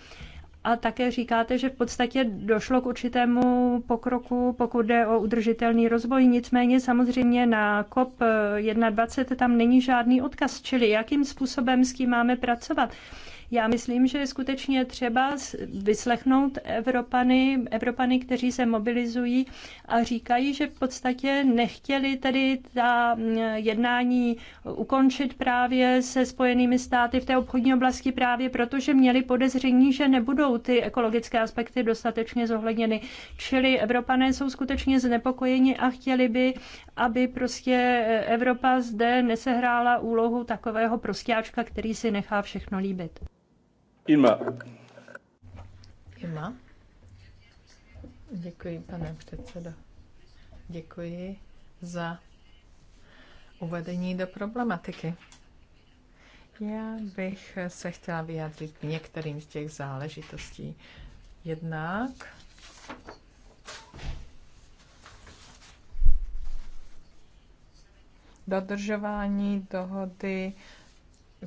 A také říkáte, že v podstatě došlo k určitému pokroku, pokud jde o udržitelný rozvoj. Nicméně samozřejmě na COP 21 tam není žádný odkaz, čili jakým způsobem s tím máme pracovat. Já myslím, že je skutečně třeba vyslechnout Evropany, Evropany, kteří se mobilizují a říkají, že v podstatě nechtěli tedy ta mm, jednání ukončit právě se Spojenými státy v té obchodní oblasti právě proto, že měli podezření, že nebudou ty ekologické aspekty dostatečně zohledněny. Čili Evropané jsou skutečně znepokojeni a chtěli by, aby prostě Evropa zde nesehrála úlohu takového prostěáčka, který si nechá všechno líbit. Ima. Ima. Děkuji, pane předsedo. Děkuji za uvedení do problematiky. Já bych se chtěla vyjádřit k některým z těch záležitostí. Jednak dodržování dohody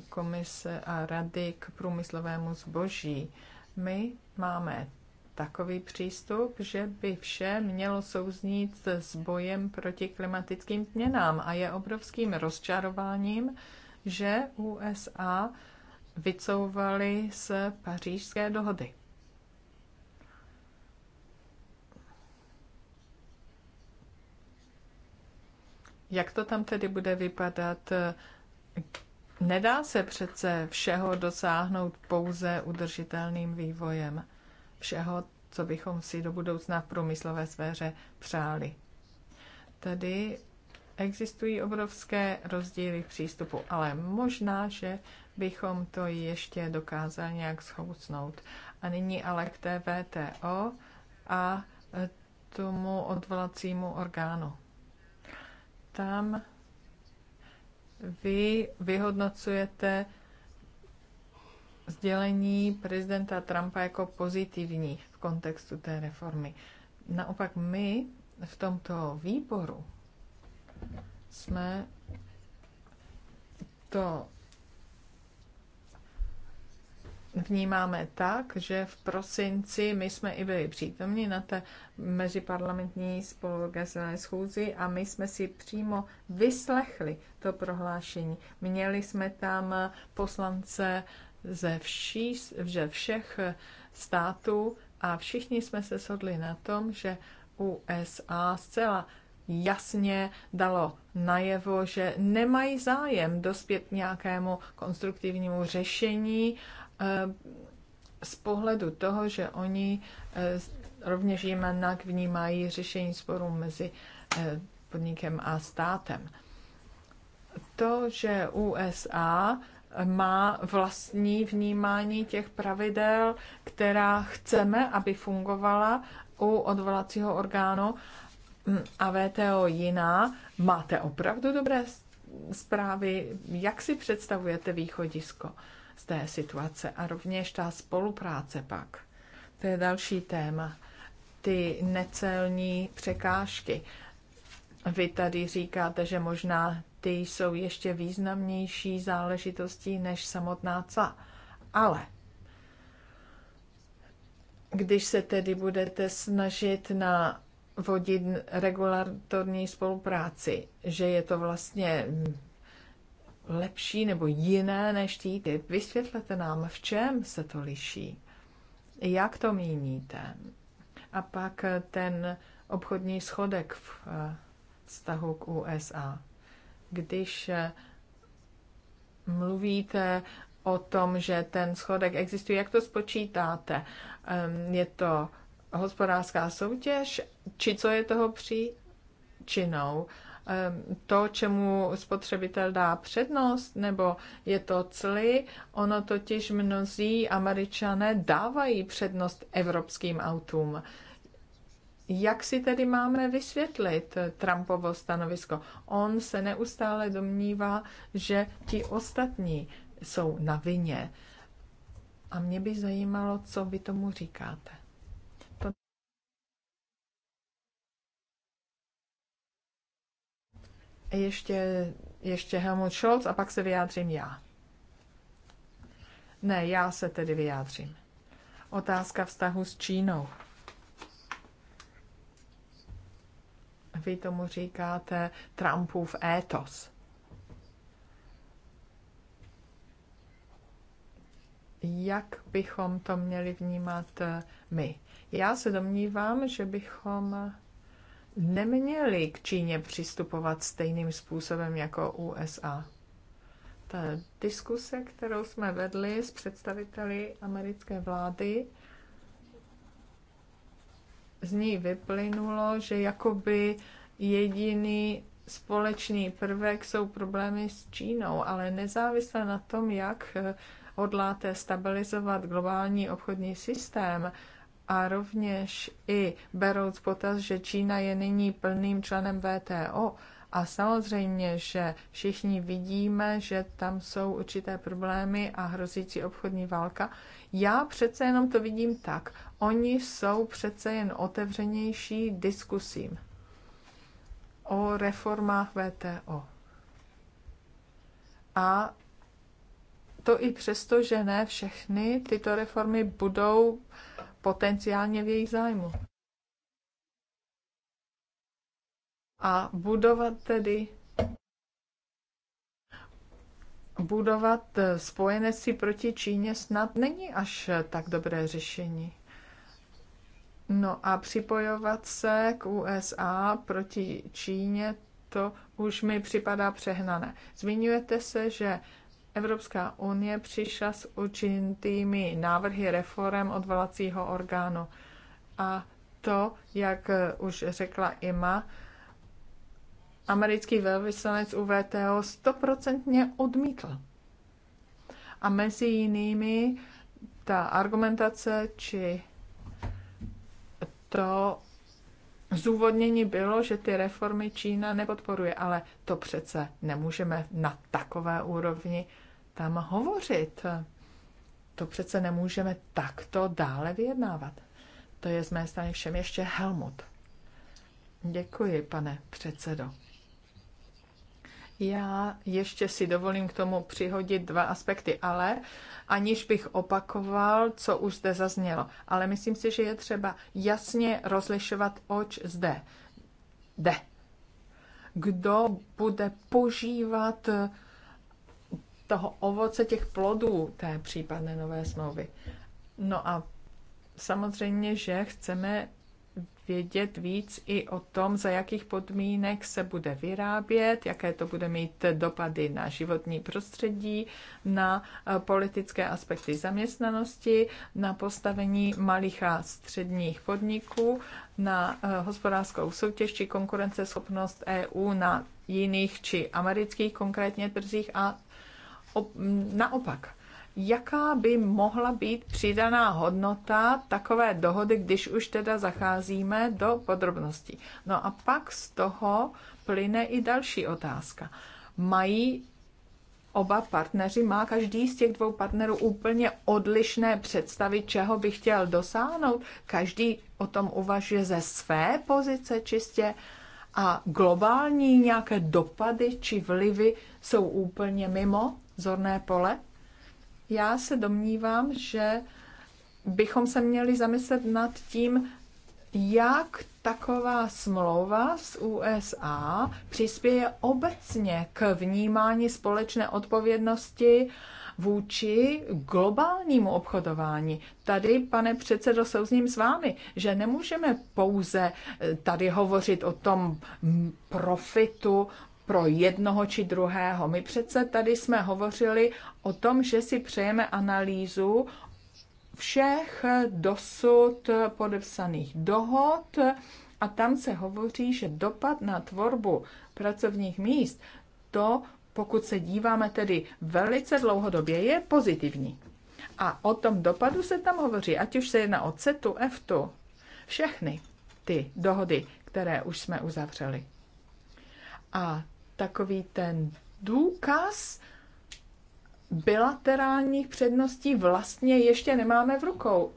komise a rady k průmyslovému zboží. My máme takový přístup, že by vše mělo souznít s bojem proti klimatickým změnám a je obrovským rozčarováním, že USA vycouvali z pařížské dohody. Jak to tam tedy bude vypadat, Nedá se přece všeho dosáhnout pouze udržitelným vývojem. Všeho, co bychom si do budoucna v průmyslové sféře přáli. Tedy existují obrovské rozdíly v přístupu, ale možná, že bychom to ještě dokázali nějak schoucnout. A nyní ale k TVTO a tomu odvolacímu orgánu. Tam vy vyhodnocujete sdělení prezidenta Trumpa jako pozitivní v kontextu té reformy. Naopak my v tomto výboru jsme to vnímáme tak, že v prosinci my jsme i byli přítomni na té meziparlamentní spolorganizované schůzi a my jsme si přímo vyslechli to prohlášení. Měli jsme tam poslance ze, vší, ze všech států a všichni jsme se shodli na tom, že USA zcela jasně dalo najevo, že nemají zájem dospět nějakému konstruktivnímu řešení Eh, z pohledu toho, že oni eh, rovněž jinak vnímají řešení sporů mezi eh, podnikem a státem. To, že USA má vlastní vnímání těch pravidel, která chceme, aby fungovala u odvolacího orgánu hm, a VTO jiná. Máte opravdu dobré zprávy? Jak si představujete východisko? z té situace. A rovněž ta spolupráce pak. To je další téma. Ty necelní překážky. Vy tady říkáte, že možná ty jsou ještě významnější záležitostí než samotná cla. Ale když se tedy budete snažit na vodit regulatorní spolupráci, že je to vlastně lepší nebo jiné než ty. Vysvětlete nám, v čem se to liší. Jak to míníte? A pak ten obchodní schodek v eh, vztahu k USA. Když eh, mluvíte o tom, že ten schodek existuje, jak to spočítáte? Ehm, je to hospodářská soutěž, či co je toho příčinou? Ehm, to, čemu spotřebitel dá přednost, nebo je to cly. Ono totiž mnozí američané dávají přednost evropským autům. Jak si tedy máme vysvětlit Trumpovo stanovisko? On se neustále domnívá, že ti ostatní jsou na vině. A mě by zajímalo, co vy tomu říkáte. Ještě, ještě Helmut Scholz a pak se vyjádřím já. Ne, já se tedy vyjádřím. Otázka vztahu s Čínou. Vy tomu říkáte Trumpův étos. Jak bychom to měli vnímat eh, my? Já se domnívám, že bychom neměli k Číně přistupovat stejným způsobem jako USA. Ta diskuse, kterou jsme vedli s představiteli americké vlády, z ní vyplynulo, že jakoby jediný společný prvek jsou problémy s Čínou, ale nezávisle na tom, jak hodláte stabilizovat globální obchodní systém, a rovněž i berouc potaz, že Čína je nyní plným členem VTO a samozřejmě, že všichni vidíme, že tam jsou určité problémy a hrozící obchodní válka, já přece jenom to vidím tak. Oni jsou přece jen otevřenější diskusím o reformách VTO. A to i přesto, že ne všechny tyto reformy budou uh, potenciálně v jejich zájmu. A budovat tedy budovat eh, si proti Číně snad není až eh, tak dobré řešení. No a připojovat se k USA proti Číně, to už mi připadá přehnané. Zmiňujete se, že Evropská unie přišla s určitými návrhy reform odvolacího orgánu. A to, jak už řekla Ima, americký velvyslanec u VTO stoprocentně odmítl. A mezi jinými ta argumentace či to zúvodnění bylo, že ty reformy Čína nepodporuje, ale to přece nemůžeme na takové úrovni tam hovořit. To přece nemůžeme takto dále vyjednávat. To je z mé strany všem ještě Helmut. Děkuji, pane předsedo. Já ještě si dovolím k tomu přihodit dva aspekty, ale aniž bych opakoval, co už zde zaznělo. Ale myslím si, že je třeba jasně rozlišovat, oč zde jde. Kdo bude požívat toho ovoce, těch plodů té případné nové smlouvy. No a samozřejmě, že chceme vědět víc i o tom, za jakých podmínek se bude vyrábět, jaké to bude mít dopady na životní prostředí, na eh, politické aspekty zaměstnanosti, na postavení malých a středních podniků, na eh, hospodářskou soutěž či konkurenceschopnost EU na jiných či amerických konkrétně trzích a naopak. Jaká by mohla být přidaná hodnota takové dohody, když už teda zacházíme do podrobností? No a pak z toho plyne i další otázka. Mají oba partneři, má každý z těch dvou partnerů úplně odlišné představy, čeho by chtěl dosáhnout. Každý o tom uvažuje ze své pozice čistě a globální nějaké dopady či vlivy jsou úplně mimo zorné pole? Já se domnívám, že bychom se měli zamyslet nad tím, jak taková smlouva s USA přispěje obecně k vnímání společné odpovědnosti vůči globálnímu obchodování. Tady, pane předsedo, souzním s vámi, že nemůžeme pouze eh, tady hovořit o tom profitu pro jednoho či druhého. My přece tady jsme hovořili o tom, že si přejeme analýzu všech dosud podepsaných dohod a tam se hovoří, že dopad na tvorbu pracovních míst, to pokud se díváme tedy velice dlouhodobě, je pozitivní. A o tom dopadu se tam hovoří, ať už se jedná o CETu, EFTu, všechny ty dohody, které už jsme uzavřeli. A takový ten důkaz bilaterálních předností vlastně ještě nemáme v rukou.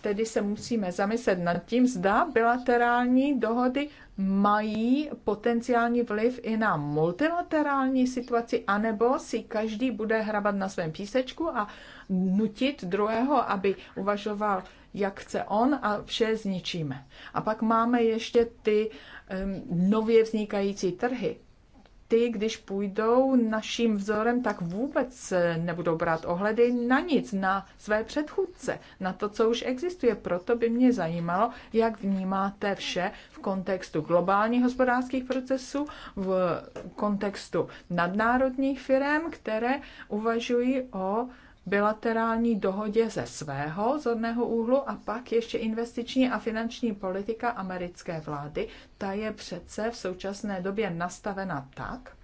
Tedy se musíme zamyslet nad tím, zda bilaterální dohody mají potenciální vliv i na multilaterální situaci, anebo si každý bude hrabat na svém písečku a nutit druhého, aby uvažoval, jak chce on a vše zničíme. A pak máme ještě ty um, nově vznikající trhy ty, když půjdou naším vzorem, tak vůbec nebudou brát ohledy na nic, na své předchůdce, na to, co už existuje. Proto by mě zajímalo, jak vnímáte vše v kontextu globálních hospodářských procesů, v kontextu nadnárodních firm, které uvažují o bilaterální dohodě ze svého zorného úhlu a pak ještě investiční a finanční politika americké vlády. Ta je přece v současné době nastavena tak,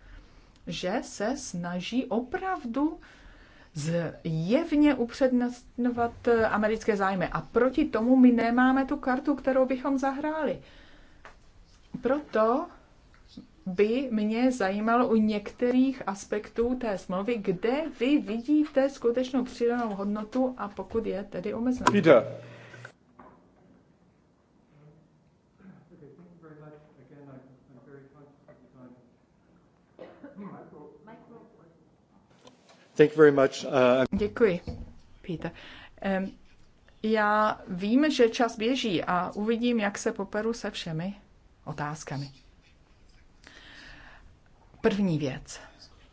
že se snaží opravdu zjevně upřednostňovat eh, americké zájmy. A proti tomu my nemáme tu kartu, kterou bychom zahráli. Proto by mě zajímalo u některých aspektů té smlouvy, kde vy vidíte skutečnou přidanou hodnotu a pokud je tedy omezená. Víte. Thank you very much. Uh... Děkuji, Peter. Um, já vím, že čas běží a uvidím, jak se poperu se všemi otázkami. První věc.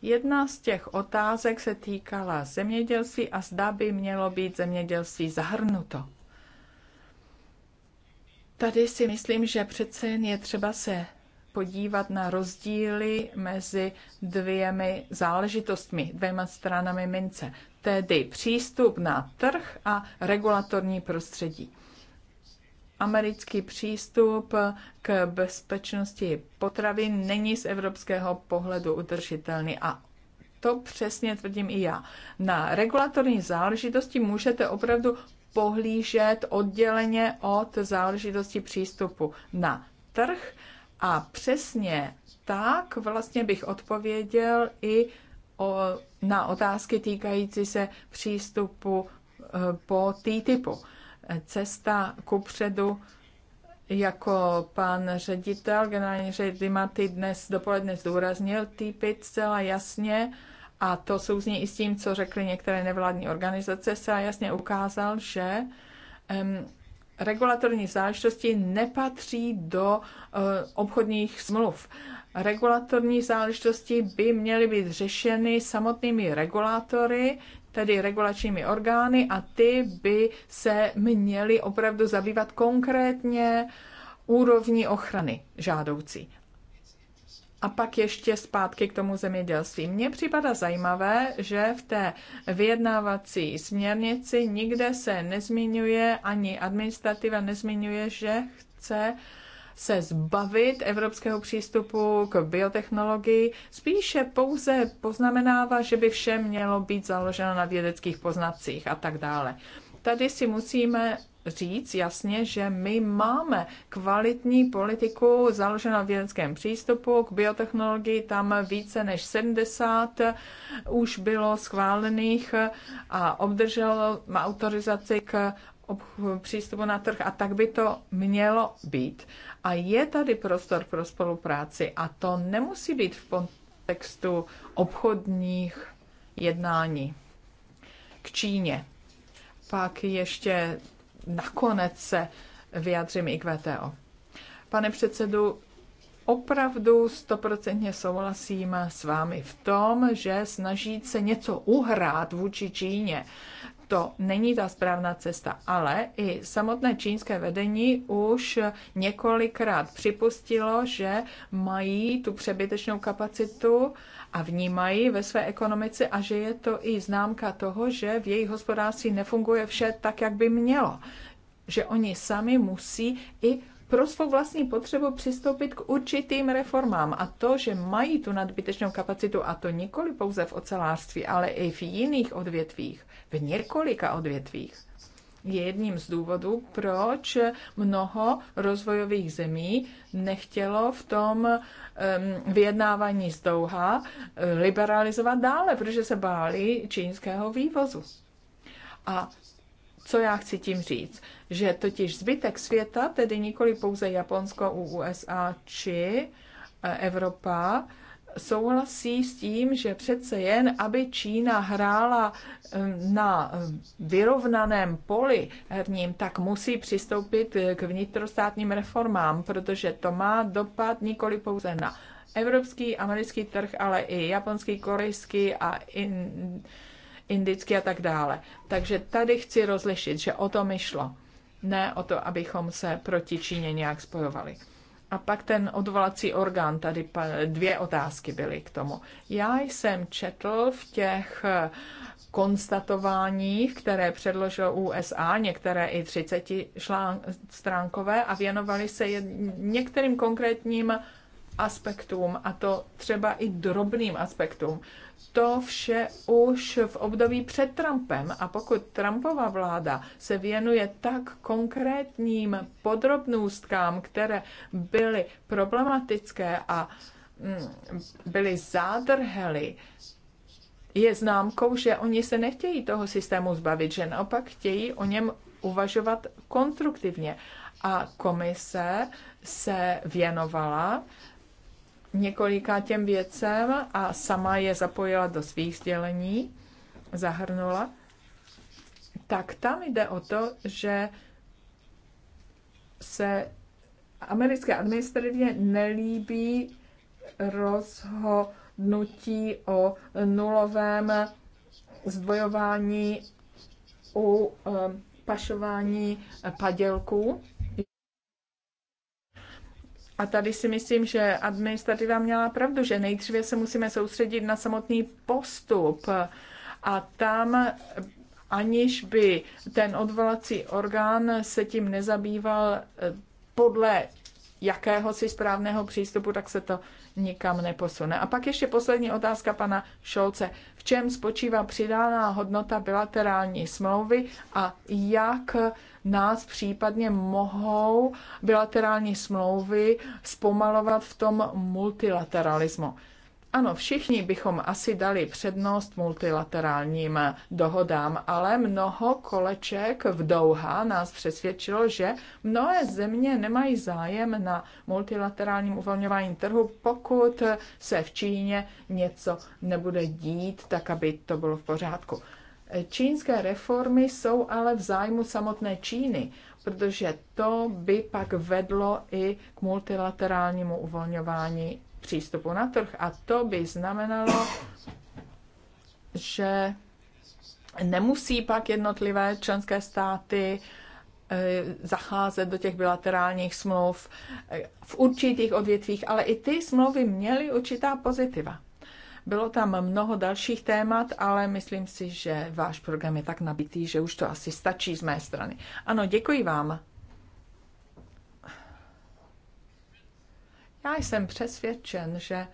Jedna z těch otázek se týkala zemědělství a zda by mělo být zemědělství zahrnuto. Tady si myslím, že přece jen je třeba se podívat na rozdíly mezi dvěmi záležitostmi, dvěma stranami mince, tedy přístup na trh a regulatorní prostředí americký přístup k bezpečnosti potravin není z evropského pohledu udržitelný a to přesně tvrdím i já. Na regulatorní záležitosti můžete opravdu pohlížet odděleně od záležitosti přístupu na trh a přesně tak vlastně bych odpověděl i o, na otázky týkající se přístupu eh, po T-typu cesta ku předu jako pan ředitel, generální ředitel Maty dnes dopoledne zdůraznil, typit zcela jasně, a to souzní i s tím, co řekly některé nevládní organizace, se jasně ukázal, že um, regulatorní záležitosti nepatří do uh, obchodních smluv regulatorní záležitosti by měly být řešeny samotnými regulátory, tedy regulačními orgány a ty by se měly opravdu zabývat konkrétně úrovní ochrany žádoucí. A pak ještě zpátky k tomu zemědělství. Mně připadá zajímavé, že v té vyjednávací směrnici nikde se nezmiňuje, ani administrativa nezmiňuje, že chce uh, se zbavit evropského přístupu k biotechnologii, spíše pouze poznamenává, že by vše mělo být založeno na vědeckých poznacích a tak dále. Tady si musíme říct jasně, že my máme kvalitní politiku založenou na vědeckém přístupu k biotechnologii. Tam více než 70 už bylo schválených a obdrželo autorizaci k přístupu na trh a tak by to mělo být. A je tady prostor pro spolupráci a to nemusí být v kontextu obchodních jednání k Číně. Pak ještě nakonec se vyjádřím i k VTO. Pane předsedu, opravdu stoprocentně souhlasím s vámi v tom, že snažit se něco uhrát vůči Číně to není ta správná cesta, ale i samotné čínské vedení už několikrát připustilo, že mají tu přebytečnou kapacitu a vnímají ve své ekonomice a že je to i známka toho, že v jejich hospodářství nefunguje vše tak, jak by mělo. Že oni sami musí i pro svou vlastní potřebu přistoupit k určitým reformám. A to, že mají tu nadbytečnou kapacitu, a to nikoli pouze v ocelářství, ale i v jiných odvětvích, v několika odvětvích je jedním z důvodů, proč mnoho rozvojových zemí nechtělo v tom um, vyjednávání z Douha eh, liberalizovat dále, protože se báli čínského vývozu. A co já chci tím říct? Že totiž zbytek světa, tedy nikoli pouze Japonsko, USA či eh, Evropa, souhlasí s tím, že přece jen, aby Čína hrála eh, na eh, vyrovnaném poli herním, tak musí přistoupit eh, k vnitrostátním reformám, protože to má dopad nikoli pouze na evropský, americký trh, ale i japonský, korejský a in, indický a tak dále. Takže tady chci rozlišit, že o to myšlo. šlo. Ne o to, abychom se proti Číně nějak spojovali. A pak ten odvolací orgán, tady dvě otázky byly k tomu. Já jsem četl v těch eh, konstatováních, které předložilo USA, některé i 30 šlán, stránkové a věnovali se jed, některým konkrétním aspektům, a to třeba i drobným aspektům to vše už v období před Trumpem. A pokud Trumpova vláda se věnuje tak konkrétním podrobnostkám, které byly problematické a mm, byly zádrhely, je známkou, že oni se nechtějí toho systému zbavit, že naopak chtějí o něm uvažovat konstruktivně. A komise se věnovala několika těm věcem a sama je zapojila do svých sdělení, zahrnula, tak tam jde o to, že se americké administrativě nelíbí rozhodnutí o nulovém zdvojování u eh, pašování padělků a tady si myslím, že administrativa měla pravdu, že nejdříve se musíme soustředit na samotný postup a tam aniž by ten odvolací orgán se tím nezabýval eh, podle jakéhosi správného přístupu, tak se to nikam neposune. A pak ještě poslední otázka pana Šolce. V čem spočívá přidaná hodnota bilaterální smlouvy a jak nás případně mohou bilaterální smlouvy zpomalovat v tom multilateralismu. Ano, všichni bychom asi dali přednost multilaterálním dohodám, ale mnoho koleček v Douha nás přesvědčilo, že mnohé země nemají zájem na multilaterálním uvolňování trhu, pokud se v Číně něco nebude dít, tak aby to bylo v pořádku. Čínské reformy jsou ale v zájmu samotné Číny, protože to by pak vedlo i k multilaterálnímu uvolňování přístupu na trh a to by znamenalo, že nemusí pak jednotlivé členské státy eh, zacházet do těch bilaterálních smluv eh, v určitých odvětvích, ale i ty smlouvy měly určitá pozitiva. Bylo tam mnoho dalších témat, ale myslím si, že váš program je tak nabitý, že už to asi stačí z mé strany. Ano, děkuji vám. Já jsem přesvědčen, že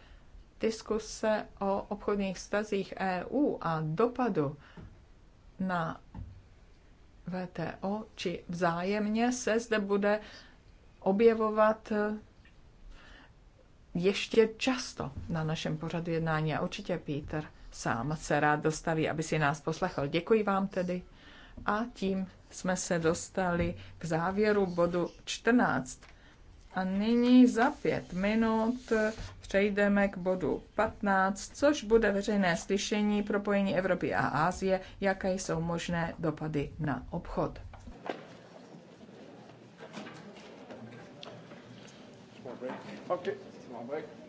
diskuse o obchodních vztazích EU a dopadu na VTO či vzájemně se zde bude objevovat ještě často na našem pořadu jednání a určitě Peter sám se rád dostaví, aby si nás poslechl. Děkuji vám tedy a tím jsme se dostali k závěru bodu 14. A nyní za pět minut přejdeme k bodu 15, což bude veřejné slyšení propojení Evropy a Ázie, jaké jsou možné dopady na obchod. Okay. Albrecht.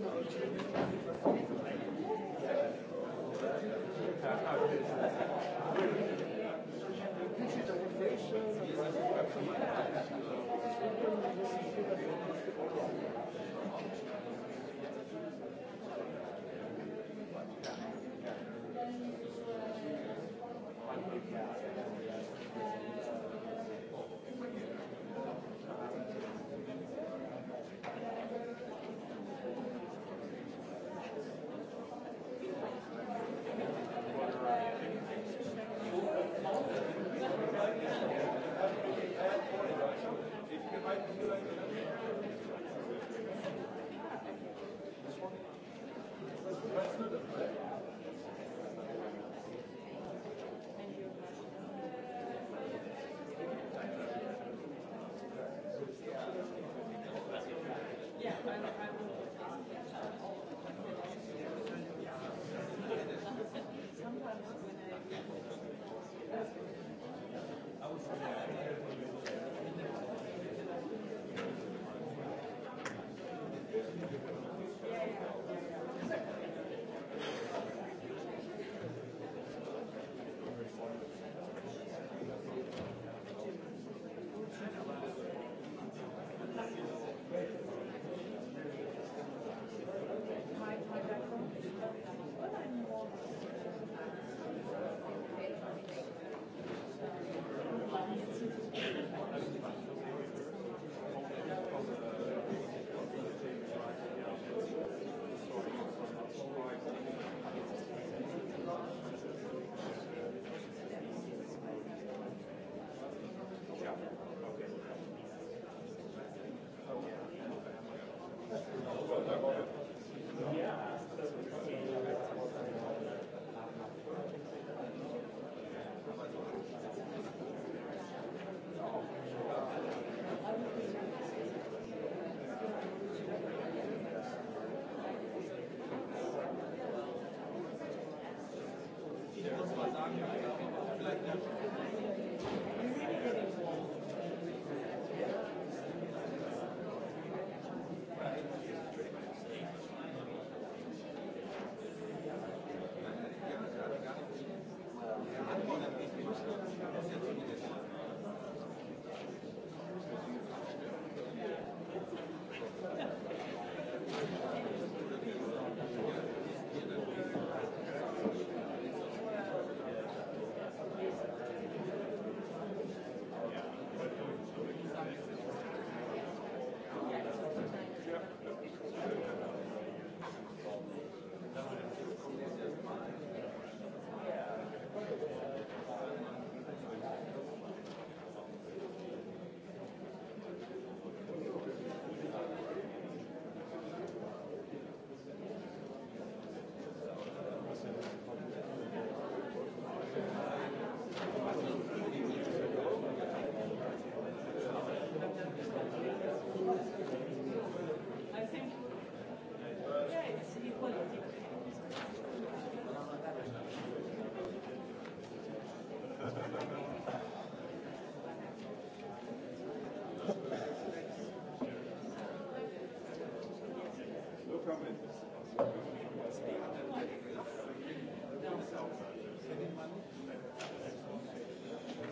na očích.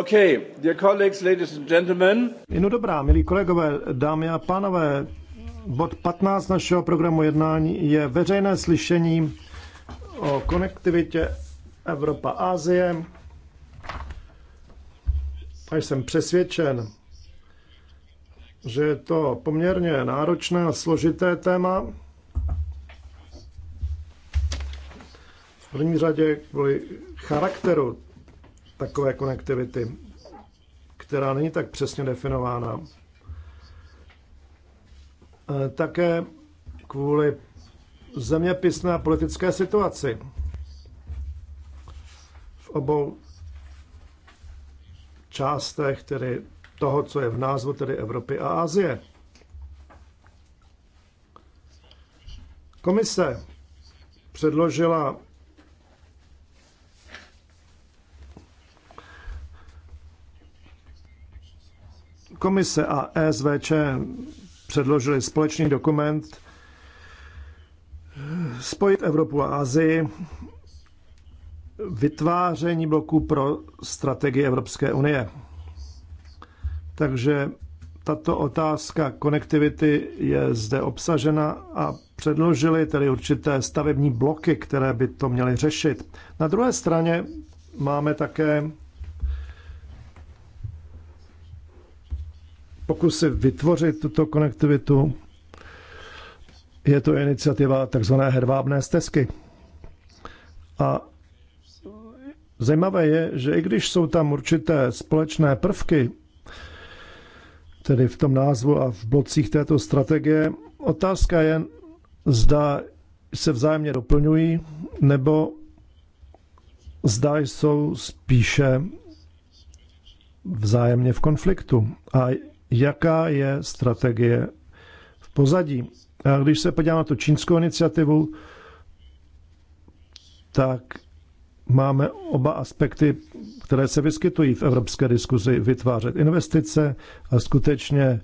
Okay, dear colleagues, ladies and gentlemen. No dobrá, milí kolegové, dámy a pánové, bod 15 našeho programu jednání je veřejné slyšení o konektivitě Evropa-Asie. A jsem přesvědčen, že je to poměrně náročné a složité téma. V první řadě kvůli charakteru takové konektivity, která není tak přesně definována. E, také kvůli zeměpisné a politické situaci v obou částech, tedy toho, co je v názvu, tedy Evropy a Asie. Komise předložila Komise a ESVČ předložili společný dokument Spojit Evropu a Asii, vytváření bloků pro strategii Evropské unie. Takže tato otázka konektivity je zde obsažena a předložili tedy určité stavební bloky, které by to měly řešit. Na druhé straně máme také pokusy vytvořit tuto konektivitu. Je to iniciativa tzv. hedvábné stezky. A zajímavé je, že i když jsou tam určité společné prvky, tedy v tom názvu a v blocích této strategie, otázka je, zda se vzájemně doplňují, nebo zda jsou spíše vzájemně v konfliktu. A jaká je strategie v pozadí. A když se podívám na tu čínskou iniciativu, tak máme oba aspekty, které se vyskytují v evropské diskuzi, vytvářet investice a skutečně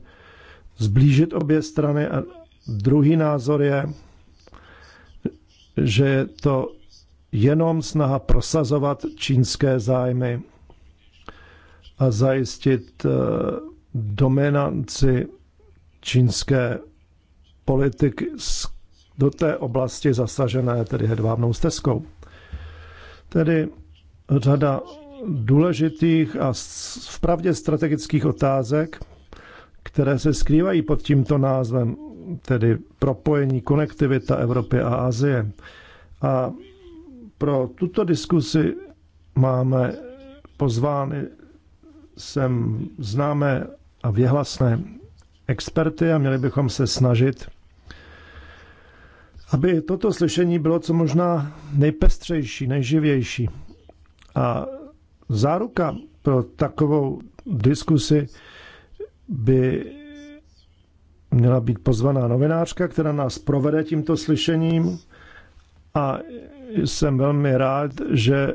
zblížit obě strany. A druhý názor je, že je to jenom snaha prosazovat čínské zájmy a zajistit eh, dominanci čínské politiky do té oblasti zasažené tedy hedvábnou stezkou. Tedy řada důležitých a vpravdě strategických otázek, které se skrývají pod tímto názvem, tedy propojení, konektivita Evropy a Asie. A pro tuto diskusi máme pozvány sem známé a věhlasné experty a měli bychom se snažit, aby toto slyšení bylo co možná nejpestřejší, nejživější. A záruka pro takovou diskusi by měla být pozvaná novinářka, která nás provede tímto slyšením a jsem velmi rád, že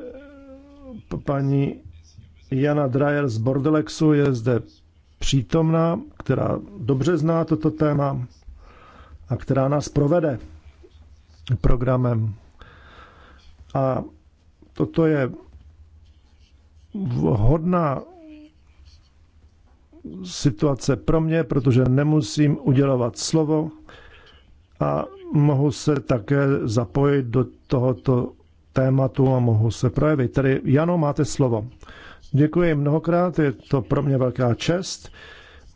paní Jana Dreyer z Bordelexu je zde Přítomná, která dobře zná toto téma a která nás provede programem. A toto je vhodná situace pro mě, protože nemusím udělovat slovo a mohu se také zapojit do tohoto tématu a mohu se projevit. Tedy Jano, máte slovo. Děkuji mnohokrát, je to pro mě velká čest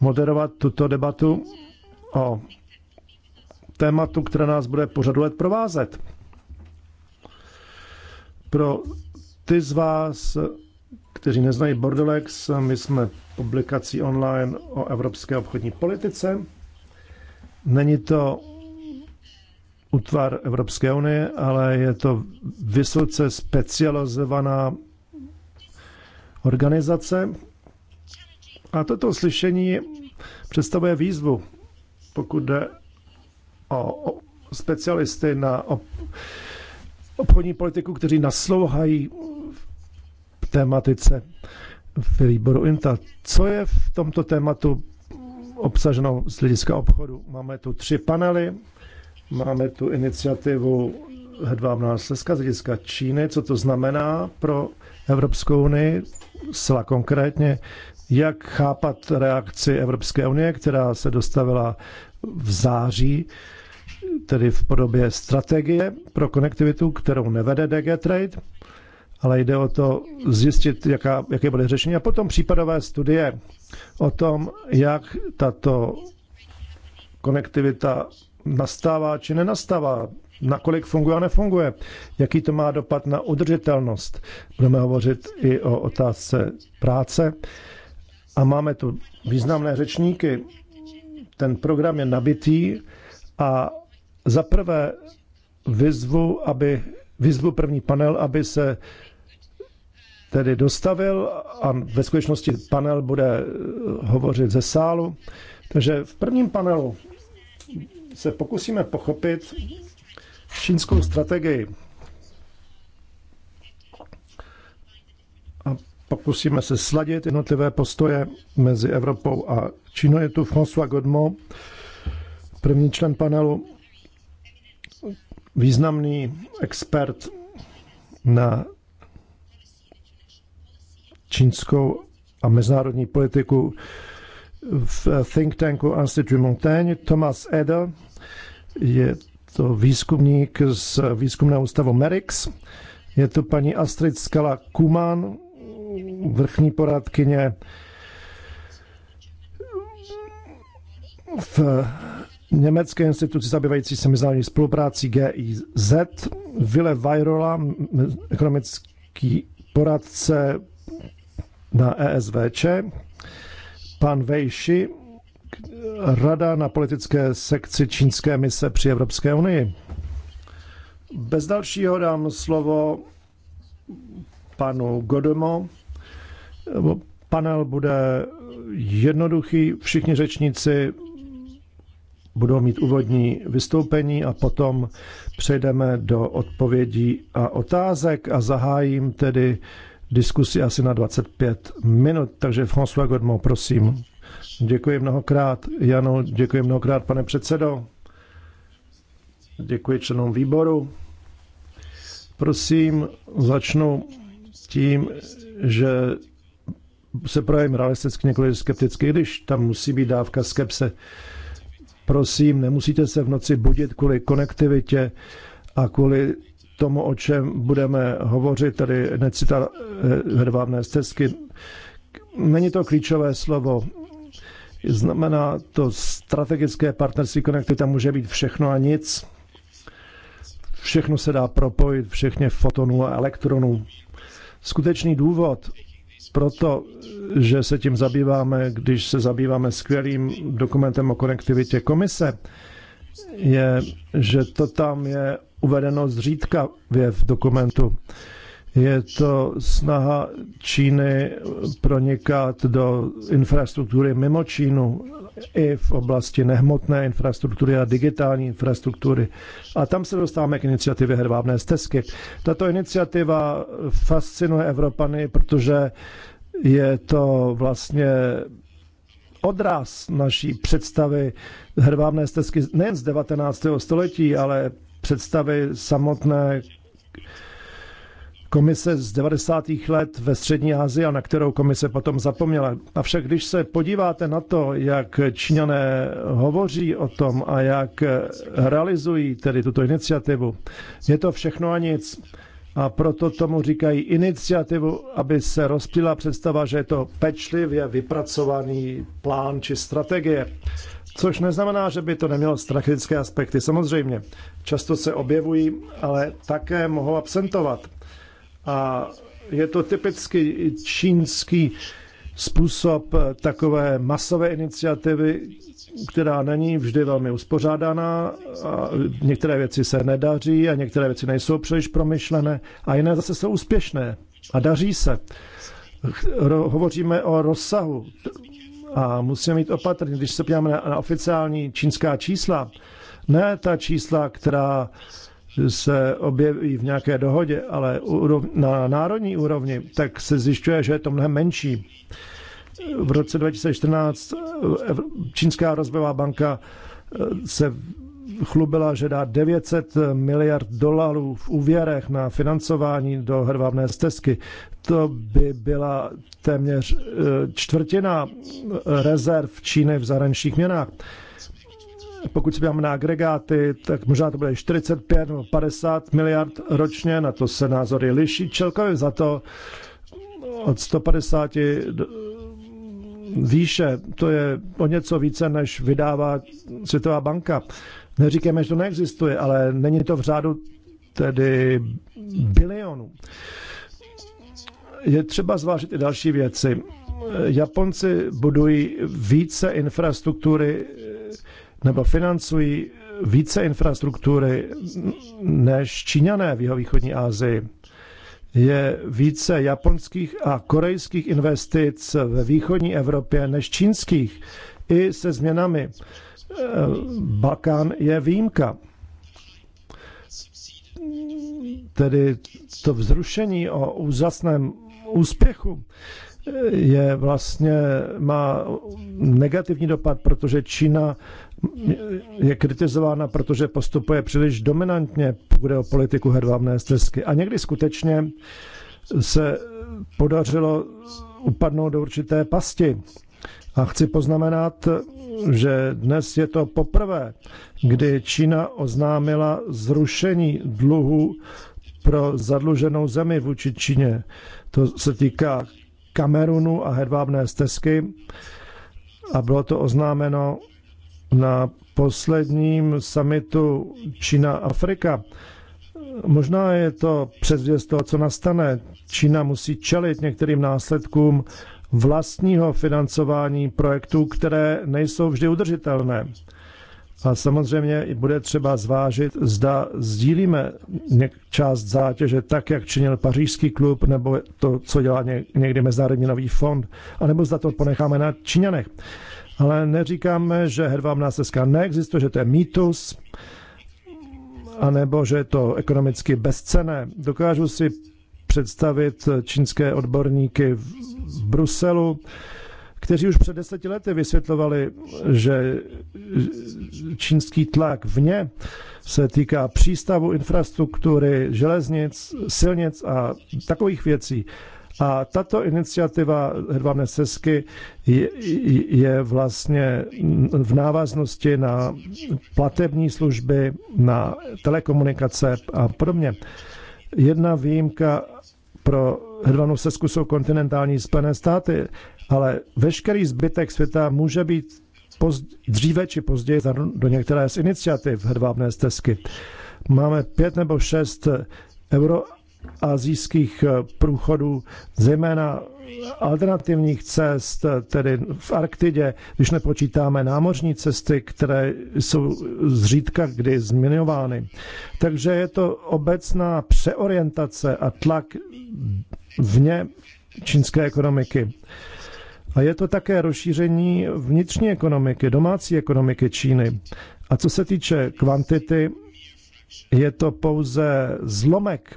moderovat tuto debatu o tématu, které nás bude pořadu let provázet. Pro ty z vás, kteří neznají Bordelex, my jsme publikací online o evropské obchodní politice. Není to útvar Evropské unie, ale je to vysoce specializovaná organizace. A toto slyšení představuje výzvu, pokud jde o specialisty na obchodní politiku, kteří naslouhají v tématice v výboru INTA. Co je v tomto tématu obsaženo z hlediska obchodu? Máme tu tři panely, máme tu iniciativu Hedvábná sleska z hlediska Číny, co to znamená pro Evropskou unii, sva konkrétně, jak chápat reakci Evropské unie, která se dostavila v září, tedy v podobě strategie pro konektivitu, kterou nevede DG Trade, ale jde o to zjistit, jaká, jaké bude řešení a potom případové studie o tom, jak tato konektivita nastává či nenastává nakolik funguje a nefunguje, jaký to má dopad na udržitelnost. Budeme hovořit i o otázce práce a máme tu významné řečníky. Ten program je nabitý a za prvé vyzvu, aby, vyzvu první panel, aby se tedy dostavil a ve skutečnosti panel bude eh, hovořit ze sálu. Takže v prvním panelu se pokusíme pochopit, čínskou strategii a pokusíme se sladit jednotlivé postoje mezi Evropou a Čínou. Je tu François Godmo, první člen panelu, významný expert na čínskou a mezinárodní politiku v think tanku Institut Montaigne. Thomas Eder je to výzkumník z výzkumného ústavu Merix. Je to paní Astrid Skala Kuman, vrchní poradkyně v německé instituci zabývající se mezinárodní spoluprácí GIZ, Vile Vajrola, ekonomický poradce na ESVČ, pan Vejši, rada na politické sekci čínské mise při Evropské unii. Bez dalšího dám slovo panu Godemo. Panel bude jednoduchý, všichni řečníci budou mít úvodní vystoupení a potom přejdeme do odpovědí a otázek a zahájím tedy diskusi asi na 25 minut. Takže François Godmo, prosím. Děkuji mnohokrát, Jano, děkuji mnohokrát, pane předsedo. Děkuji členům výboru. Prosím, začnu tím, že se projevím realisticky, několik skepticky, když tam musí být dávka skepse. Prosím, nemusíte se v noci budit kvůli konektivitě a kvůli tomu, o čem budeme hovořit, tedy necita hrvávné eh, stezky. Není to klíčové slovo. Znamená to strategické partnerství Connecty, tam může být všechno a nic. Všechno se dá propojit, všechně fotonů a elektronů. Skutečný důvod pro to, že se tím zabýváme, když se zabýváme skvělým dokumentem o konektivitě komise, je, že to tam je uvedeno zřídka v dokumentu. Je to snaha Číny pronikat do infrastruktury mimo Čínu i v oblasti nehmotné infrastruktury a digitální infrastruktury. A tam se dostáváme k iniciativě Hrvábné stezky. Tato iniciativa fascinuje Evropany, protože je to vlastně odraz naší představy hrvábné stezky nejen z 19. století, ale představy samotné komise z 90. let ve Střední Asii, na kterou komise potom zapomněla. Avšak když se podíváte na to, jak Číňané hovoří o tom a jak realizují tedy tuto iniciativu, je to všechno a nic. A proto tomu říkají iniciativu, aby se rozptýla představa, že je to pečlivě vypracovaný plán či strategie. Což neznamená, že by to nemělo strategické aspekty, samozřejmě. Často se objevují, ale také mohou absentovat. A je to typicky čínský způsob takové masové iniciativy, která není vždy velmi uspořádaná. A některé věci se nedaří a některé věci nejsou příliš promyšlené a jiné zase jsou úspěšné a daří se. Hovoříme o rozsahu a musíme mít opatrně, když se podíváme na, oficiální čínská čísla, ne ta čísla, která se objeví v nějaké dohodě, ale na národní úrovni, tak se zjišťuje, že je to mnohem menší. V roce 2014 eh, Čínská rozvojová banka eh, se chlubila, že dá 900 miliard dolarů v úvěrech na financování do hrvavné stezky. To by byla téměř eh, čtvrtina rezerv Číny v zahraničních měnách. Pokud si dám na agregáty, tak možná to bude 45 nebo 50 miliard ročně, na to se názory liší. Čelkově za to od 150 výše, to je o něco více, než vydává Světová banka. Neříkáme, že to neexistuje, ale není to v řádu tedy bilionů. Je třeba zvážit i další věci. Japonci budují více infrastruktury nebo financují více infrastruktury než Číňané v jihovýchodní Asii. Je více japonských a korejských investic ve východní Evropě než čínských, i se změnami. Eh, Balkán je výjimka. Tedy to vzrušení o úžasném úspěchu eh, je vlastně, má negativní dopad, protože Čína je kritizována, protože postupuje příliš dominantně, pokud je o politiku hedvábné stresky. A někdy skutečně se podařilo upadnout do určité pasti. A chci poznamenat, že dnes je to poprvé, kdy Čína oznámila zrušení dluhu pro zadluženou zemi vůči Číně. To se týká Kamerunu a hedvábné stezky a bylo to oznámeno na posledním summitu Čína-Afrika. Možná je to předzvěst toho, co nastane. Čína musí čelit některým následkům vlastního financování projektů, které nejsou vždy udržitelné. A samozřejmě bude třeba zvážit, zda sdílíme část zátěže tak, jak činil Pařížský klub, nebo to, co dělá někdy Mezinárodní nový fond, anebo zda to ponecháme na Číňanech ale neříkáme, že hedvábná stezka neexistuje, že to je mýtus, anebo že je to ekonomicky bezcené. Dokážu si představit čínské odborníky v Bruselu, kteří už před deseti lety vysvětlovali, že čínský tlak vně se týká přístavu, infrastruktury, železnic, silnic a takových věcí. A tato iniciativa Hedvábné Sesky je, je vlastně v návaznosti na platební služby, na telekomunikace a podobně. Jedna výjimka pro Hedvanou Sesku jsou kontinentální Spojené státy, ale veškerý zbytek světa může být dříve či později do některé z iniciativ Hedvábné stezky. Máme pět nebo šest euro azijských eh, průchodů, zejména alternativních cest, eh, tedy v Arktidě, když nepočítáme námořní cesty, které jsou zřídka kdy zmiňovány. Takže je to obecná přeorientace a tlak vně čínské ekonomiky. A je to také rozšíření vnitřní ekonomiky, domácí ekonomiky Číny. A co se týče kvantity, je to pouze zlomek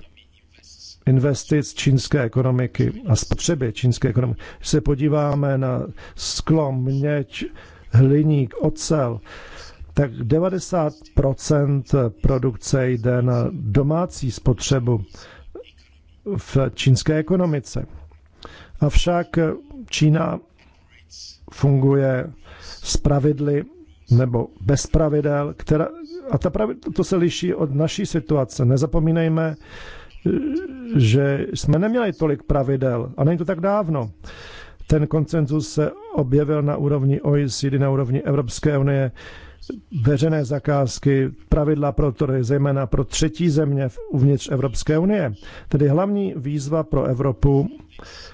investic čínské ekonomiky a spotřeby čínské ekonomiky. Když se podíváme na sklo, měď, hliník, ocel, tak 90% produkce jde na domácí spotřebu v čínské ekonomice. Avšak Čína funguje z pravidly nebo bez pravidel, která, a ta pravidla, to se liší od naší situace. Nezapomínejme, že jsme neměli tolik pravidel, a není to tak dávno. Ten koncenzus se objevil na úrovni OECD, na úrovni Evropské unie, veřejné zakázky, pravidla pro to, zejména pro třetí země uvnitř Evropské unie. Tedy hlavní výzva pro Evropu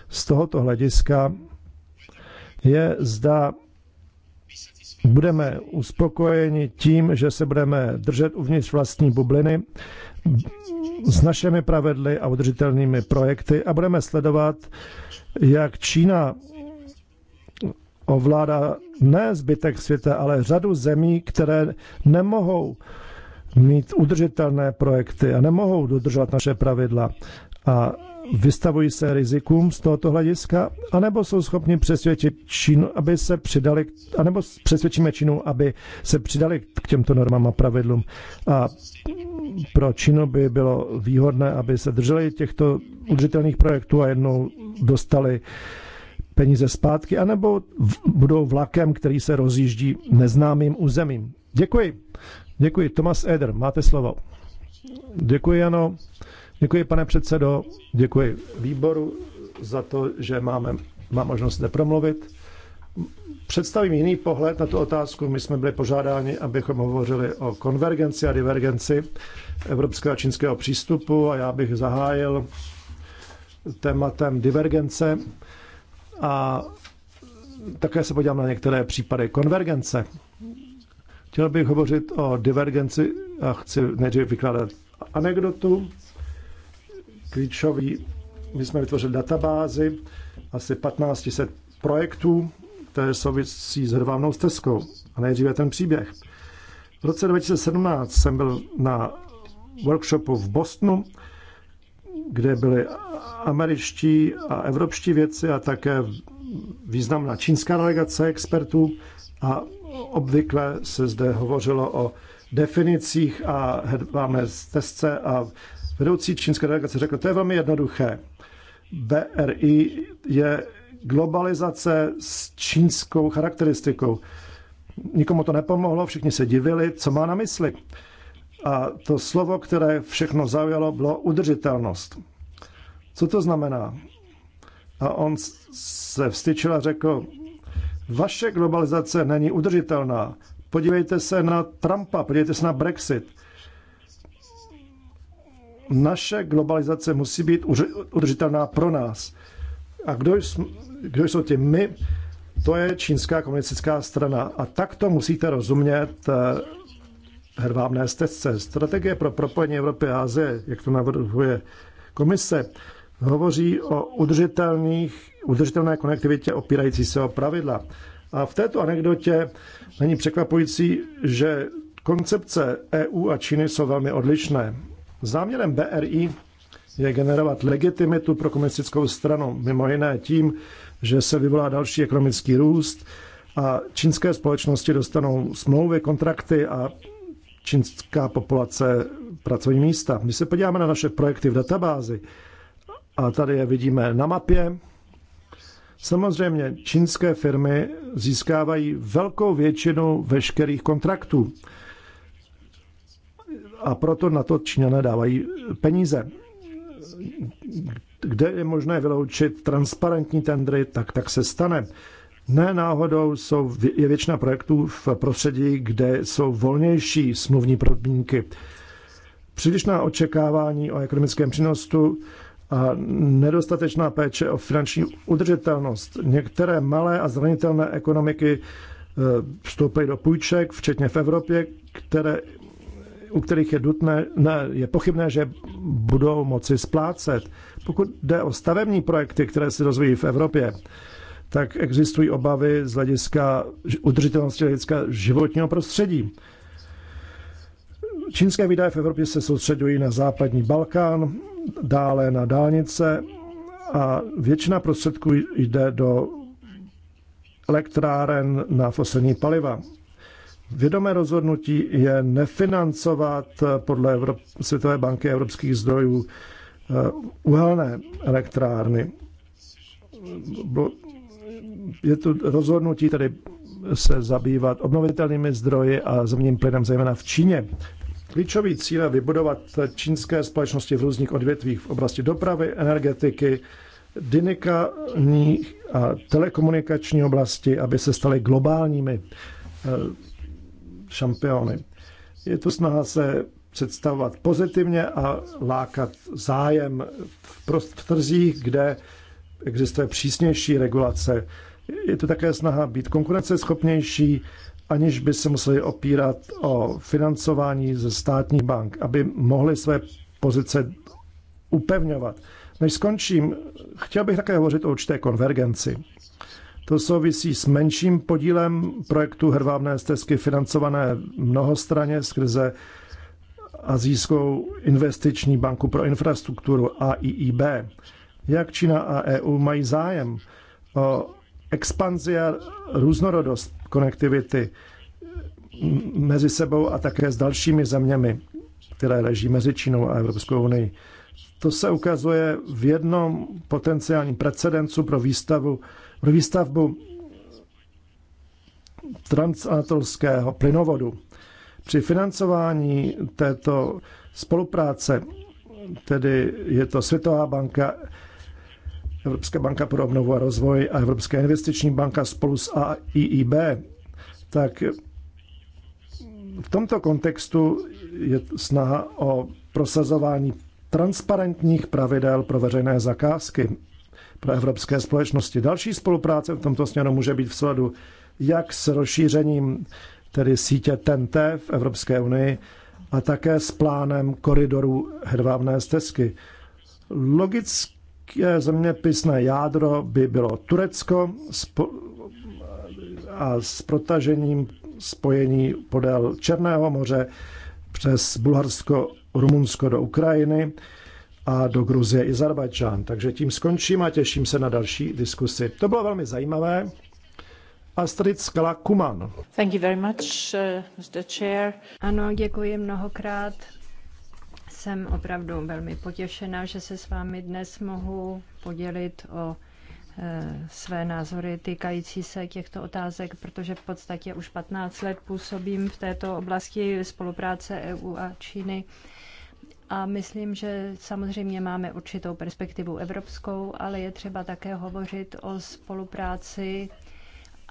z tohoto hlediska je, zda budeme uspokojeni tím, že se budeme držet uvnitř vlastní bubliny s našimi pravidly a udržitelnými projekty a budeme sledovat, jak Čína ovládá ne zbytek světa, ale řadu zemí, které nemohou mít udržitelné projekty a nemohou dodržovat naše pravidla. A vystavují se rizikům z tohoto hlediska, anebo jsou schopni přesvědčit Čínu, aby se přidali, anebo přesvědčíme Čínu, aby se přidali k těmto normám a pravidlům. A pro Čínu by bylo výhodné, aby se drželi těchto udržitelných projektů a jednou dostali peníze zpátky, anebo budou vlakem, který se rozjíždí neznámým územím. Děkuji. Děkuji. Tomas Eder, máte slovo. Děkuji, ano. Děkuji, pane předsedo, děkuji výboru za to, že máme, má možnost zde promluvit. Představím jiný pohled na tu otázku. My jsme byli požádáni, abychom hovořili o konvergenci a divergenci evropského a čínského přístupu a já bych zahájil tématem divergence a také se podívám na některé případy konvergence. Chtěl bych hovořit o divergenci a chci nejdřív vykládat anekdotu klíčový. My jsme vytvořili databázi asi 1500 projektů, které souvisí s hrvávnou stezkou. A nejdříve ten příběh. V roce 2017 jsem byl na workshopu v Bostonu, kde byli američtí a evropští vědci a také významná čínská delegace expertů a obvykle se zde hovořilo o definicích a hedváme z a Vedoucí čínské delegace řekl, to je velmi jednoduché. BRI je globalizace s čínskou charakteristikou. Nikomu to nepomohlo, všichni se divili, co má na mysli. A to slovo, které všechno zaujalo, bylo udržitelnost. Co to znamená? A on se vstyčil a řekl, vaše globalizace není udržitelná. Podívejte se na Trumpa, podívejte se na Brexit naše globalizace musí být udržitelná pro nás. A kdo, jsme, kdo jsou ti my? To je čínská komunistická strana. A tak to musíte rozumět eh, hedvábné stezce. Strategie pro propojení Evropy a Azie, jak to navrhuje komise, hovoří o udržitelných, udržitelné konektivitě opírající se o pravidla. A v této anekdotě není překvapující, že koncepce EU a Číny jsou velmi odlišné. Záměrem BRI je generovat legitimitu pro komunistickou stranu, mimo jiné tím, že se vyvolá další ekonomický růst a čínské společnosti dostanou smlouvy, kontrakty a čínská populace pracovní místa. My se podíváme na naše projekty v databázi, a tady je vidíme na mapě, samozřejmě čínské firmy získávají velkou většinu veškerých kontraktů a proto na to Číňané dávají peníze. Kde je možné vyloučit transparentní tendry, tak tak se stane. Ne náhodou jsou, je většina projektů v prostředí, kde jsou volnější smluvní podmínky. Přílišná očekávání o ekonomickém přínosu a nedostatečná péče o finanční udržitelnost. Některé malé a zranitelné ekonomiky eh, vstoupají do půjček, včetně v Evropě, které u kterých je, dutné, ne, je pochybné, že budou moci splácet. Pokud jde o stavební projekty, které se rozvíjí v Evropě, tak existují obavy z hlediska udržitelnosti hlediska životního prostředí. Čínské výdaje v Evropě se soustředují na západní Balkán, dále na dálnice a většina prostředků jde do elektráren na fosilní paliva vědomé rozhodnutí je nefinancovat podle Evrop- Světové banky evropských zdrojů eh, uhelné elektrárny. Je tu rozhodnutí tedy se zabývat obnovitelnými zdroji a zemním plynem, zejména v Číně. Klíčový cíl je vybudovat čínské společnosti v různých odvětvích v oblasti dopravy, energetiky, dynikální a telekomunikační oblasti, aby se staly globálními eh, šampiony. Je to snaha se představovat pozitivně a lákat zájem v trzích, kde existuje přísnější regulace. Je to také snaha být konkurenceschopnější, aniž by se museli opírat o financování ze státních bank, aby mohli své pozice upevňovat. Než skončím, chtěl bych také hovořit o určité konvergenci. To souvisí s menším podílem projektu Hrvávné stezky financované mnohostraně skrze Azijskou investiční banku pro infrastrukturu AIIB. Jak Čína a EU mají zájem o expanzi a různorodost konektivity mezi sebou a také s dalšími zeměmi, které leží mezi Čínou a Evropskou unii. To se ukazuje v jednom potenciálním precedencu pro výstavu pro výstavbu transatlantského plynovodu. Při financování této spolupráce, tedy je to Světová banka, Evropská banka pro obnovu a rozvoj a Evropská investiční banka spolu s AIIB, tak v tomto kontextu je snaha o prosazování transparentních pravidel pro veřejné zakázky pro evropské společnosti. Další spolupráce v tomto směru může být v sledu jak s rozšířením tedy sítě TNT v Evropské unii a také s plánem koridoru hedvábné stezky. Logické zeměpisné jádro by bylo Turecko a s protažením spojení podél Černého moře přes Bulharsko, Rumunsko do Ukrajiny a do Gruzie i Zarbačán. Takže tím skončím a těším se na další diskusy. To bylo velmi zajímavé. Astrid Skala Kuman. Thank you very much, uh, Mr. Chair. Ano, děkuji mnohokrát. Jsem opravdu velmi potěšená, že se s vámi dnes mohu podělit o eh, své názory týkající se těchto otázek, protože v podstatě už 15 let působím v této oblasti spolupráce EU a Číny. A myslím, že samozřejmě máme určitou perspektivu evropskou, ale je třeba také hovořit o spolupráci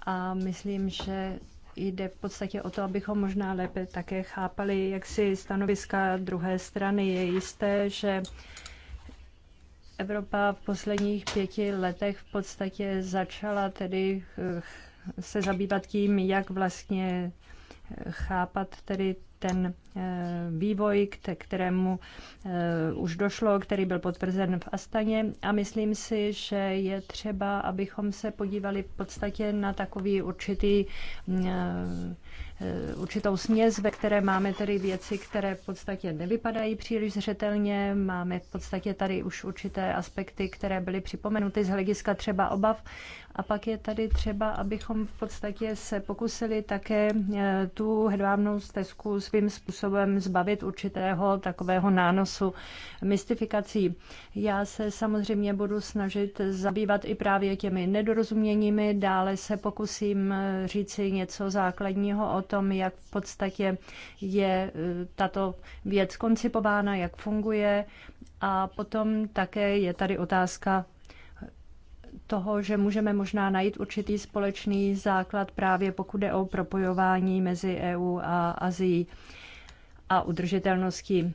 a myslím, že jde v podstatě o to, abychom možná lépe také chápali, jak si stanoviska druhé strany. Je jisté, že Evropa v posledních pěti letech v podstatě začala tedy eh, se zabývat tím, jak vlastně chápat tedy ten Eh, vývoj, k kterému eh, už došlo, který byl potvrzen v Astaně. A myslím si, že je třeba, abychom se podívali v podstatě na takový určitý mm, eh, určitou směs, ve které máme tedy věci, které v podstatě nevypadají příliš zřetelně. Máme v podstatě tady už určité aspekty, které byly připomenuty z hlediska třeba obav. A pak je tady třeba, abychom v podstatě se pokusili také tu hedvábnou stezku svým způsobem způsobem zbavit určitého takového nánosu mystifikací. Já se samozřejmě budu snažit zabývat i právě těmi nedorozuměními, dále se pokusím říci něco základního o tom, jak v podstatě je eh, tato věc koncipována, jak funguje a potom také je tady otázka toho, že můžeme možná najít určitý společný základ právě pokud jde o propojování mezi EU a Azií a udržitelnosti.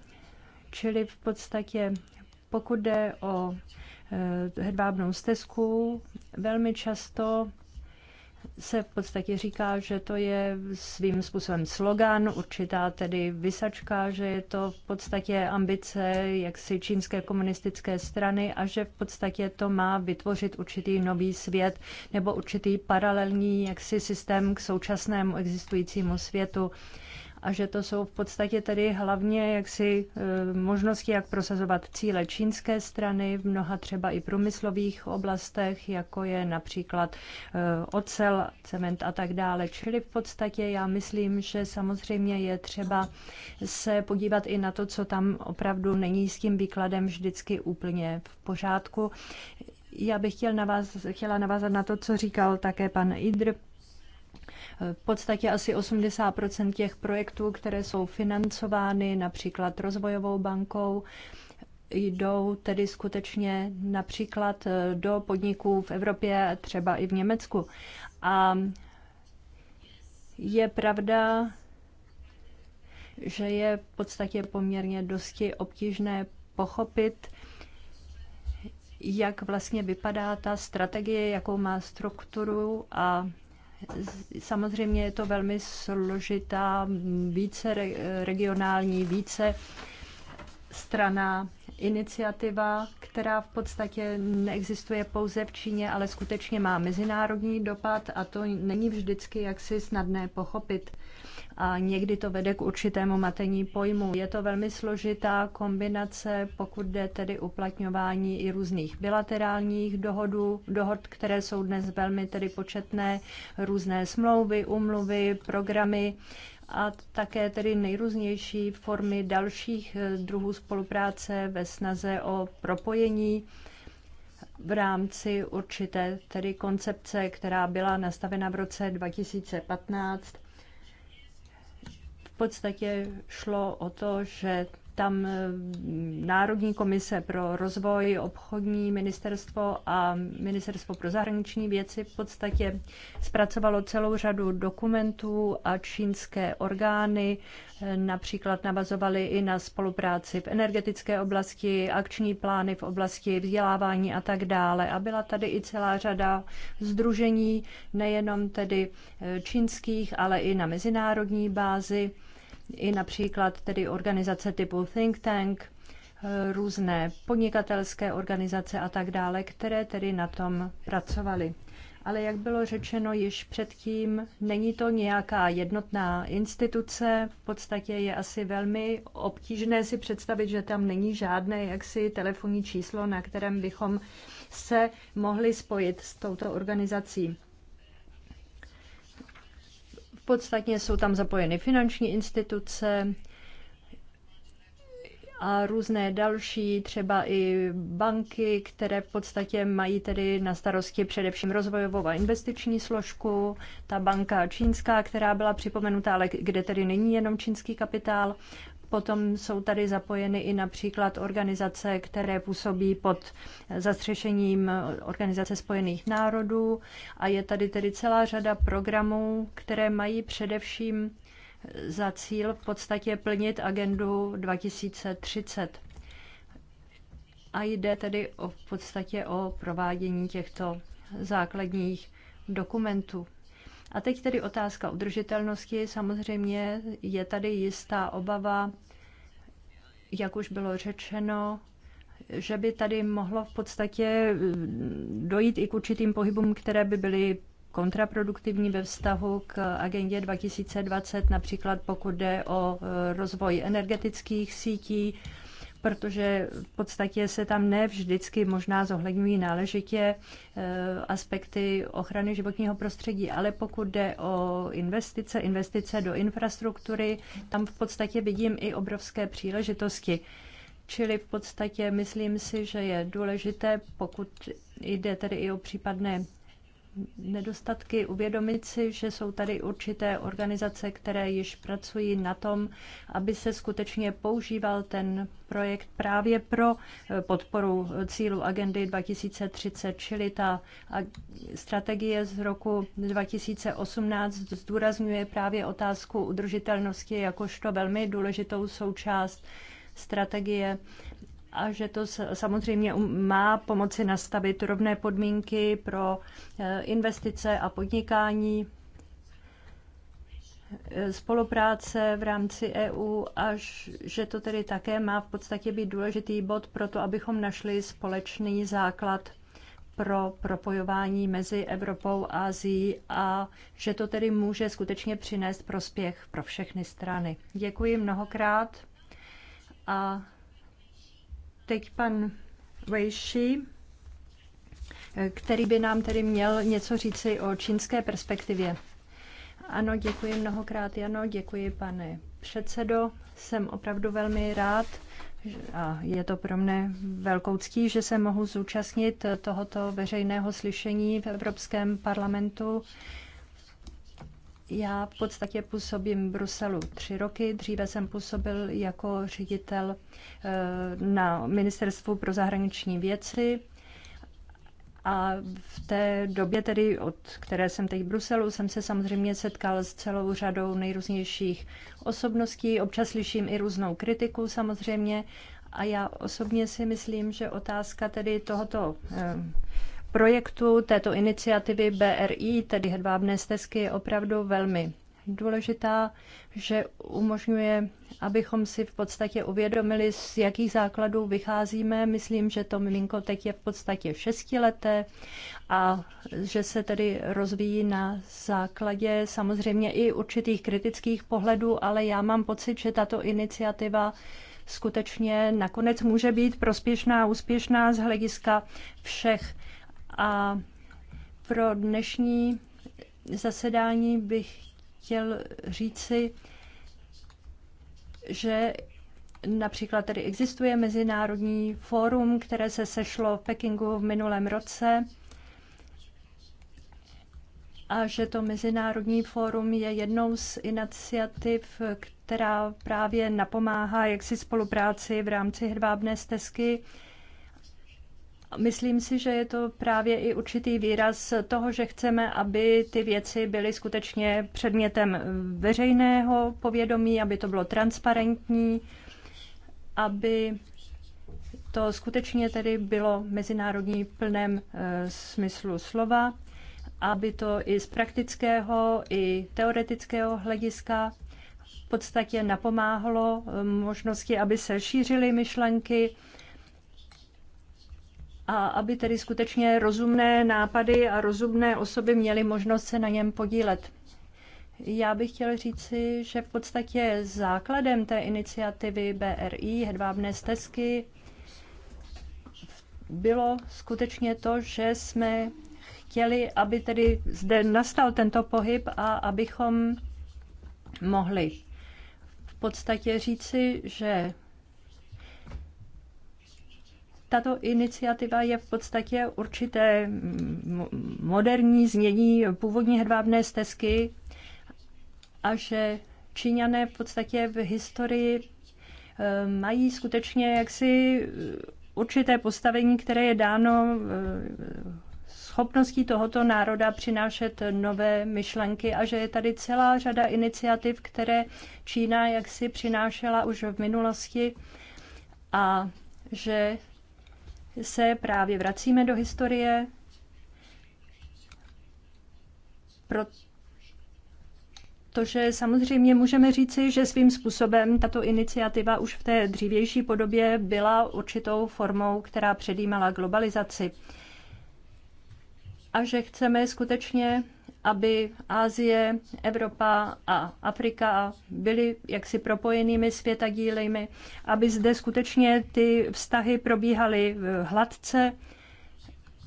Čili v podstatě, pokud jde o eh, hedvábnou stezku, velmi často se v podstatě říká, že to je svým způsobem slogan, určitá tedy vysačka, že je to v podstatě ambice jaksi čínské komunistické strany a že v podstatě to má vytvořit určitý nový svět nebo určitý paralelní jaksi systém k současnému existujícímu světu a že to jsou v podstatě tedy hlavně jaksi e, možnosti, jak prosazovat cíle čínské strany v mnoha třeba i průmyslových oblastech, jako je například e, ocel, cement a tak dále. Čili v podstatě já myslím, že samozřejmě je třeba se podívat i na to, co tam opravdu není s tím výkladem vždycky úplně v pořádku. Já bych chtěl navázat, chtěla navázat na to, co říkal také pan Idr, v podstatě asi 80 těch projektů, které jsou financovány například rozvojovou bankou, jdou tedy skutečně například eh, do podniků v Evropě, třeba i v Německu. A je pravda, že je v podstatě poměrně dosti obtížné pochopit, jak vlastně vypadá ta strategie, jakou má strukturu a Samozřejmě je to velmi složitá, více regionální, více strana iniciativa, která v podstatě neexistuje pouze v Číně, ale skutečně má mezinárodní dopad a to není vždycky jaksi snadné pochopit a někdy to vede k určitému matení pojmu. Je to velmi složitá kombinace, pokud jde tedy uplatňování i různých bilaterálních dohodů, dohod, které jsou dnes velmi tedy početné, různé smlouvy, umluvy, programy a také tedy nejrůznější formy dalších eh, druhů spolupráce ve snaze o propojení v rámci určité tedy koncepce, která byla nastavena v roce 2015 podstatě šlo o to, že tam eh, Národní komise pro rozvoj, obchodní ministerstvo a ministerstvo pro zahraniční věci v podstatě zpracovalo celou řadu dokumentů a čínské orgány eh, například navazovaly i na spolupráci v energetické oblasti, akční plány v oblasti vzdělávání a tak dále. A byla tady i celá řada združení, nejenom tedy eh, čínských, ale i na mezinárodní bázi i například tedy organizace typu Think Tank, eh, různé podnikatelské organizace a tak dále, které tedy na tom pracovaly. Ale jak bylo řečeno již předtím, není to nějaká jednotná instituce. V podstatě je asi velmi obtížné si představit, že tam není žádné jaksi telefonní číslo, na kterém bychom se mohli spojit s touto organizací. Podstatně jsou tam zapojeny finanční instituce a různé další, třeba i banky, které v podstatě mají tedy na starosti především rozvojovou a investiční složku, ta banka čínská, která byla připomenutá, ale kde tedy není jenom čínský kapitál. Potom jsou tady zapojeny i například organizace, které působí pod zastřešením Organizace spojených národů a je tady tedy celá řada programů, které mají především za cíl v podstatě plnit agendu 2030. A jde tedy o, v podstatě o provádění těchto základních dokumentů. A teď tedy otázka udržitelnosti. Samozřejmě je tady jistá obava, jak už bylo řečeno, že by tady mohlo v podstatě mm, dojít i k určitým pohybům, které by byly kontraproduktivní ve vztahu k agendě 2020, například pokud jde o e, rozvoj energetických sítí, protože v podstatě se tam ne vždycky možná zohledňují náležitě eh, aspekty ochrany životního prostředí, ale pokud jde o investice, investice do infrastruktury, tam v podstatě vidím i obrovské příležitosti. Čili v podstatě myslím si, že je důležité, pokud jde tedy i o případné nedostatky, uvědomit si, že jsou tady určité organizace, které již pracují na tom, aby se skutečně používal ten projekt právě pro eh, podporu eh, cílu agendy 2030, čili ta strategie z roku 2018 zdůrazňuje právě otázku udržitelnosti jakožto velmi důležitou součást strategie a že to samozřejmě um, má pomoci nastavit rovné podmínky pro eh, investice a podnikání, eh, spolupráce v rámci EU a že to tedy také má v podstatě být důležitý bod pro to, abychom našli společný základ pro propojování mezi Evropou a Azií a že to tedy může skutečně přinést prospěch pro všechny strany. Děkuji mnohokrát a Teď pan Weishi, který by nám tedy měl něco říci o čínské perspektivě. Ano, děkuji mnohokrát, Jano, děkuji pane předsedo. Jsem opravdu velmi rád a je to pro mne velkou ctí, že se mohu zúčastnit tohoto veřejného slyšení v Evropském parlamentu. Já v podstatě působím v Bruselu tři roky. Dříve jsem působil jako ředitel eh, na Ministerstvu pro zahraniční věci. A v té době tedy, od které jsem teď v Bruselu, jsem se samozřejmě setkal s celou řadou nejrůznějších osobností. Občas slyším i různou kritiku samozřejmě. A já osobně si myslím, že otázka tedy tohoto eh, projektu této iniciativy BRI, tedy hedvábné stezky, je opravdu velmi důležitá, že umožňuje, abychom si v podstatě uvědomili, z jakých základů vycházíme. Myslím, že to miminko teď je v podstatě šestileté a že se tedy rozvíjí na základě samozřejmě i určitých kritických pohledů, ale já mám pocit, že tato iniciativa skutečně nakonec může být prospěšná a úspěšná z hlediska všech a pro dnešní zasedání bych chtěl říci, že například tady existuje Mezinárodní fórum, které se sešlo v Pekingu v minulém roce a že to Mezinárodní fórum je jednou z iniciativ, která právě napomáhá jaksi spolupráci v rámci hedvábné stezky Myslím si, že je to právě i určitý výraz toho, že chceme, aby ty věci byly skutečně předmětem veřejného povědomí, aby to bylo transparentní, aby to skutečně tedy bylo mezinárodní plném eh, smyslu slova, aby to i z praktického, i teoretického hlediska v podstatě napomáhlo eh, možnosti, aby se šířily myšlenky, a aby tedy skutečně rozumné nápady a rozumné osoby měly možnost se na něm podílet. Já bych chtěl říci, že v podstatě základem té iniciativy BRI Hedvábné stezky bylo skutečně to, že jsme chtěli, aby tedy zde nastal tento pohyb a abychom mohli v podstatě říci, že tato iniciativa je v podstatě určité moderní změní původní hedvábné stezky a že Číňané v podstatě v historii eh, mají skutečně jaksi určité postavení, které je dáno eh, schopností tohoto národa přinášet nové myšlenky a že je tady celá řada iniciativ, které Čína jaksi přinášela už v minulosti a že se právě vracíme do historie, protože samozřejmě můžeme říci, že svým způsobem tato iniciativa už v té dřívější podobě byla určitou formou, která předjímala globalizaci. A že chceme skutečně aby Asie, Evropa a Afrika byly jaksi propojenými světadílejmi, aby zde skutečně ty vztahy probíhaly hladce,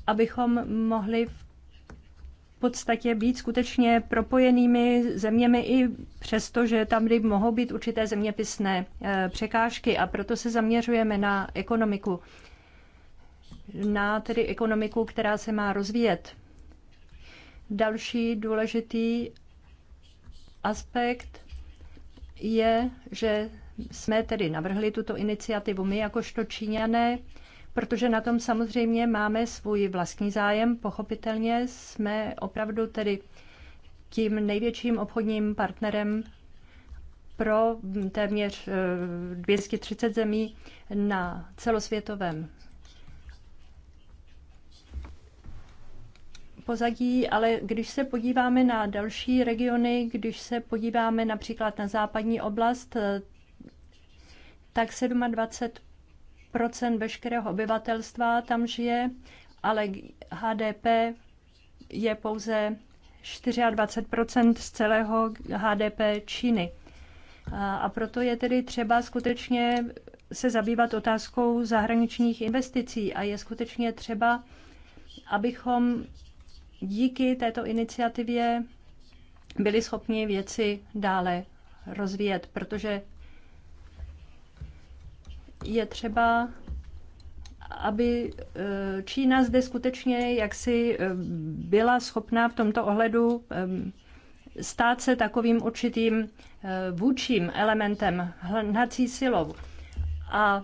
abychom mohli v podstatě být skutečně propojenými zeměmi i přesto, že tam kdy mohou být určité zeměpisné eh, překážky a proto se zaměřujeme na ekonomiku. Na tedy ekonomiku, která se má rozvíjet Další důležitý aspekt je, že jsme tedy navrhli tuto iniciativu my jakožto Číňané, protože na tom samozřejmě máme svůj vlastní zájem. Pochopitelně jsme opravdu tedy tím největším obchodním partnerem pro téměř eh, 230 zemí na celosvětovém pozadí, ale když se podíváme na další regiony, když se podíváme například na západní oblast, tak 27 veškerého obyvatelstva tam žije, ale HDP je pouze 24 z celého HDP Číny. A proto je tedy třeba skutečně se zabývat otázkou zahraničních investicí a je skutečně třeba, abychom díky této iniciativě byli schopni věci dále rozvíjet, protože je třeba, aby eh, Čína zde skutečně jaksi eh, byla schopná v tomto ohledu eh, stát se takovým určitým vůčím elementem, hnací silou. A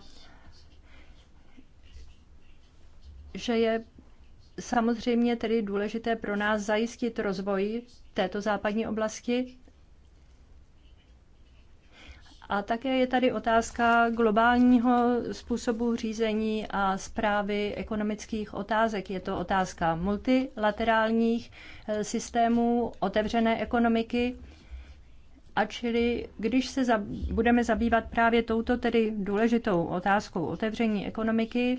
že je samozřejmě tedy důležité pro nás zajistit rozvoj této západní oblasti. A také je tady otázka globálního způsobu řízení a zprávy ekonomických otázek. Je to otázka multilaterálních eh, systémů, otevřené ekonomiky. A čili, když se za, budeme zabývat právě touto tedy důležitou otázkou otevření ekonomiky,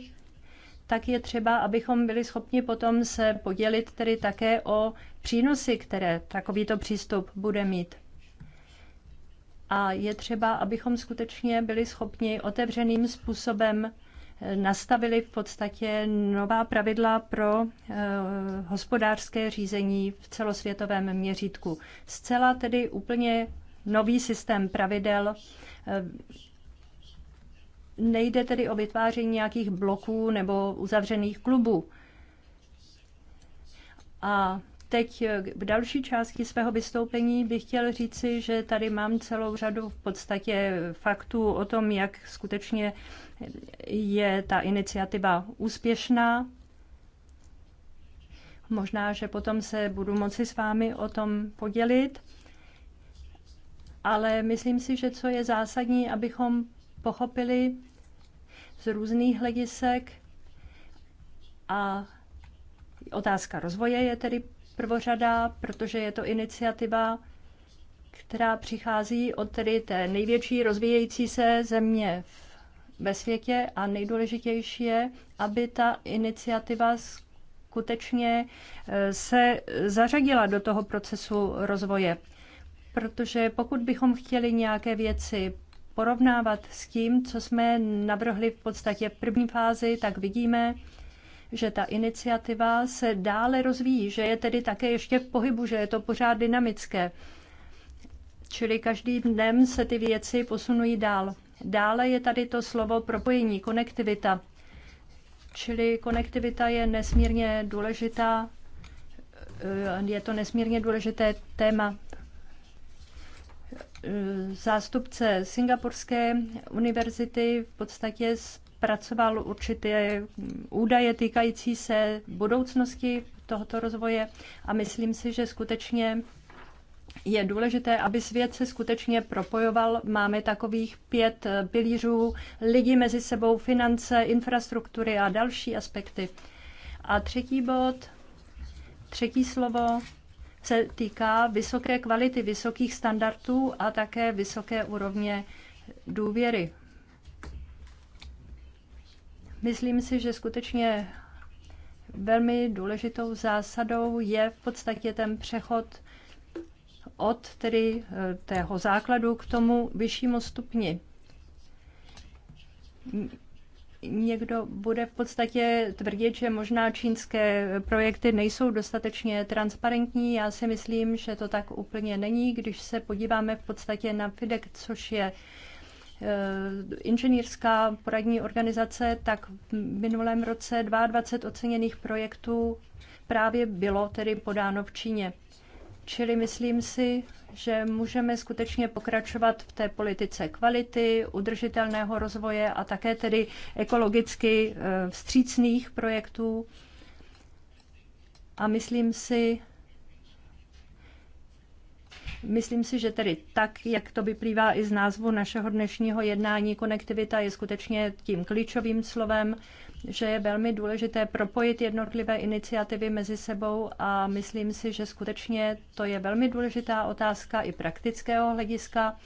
tak je třeba, abychom byli schopni potom se podělit tedy také o přínosy, které takovýto přístup bude mít. A je třeba, abychom skutečně byli schopni otevřeným způsobem eh, nastavili v podstatě nová pravidla pro eh, hospodářské řízení v celosvětovém měřítku. Zcela tedy úplně nový systém pravidel eh, Nejde tedy o vytváření nějakých bloků nebo uzavřených klubů. A teď v další části svého vystoupení bych chtěl říci, že tady mám celou řadu v podstatě faktů o tom, jak skutečně je ta iniciativa úspěšná. Možná, že potom se budu moci s vámi o tom podělit, ale myslím si, že co je zásadní, abychom pochopili, z různých hledisek a otázka rozvoje je tedy prvořada, protože je to iniciativa, která přichází od tedy té největší rozvíjející se země ve světě a nejdůležitější je, aby ta iniciativa skutečně eh, se zařadila do toho procesu rozvoje. Protože pokud bychom chtěli nějaké věci porovnávat s tím, co jsme navrhli v podstatě v první fázi, tak vidíme, že ta iniciativa se dále rozvíjí, že je tedy také ještě v pohybu, že je to pořád dynamické. Čili každým dnem se ty věci posunují dál. Dále je tady to slovo propojení, konektivita. Čili konektivita je nesmírně důležitá, je to nesmírně důležité téma Eh, zástupce Singapurské univerzity v podstatě zpracoval určité údaje týkající se budoucnosti tohoto rozvoje a myslím si, že skutečně je důležité, aby svět se skutečně propojoval. Máme takových pět pilířů, lidí mezi sebou, finance, infrastruktury a další aspekty. A třetí bod, třetí slovo, se týká vysoké kvality, vysokých standardů a také vysoké úrovně důvěry. Myslím si, že skutečně velmi důležitou zásadou je v podstatě ten přechod od tedy eh, tého základu k tomu vyššímu stupni někdo bude v podstatě tvrdit, že možná čínské projekty nejsou dostatečně transparentní. Já si myslím, že to tak úplně není, když se podíváme v podstatě na FIDEC, což je e, inženýrská poradní organizace, tak v minulém roce 22 oceněných projektů právě bylo tedy podáno v Číně. Čili myslím si, že můžeme skutečně pokračovat v té politice kvality, udržitelného rozvoje a také tedy ekologicky eh, vstřícných projektů. A myslím si, Myslím si, že tedy tak, jak to vyplývá i z názvu našeho dnešního jednání, konektivita je skutečně tím klíčovým slovem že je velmi důležité propojit jednotlivé iniciativy mezi sebou a myslím si, že skutečně to je velmi důležitá otázka i praktického hlediska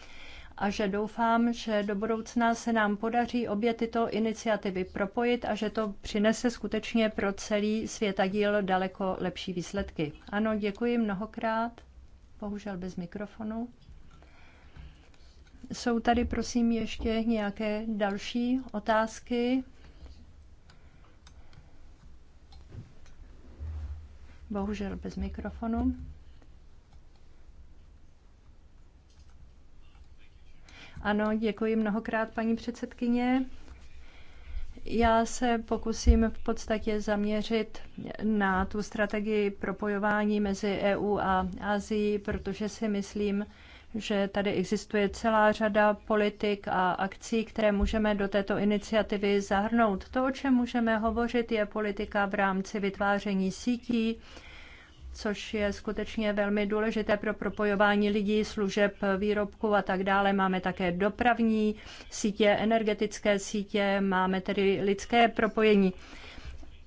a že doufám, že do budoucna se nám podaří obě tyto iniciativy propojit a že to přinese skutečně pro celý světadíl daleko lepší výsledky. Ano, děkuji mnohokrát. Bohužel bez mikrofonu. Jsou tady, prosím, ještě nějaké další otázky? bohužel bez mikrofonu. Ano, děkuji mnohokrát, paní předsedkyně. Já se pokusím v podstatě zaměřit na tu strategii propojování mezi EU a Asií, protože si myslím, že tady existuje celá řada politik a akcí, které můžeme do této iniciativy zahrnout. To, o čem můžeme hovořit, je politika v rámci vytváření sítí, což je skutečně velmi důležité pro propojování lidí, služeb, výrobků a tak dále. Máme také dopravní sítě, energetické sítě, máme tedy lidské propojení.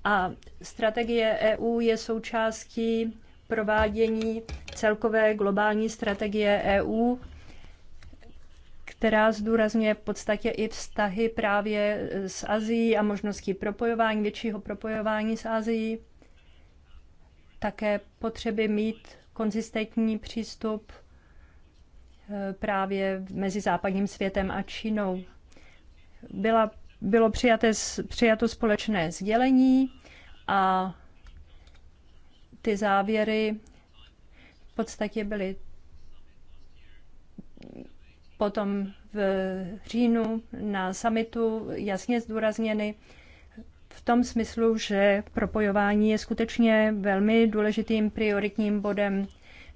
A strategie EU je součástí provádění celkové globální strategie EU, která zdůrazňuje v podstatě i vztahy právě s Azií a možností propojování, většího propojování s Azií. Také potřeby mít konzistentní přístup eh, právě mezi západním světem a Čínou. Byla, bylo přijaté, přijato společné sdělení a ty závěry v podstatě byly potom v říjnu na samitu jasně zdůrazněny v tom smyslu, že propojování je skutečně velmi důležitým prioritním bodem.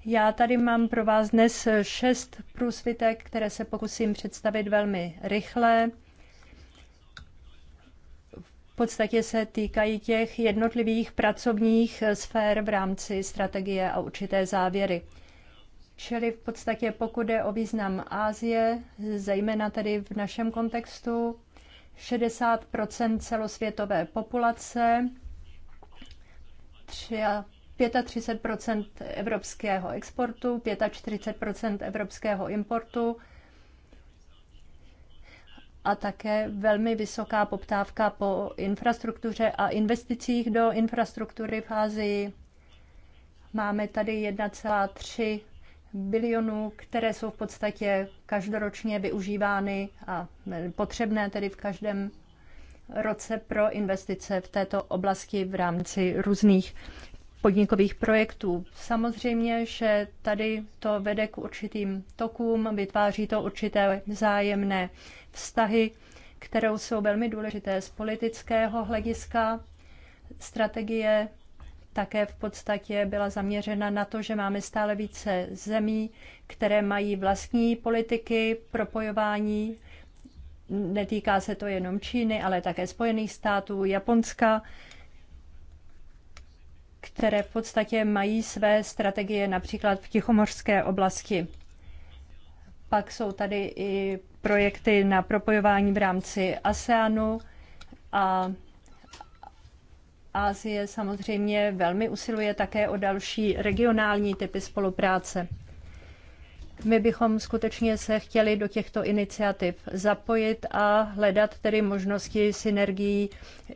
Já tady mám pro vás dnes šest průsvitek, které se pokusím představit velmi rychle v podstatě se týkají těch jednotlivých pracovních sfér v rámci strategie a určité závěry. Čili v podstatě pokud je o význam Ázie, zejména tedy v našem kontextu, 60 celosvětové populace, 35 evropského exportu, 45 evropského importu, a také velmi vysoká poptávka po infrastruktuře a investicích do infrastruktury v Ázii. Máme tady 1,3 bilionů, které jsou v podstatě každoročně využívány a potřebné tedy v každém roce pro investice v této oblasti v rámci různých podnikových projektů. Samozřejmě, že tady to vede k určitým tokům, vytváří to určité zájemné vztahy, které jsou velmi důležité z politického hlediska. Strategie také v podstatě byla zaměřena na to, že máme stále více zemí, které mají vlastní politiky propojování. Netýká se to jenom Číny, ale také Spojených států, Japonska, které v podstatě mají své strategie například v Tichomorské oblasti. Pak jsou tady i projekty na propojování v rámci ASEANu a Asie samozřejmě velmi usiluje také o další regionální typy spolupráce. My bychom skutečně se chtěli do těchto iniciativ zapojit a hledat tedy možnosti synergií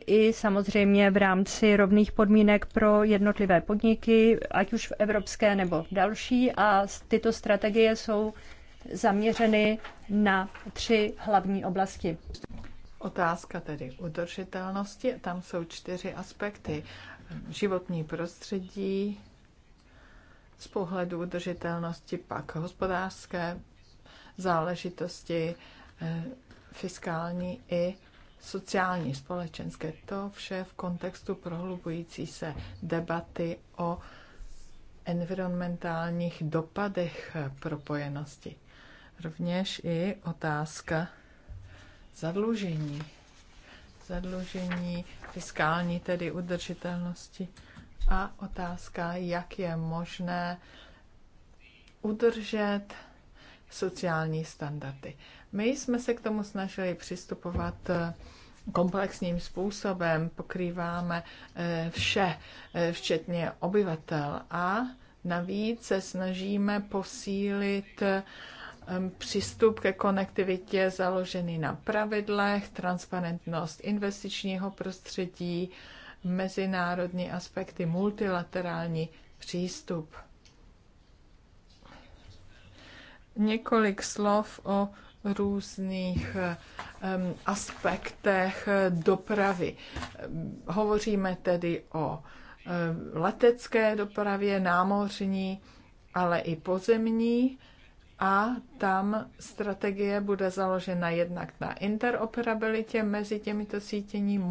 i samozřejmě v rámci rovných podmínek pro jednotlivé podniky, ať už v evropské nebo další. A tyto strategie jsou zaměřeny na tři hlavní oblasti. Otázka tedy udržitelnosti, tam jsou čtyři aspekty. Životní prostředí, z pohledu udržitelnosti, pak hospodářské záležitosti, eh, fiskální i sociální, společenské. To vše v kontextu prohlubující se debaty o environmentálních dopadech propojenosti rovněž i otázka zadlužení. Zadlužení fiskální, tedy udržitelnosti a otázka, jak je možné udržet sociální standardy. My jsme se k tomu snažili přistupovat eh, komplexním způsobem, pokrýváme eh, vše, eh, včetně obyvatel a navíc se snažíme posílit přístup ke konektivitě založený na pravidlech, transparentnost investičního prostředí, mezinárodní aspekty, multilaterální přístup. Několik slov o různých um, aspektech dopravy. Hovoříme tedy o letecké dopravě, námořní, ale i pozemní a tam strategie bude založena jednak na interoperabilitě mezi těmito sítění,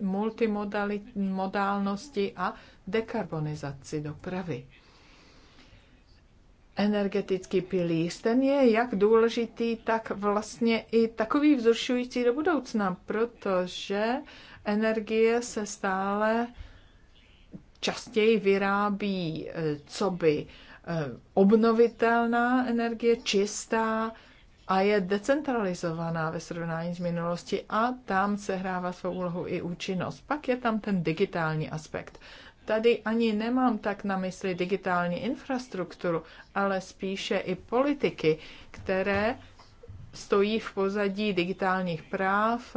multimodálnosti a dekarbonizaci dopravy. Energetický pilíř, ten je jak důležitý, tak vlastně i takový vzrušující do budoucna, protože energie se stále častěji vyrábí, eh, co by Eh, obnovitelná energie, čistá a je decentralizovaná ve srovnání s minulostí a tam sehrává svou úlohu i účinnost. Pak je tam ten digitální aspekt. Tady ani nemám tak na mysli digitální infrastrukturu, ale spíše i politiky, které stojí v pozadí digitálních práv,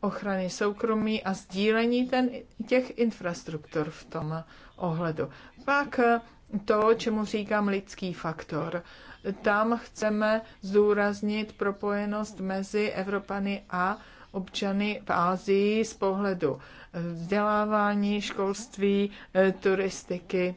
ochrany soukromí a sdílení ten, těch infrastruktur v tom ohledu. Pak eh, to, čemu říkám lidský faktor. Tam chceme zdůraznit propojenost mezi Evropany a občany v Ázii z pohledu vzdělávání, školství, eh, turistiky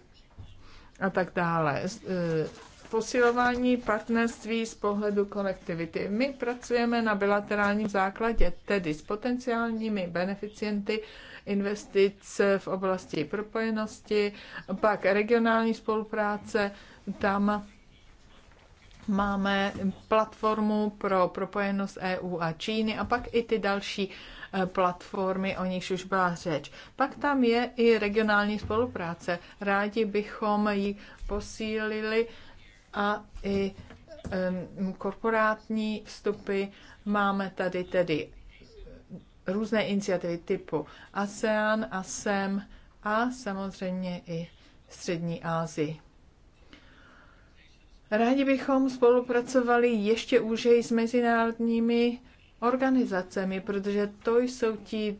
a tak dále. Eh, posilování partnerství z pohledu konektivity. My pracujeme na bilaterálním základě, tedy s potenciálními beneficienty investic v oblasti propojenosti, pak regionální spolupráce, tam máme platformu pro propojenost EU a Číny a pak i ty další eh, platformy, o nichž už byla řeč. Pak tam je i regionální spolupráce. Rádi bychom ji posílili a i korporátní vstupy. Máme tady tedy různé iniciativy typu ASEAN, ASEM a samozřejmě i Střední Asii. Rádi bychom spolupracovali ještě úžeji s mezinárodními organizacemi, protože to jsou ti,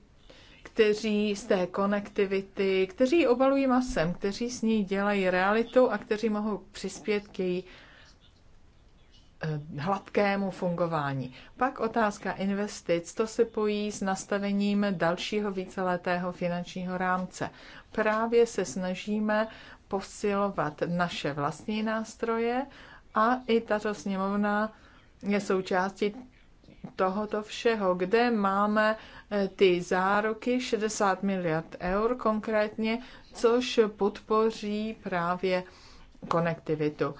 kteří z té konektivity, kteří obalují masem, kteří s ní dělají realitu a kteří mohou přispět k její Eh, hladkému fungování. Pak otázka investic, to se pojí s nastavením dalšího víceletého finančního rámce. Právě se snažíme posilovat naše vlastní nástroje a i tato sněmovna je součástí tohoto všeho, kde máme eh, ty záruky 60 miliard eur konkrétně, což podpoří právě konektivitu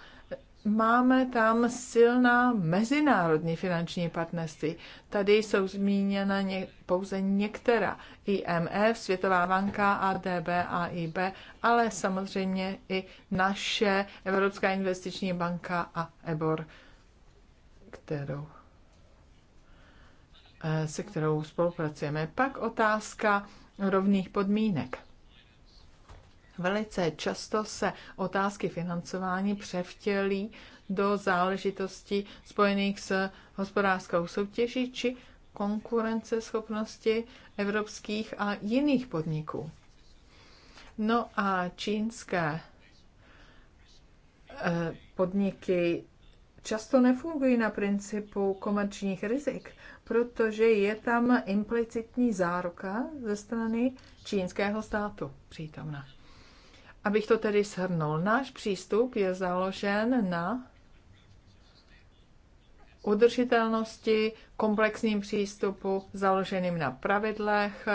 máme tam silná mezinárodní finanční partnerství. Tady jsou zmíněna ně, pouze některá. IMF, Světová banka, ADB, AIB, ale samozřejmě i naše Evropská investiční banka a EBOR, kterou eh, se kterou spolupracujeme. Pak otázka rovných podmínek. Velice často se otázky financování převtělí do záležitostí spojených s hospodářskou soutěží či konkurenceschopnosti evropských a jiných podniků. No a čínské eh, podniky často nefungují na principu komerčních rizik, protože je tam implicitní záruka ze strany čínského státu přítomna. Abych to tedy shrnul, náš přístup je založen na udržitelnosti, komplexním přístupu založeným na pravidlech.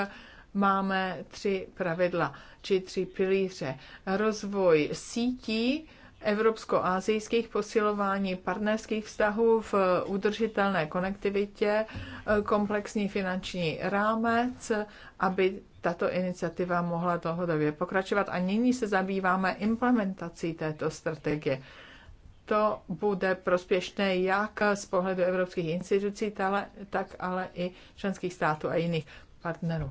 Máme tři pravidla, či tři pilíře. Rozvoj sítí, evropsko-azijských posilování partnerských vztahů v udržitelné konektivitě, komplexní finanční rámec, aby tato iniciativa mohla dlouhodobě pokračovat a nyní se zabýváme implementací této strategie. To bude prospěšné jak z pohledu evropských institucí, tak ale i členských států a jiných partnerů.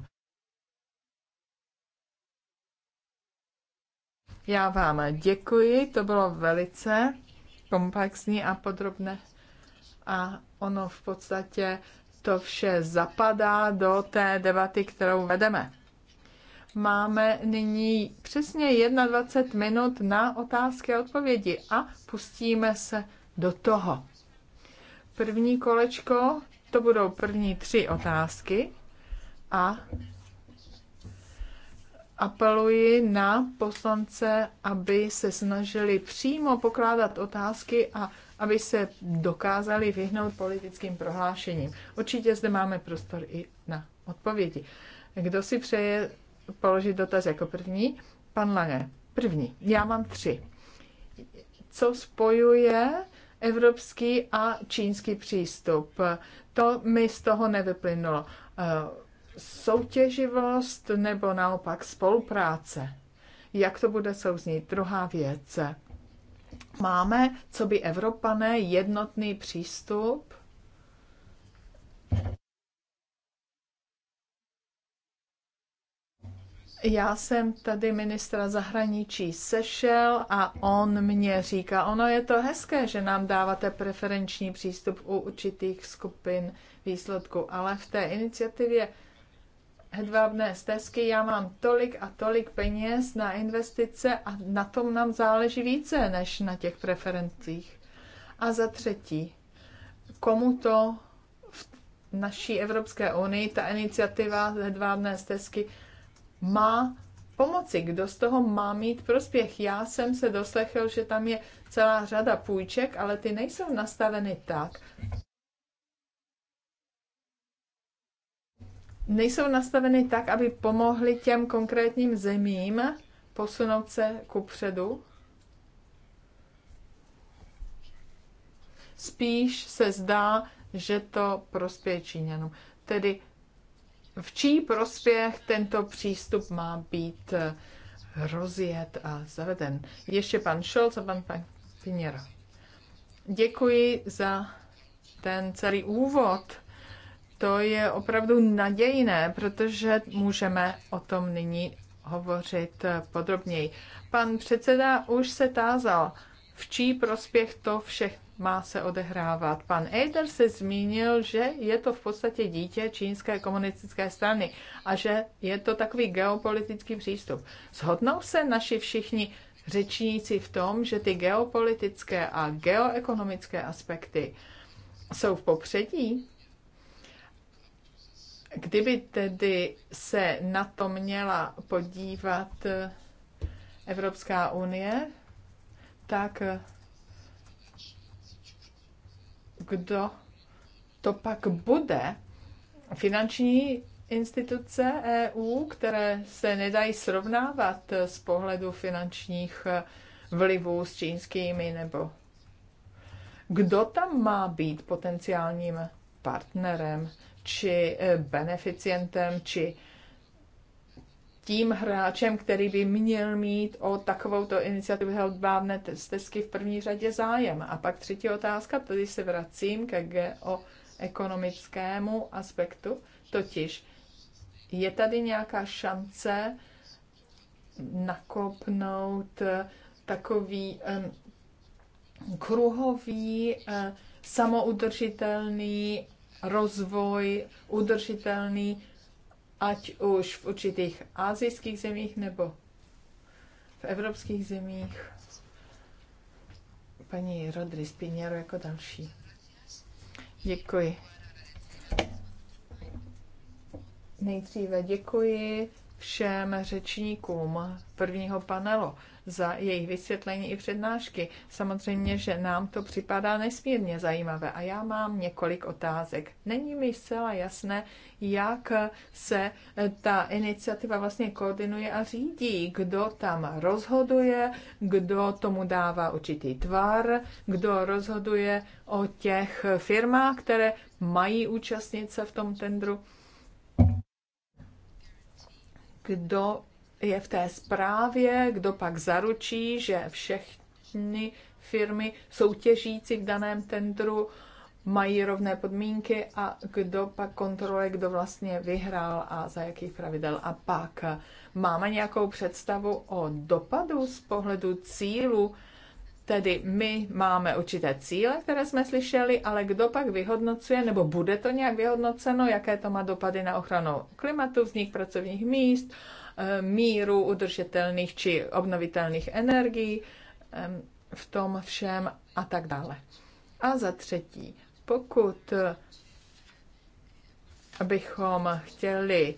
Já vám děkuji, to bylo velice komplexní a podrobné. A ono v podstatě to vše zapadá do té debaty, kterou vedeme. Máme nyní přesně 21 minut na otázky a odpovědi a pustíme se do toho. První kolečko, to budou první tři otázky a apeluji na poslance, aby se snažili přímo pokládat otázky a aby se dokázali vyhnout politickým prohlášením. Určitě zde máme prostor i na odpovědi. Kdo si přeje položit dotaz jako první. Pan Lange, první. Já mám tři. Co spojuje evropský a čínský přístup? To mi z toho nevyplynulo. Eh, soutěživost nebo naopak spolupráce? Jak to bude souznít? Druhá věc. Máme, co by Evropané, jednotný přístup Já jsem tady ministra zahraničí sešel a on mě říká, ono je to hezké, že nám dáváte preferenční přístup u určitých skupin výsledku, ale v té iniciativě hedvábné stezky, já mám tolik a tolik peněz na investice a na tom nám záleží více než na těch preferencích. A za třetí, komu to v naší Evropské unii ta iniciativa hedvábné stezky má pomoci, kdo z toho má mít prospěch. Já jsem se doslechl, že tam je celá řada půjček, ale ty nejsou nastaveny tak. Nejsou nastaveny tak, aby pomohly těm konkrétním zemím posunout se ku předu. Spíš se zdá, že to prospěje Číňanům. Tedy v čí prospěch tento přístup má být eh, rozjet a zaveden. Ještě pan Scholz a pan, pan Děkuji za ten celý úvod. To je opravdu nadějné, protože můžeme o tom nyní hovořit eh, podrobněji. Pan předseda už se tázal, v čí prospěch to všechno má se odehrávat. Pan Eider se zmínil, že je to v podstatě dítě čínské komunistické strany a že je to takový geopolitický přístup. Shodnou se naši všichni řečníci v tom, že ty geopolitické a geoekonomické aspekty jsou v popředí? Kdyby tedy se na to měla podívat Evropská unie, tak kdo to pak bude. Finanční instituce EU, které se nedají srovnávat z pohledu finančních vlivů s čínskými, nebo kdo tam má být potenciálním partnerem, či beneficientem, či tím hráčem, který by měl mít o takovouto iniciativu Helpbávne stezky v první řadě zájem. A pak třetí otázka, tady se vracím ke geo ekonomickému aspektu, totiž je tady nějaká šance nakopnout takový kruhový, eh, samoudržitelný rozvoj, udržitelný ať už v určitých azijských zemích nebo v evropských zemích. Paní Rodry Spiněru jako další. Děkuji. Nejdříve děkuji všem řečníkům prvního panelu za jejich vysvětlení i přednášky. Samozřejmě, že nám to připadá nesmírně zajímavé a já mám několik otázek. Není mi zcela jasné, jak se eh, ta iniciativa vlastně koordinuje a řídí, kdo tam rozhoduje, kdo tomu dává určitý tvar, kdo rozhoduje o těch firmách, které mají účastnit se v tom tendru kdo je v té správě, kdo pak zaručí, že všechny firmy soutěžící v daném tendru mají rovné podmínky a kdo pak kontroluje, kdo vlastně vyhrál a za jakých pravidel. A pak máme nějakou představu o dopadu z pohledu cílu Tedy my máme určité cíle, které jsme slyšeli, ale kdo pak vyhodnocuje, nebo bude to nějak vyhodnoceno, jaké to má dopady na ochranu klimatu, vznik pracovních míst, eh, míru udržitelných či obnovitelných energií, v tom všem a tak dále. A za třetí, pokud eh, bychom chtěli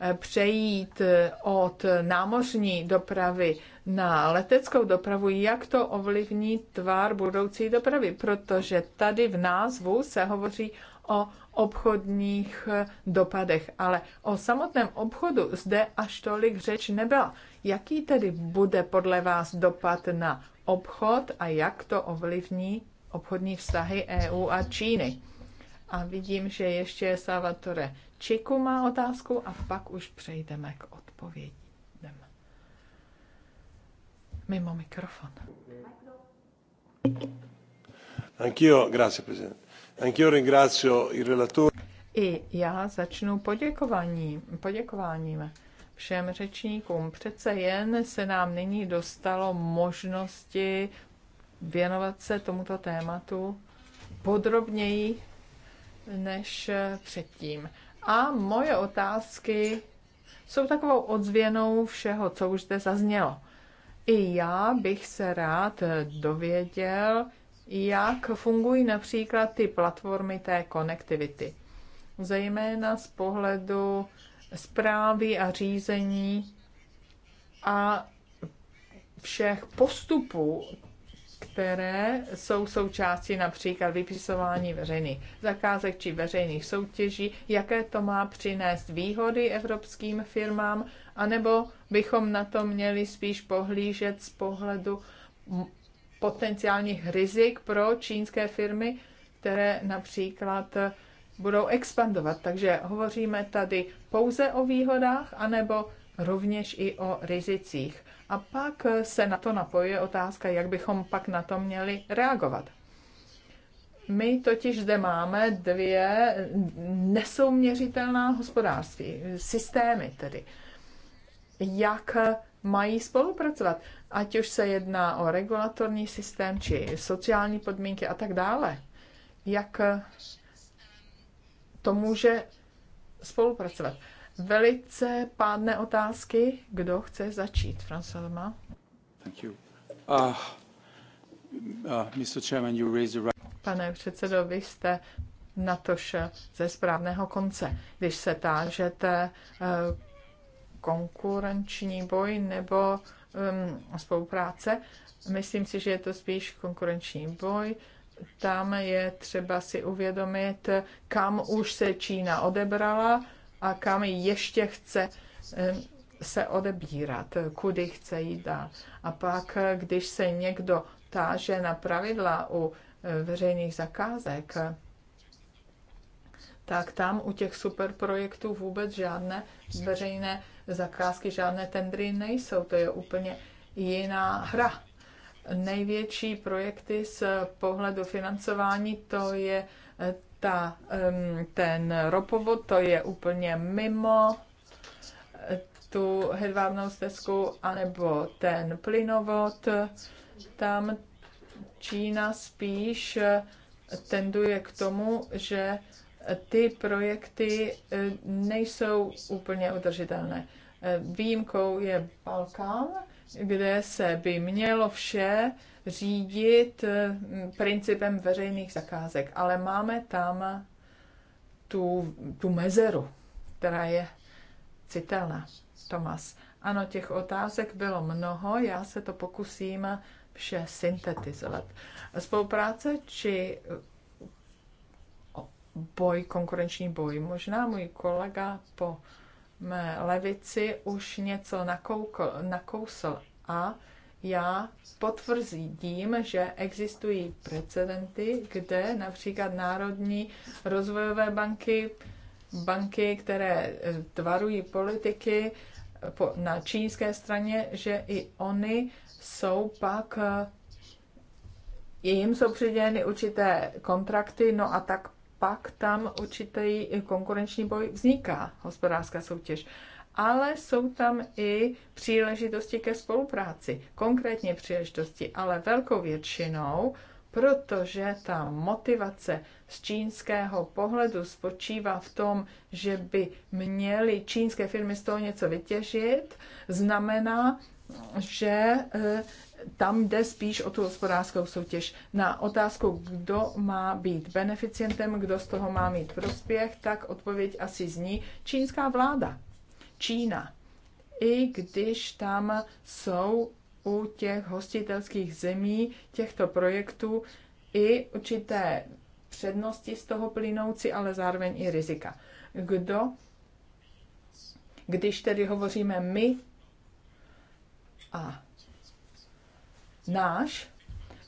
Eh, přejít eh, od námořní dopravy na leteckou dopravu, jak to ovlivní tvar budoucí dopravy, protože tady v názvu se hovoří o obchodních eh, dopadech, ale o samotném obchodu zde až tolik řeč nebyla. Jaký tedy bude podle vás dopad na obchod a jak to ovlivní obchodní vztahy EU a Číny? A vidím, že ještě je Salvatore Čiku má otázku a pak už přejdeme k odpovědím. Mimo mikrofon. Anch'io, grazie Presidente. Anch'io ringrazio il relatore. I já začnu poděkování, poděkováním všem řečníkům. Přece jen se nám nyní dostalo možnosti věnovat se tomuto tématu podrobněji než předtím. A moje otázky jsou takovou odzvěnou všeho, co už zde zaznělo. I já bych se rád dověděl, jak fungují například ty platformy té konektivity. Zejména z pohledu zprávy a řízení a všech postupů, které jsou součástí například vypisování veřejných zakázek či veřejných soutěží, jaké to má přinést výhody evropským firmám, anebo bychom na to měli spíš pohlížet z pohledu potenciálních rizik pro čínské firmy, které například eh, budou expandovat. Takže hovoříme tady pouze o výhodách, anebo rovněž i o rizicích. A pak eh, se na to napojuje otázka, jak bychom pak na to měli reagovat. My totiž zde máme dvě nesouměřitelná hospodářství, systémy tedy. Jak mají spolupracovat, ať už se jedná o regulatorní systém, či sociální podmínky a tak dále. Jak to může spolupracovat velice pádné otázky. Kdo chce začít? Francelma. Thank you. Uh, ah, uh, ah, Mr. Chairman, you right... Pane předsedo, vy jste natož ze správného konce, když se tážete uh, konkurenční boj nebo um, spolupráce. Myslím si, že je to spíš konkurenční boj. Tam je třeba si uvědomit, kam už se Čína odebrala a kam ještě chce eh, se odebírat, kudy chce jít dál. A pak, eh, když se někdo táže na pravidla u eh, veřejných zakázek, tak tam u těch superprojektů vůbec žádné veřejné zakázky, žádné tendry nejsou. To je úplně jiná hra. Největší projekty z pohledu financování to je ta, ten ropovod, to je úplně mimo eh, tu hedvábnou stezku, anebo ten plynovod, tam Čína spíš eh, tenduje k tomu, že eh, ty projekty nejsou úplně udržitelné. Výjimkou je Balkán, kde se by mělo vše řídit eh, principem veřejných zakázek, ale máme tam tu, tu mezeru, která je citelná. Tomas. Ano, těch otázek bylo mnoho, já se to pokusím vše syntetizovat. Spolupráce či eh, boj, konkurenční boj. Možná můj kolega po mé levici už něco nakoukl, nakousl a já potvrzí tím, že existují precedenty, kde například národní rozvojové banky, banky, které eh, tvarují politiky eh, na čínské straně, že i oni jsou pak eh, jim jsou přiděleny určité kontrakty, no a tak pak tam určitý konkurenční boj vzniká, hospodářská soutěž ale jsou tam i příležitosti ke spolupráci, konkrétně příležitosti, ale velkou většinou, protože ta motivace z čínského pohledu spočívá v tom, že by měly čínské firmy z toho něco vytěžit, znamená, že eh, tam jde spíš o tu hospodářskou soutěž. Na otázku, kdo má být beneficientem, kdo z toho má mít prospěch, tak odpověď asi zní čínská vláda Čína. I když tam jsou u těch hostitelských zemí těchto projektů i určité přednosti z toho plynoucí, ale zároveň i rizika. Kdo, když tedy hovoříme my a náš,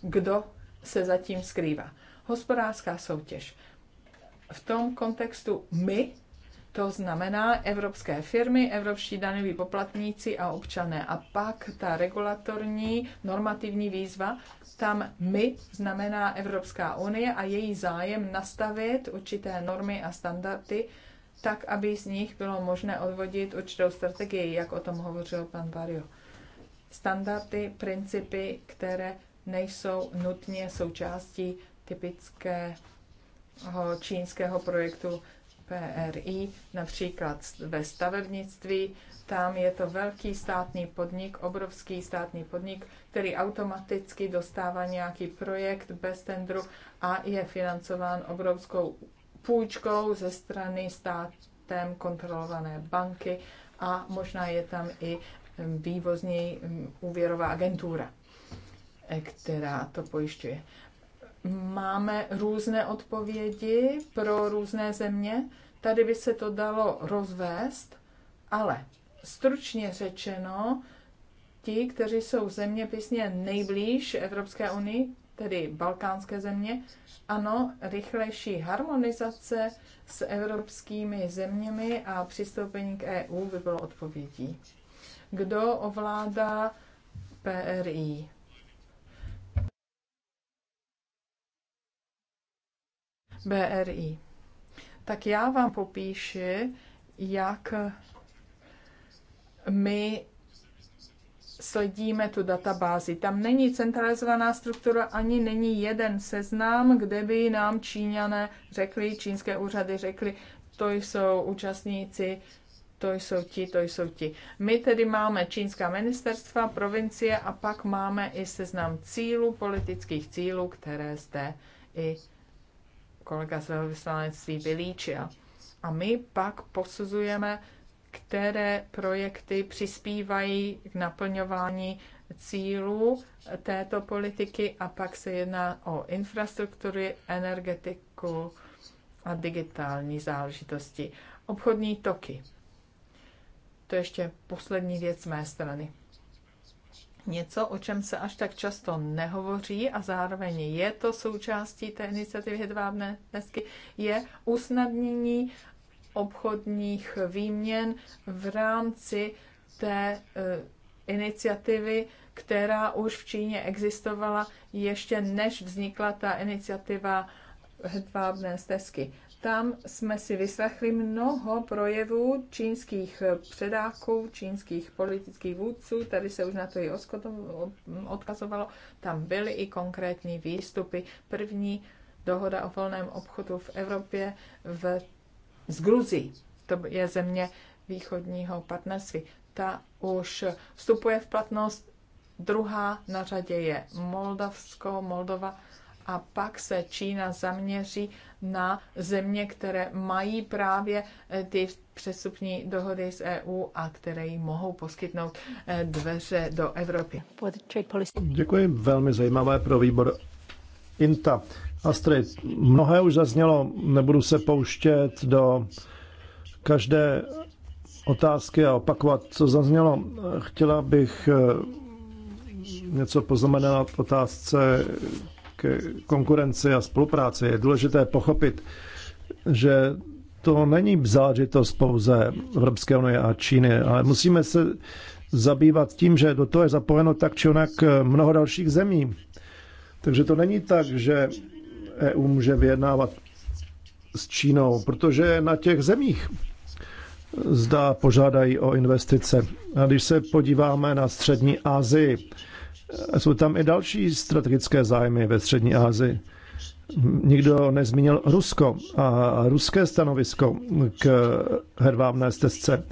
kdo se zatím skrývá? Hospodářská soutěž. V tom kontextu my to znamená evropské firmy, evropští daňoví poplatníci a občané. A pak ta regulatorní normativní výzva, tam my znamená Evropská unie a její zájem nastavit určité normy a standardy, tak, aby z nich bylo možné odvodit určitou strategii, jak o tom hovořil pan Vario. Standardy, principy, které nejsou nutně součástí typického čínského projektu PRI, například ve stavebnictví. Tam je to velký státní podnik, obrovský státní podnik, který automaticky dostává nějaký projekt bez tendru a je financován obrovskou půjčkou ze strany státem kontrolované banky a možná je tam i vývozní úvěrová agentura, eh, která to pojišťuje máme různé odpovědi pro různé země. Tady by se to dalo rozvést, ale stručně řečeno, ti, kteří jsou zeměpisně nejblíž Evropské unii, tedy balkánské země, ano, rychlejší harmonizace s evropskými zeměmi a přistoupení k EU by bylo odpovědí. Kdo ovládá PRI? BRI. Tak já vám popíši, jak my sledíme tu databázi. Tam není centralizovaná struktura, ani není jeden seznam, kde by nám Číňané řekli, čínské úřady řekli, to jsou účastníci, to jsou ti, to jsou ti. My tedy máme čínská ministerstva, provincie a pak máme i seznam cílů, politických cílů, které zde i kolega z velvyslanectví vylíčil. A my pak posuzujeme, které projekty přispívají k naplňování cílů této politiky a pak se jedná o infrastruktury, energetiku a digitální záležitosti. Obchodní toky. To je ještě poslední věc z mé strany něco, o čem se až tak často nehovoří a zároveň je to součástí té iniciativy Hedvábné dnesky, je usnadnění obchodních výměn v rámci té eh, iniciativy, která už v Číně existovala ještě než vznikla ta iniciativa hedvábné stezky. Tam jsme si vyslechli mnoho projevů čínských předáků, čínských politických vůdců, tady se už na to i odkazovalo, tam byly i konkrétní výstupy. První dohoda o volném obchodu v Evropě v, z Gruzí, to je země východního partnerství. Ta už vstupuje v platnost, druhá na řadě je Moldavsko, Moldova, a pak se Čína zaměří na země, které mají právě eh, ty přesupní dohody z EU a které jí mohou poskytnout eh, dveře do Evropy. Děkuji, velmi zajímavé pro výbor INTA. Astrid, mnohé už zaznělo, nebudu se pouštět do každé otázky a opakovat, co zaznělo. Chtěla bych eh, něco poznamenat otázce k konkurenci a spolupráci, je důležité pochopit, že to není záležitost pouze Evropské unie a Číny, ale musíme se zabývat tím, že do toho je zapojeno tak či onak mnoho dalších zemí. Takže to není tak, že EU může vyjednávat s Čínou, protože na těch zemích zda požádají o investice. A když se podíváme na střední Asii, jsou tam i další strategické zájmy ve Střední Asii. Nikdo nezmínil Rusko a ruské stanovisko k hervávné stezce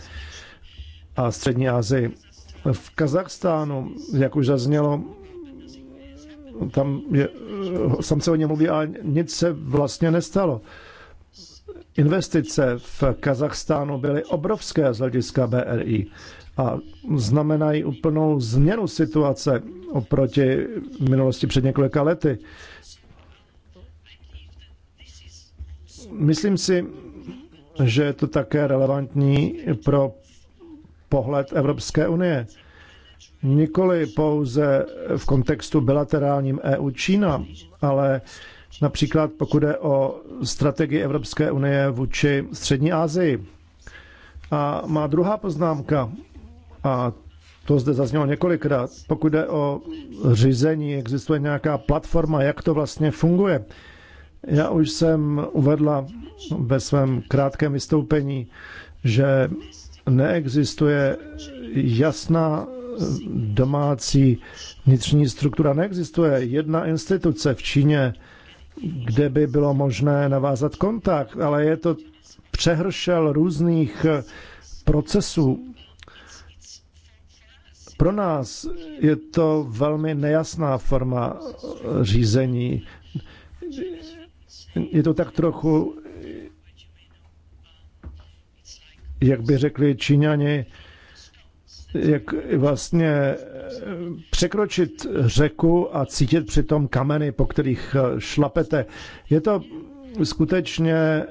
a Střední Asii. V Kazachstánu, jak už zaznělo, tam, je, tam se o něm mluví, ale nic se vlastně nestalo. Investice v Kazachstánu byly obrovské z hlediska BRI a znamenají úplnou změnu situace oproti minulosti před několika lety. Myslím si, že je to také relevantní pro pohled Evropské unie. Nikoli pouze v kontextu bilaterálním EU-Čína, ale například pokud je o strategii Evropské unie vůči Střední Asii. A má druhá poznámka a to zde zaznělo několikrát. Pokud jde o řízení, existuje nějaká platforma, jak to vlastně funguje. Já už jsem uvedla ve svém krátkém vystoupení, že neexistuje jasná domácí vnitřní struktura. Neexistuje jedna instituce v Číně, kde by bylo možné navázat kontakt, ale je to přehršel různých procesů, pro nás je to velmi nejasná forma řízení. Je to tak trochu, jak by řekli Číňani, jak vlastně překročit řeku a cítit přitom kameny, po kterých šlapete. Je to skutečně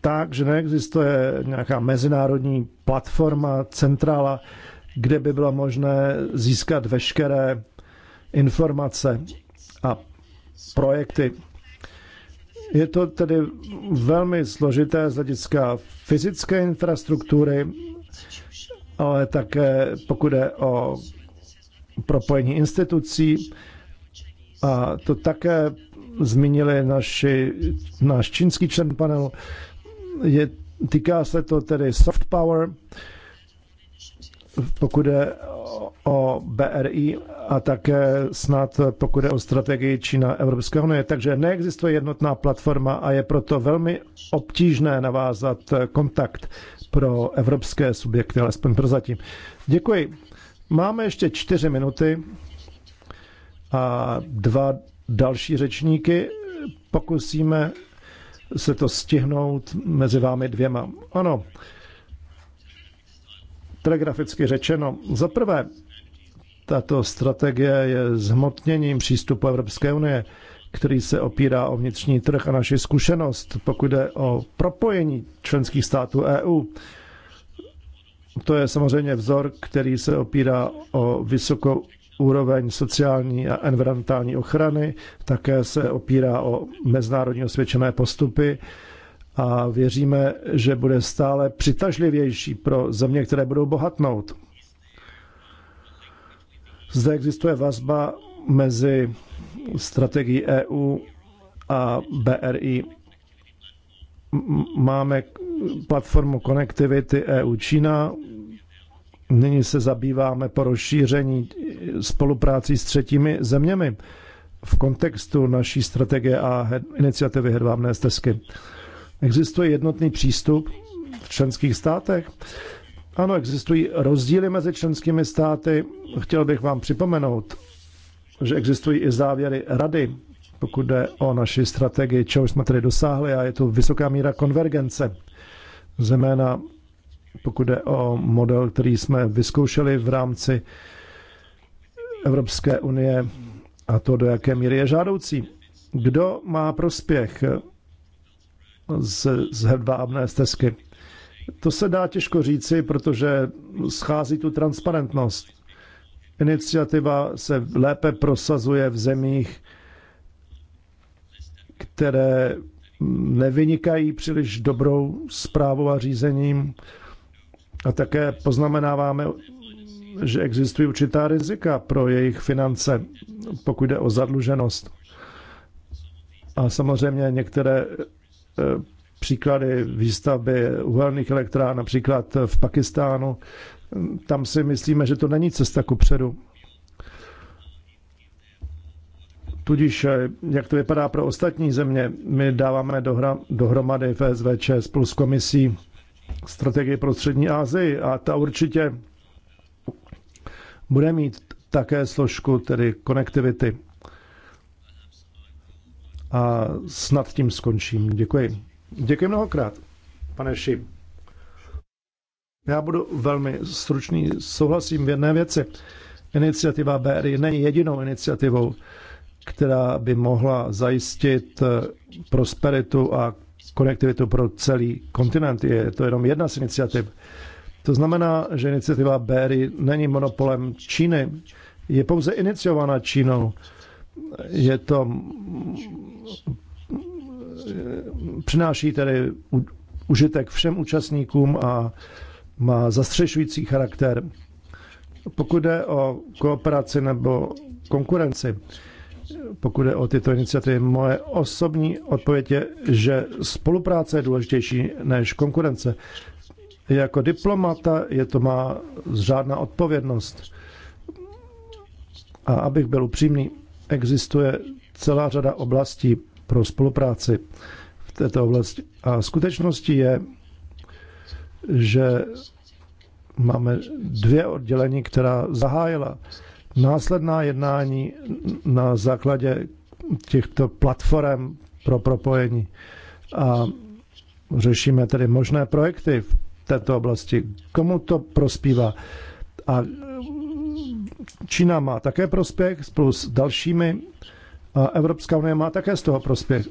tak, že neexistuje nějaká mezinárodní platforma, centrála, kde by bylo možné získat veškeré informace a projekty. Je to tedy velmi složité z hlediska fyzické infrastruktury, ale také pokud je o propojení institucí. A to také zmínili naši, náš čínský člen panel. Je, týká se to tedy soft power, pokud je o BRI a také snad pokud je o strategii Čína Evropské unie. Takže neexistuje jednotná platforma a je proto velmi obtížné navázat kontakt pro evropské subjekty, alespoň pro zatím. Děkuji. Máme ještě čtyři minuty a dva další řečníky. Pokusíme se to stihnout mezi vámi dvěma. Ano, telegraficky řečeno. Za prvé, tato strategie je zhmotněním přístupu Evropské unie, který se opírá o vnitřní trh a naši zkušenost, pokud jde o propojení členských států EU. To je samozřejmě vzor, který se opírá o vysokou úroveň sociální a environmentální ochrany, také se opírá o mezinárodní osvědčené postupy, a věříme, že bude stále přitažlivější pro země, které budou bohatnout. Zde existuje vazba mezi strategií EU a BRI. Máme platformu konektivity EU Čína. Nyní se zabýváme po rozšíření spolupráci s třetími zeměmi v kontextu naší strategie a iniciativy Hedvábné stezky. Existuje jednotný přístup v členských státech? Ano, existují rozdíly mezi členskými státy. Chtěl bych vám připomenout, že existují i závěry rady, pokud jde o naši strategii, čeho jsme tady dosáhli a je to vysoká míra konvergence. Zeména pokud jde o model, který jsme vyzkoušeli v rámci Evropské unie a to, do jaké míry je žádoucí. Kdo má prospěch z, z hedvábné stezky. To se dá těžko říci, protože schází tu transparentnost. Iniciativa se lépe prosazuje v zemích, které nevynikají příliš dobrou zprávou a řízením. A také poznamenáváme, že existují určitá rizika pro jejich finance, pokud jde o zadluženost. A samozřejmě některé Eh, příklady výstavby uhelných elektrán, například v Pakistánu. Tam si myslíme, že to není cesta ku předu. Tudíž, eh, jak to vypadá pro ostatní země, my dáváme dohra, dohromady FSVČ spolu s komisí strategii pro střední Asii a ta určitě bude mít také složku, tedy konektivity. A snad tím skončím. Děkuji. Děkuji mnohokrát, pane Ši. Já budu velmi stručný, souhlasím v jedné věci. Iniciativa BRI není jedinou iniciativou, která by mohla zajistit eh, prosperitu a konektivitu pro celý kontinent. Je to jenom jedna z iniciativ. To znamená, že iniciativa BRI není monopolem Číny, je pouze iniciována Čínou je to přináší tedy užitek všem účastníkům a má zastřešující charakter. Pokud jde o kooperaci nebo konkurenci, pokud jde o tyto iniciativy, moje osobní odpověď je, že spolupráce je důležitější než konkurence. Jako diplomata je to má žádná odpovědnost. A abych byl upřímný, existuje celá řada oblastí pro spolupráci v této oblasti. A skutečností je, že máme dvě oddělení, která zahájila následná jednání na základě těchto platform pro propojení. A řešíme tedy možné projekty v této oblasti. Komu to prospívá? A Čína má také prospěch spolu s dalšími a Evropská unie má také z toho prospěch.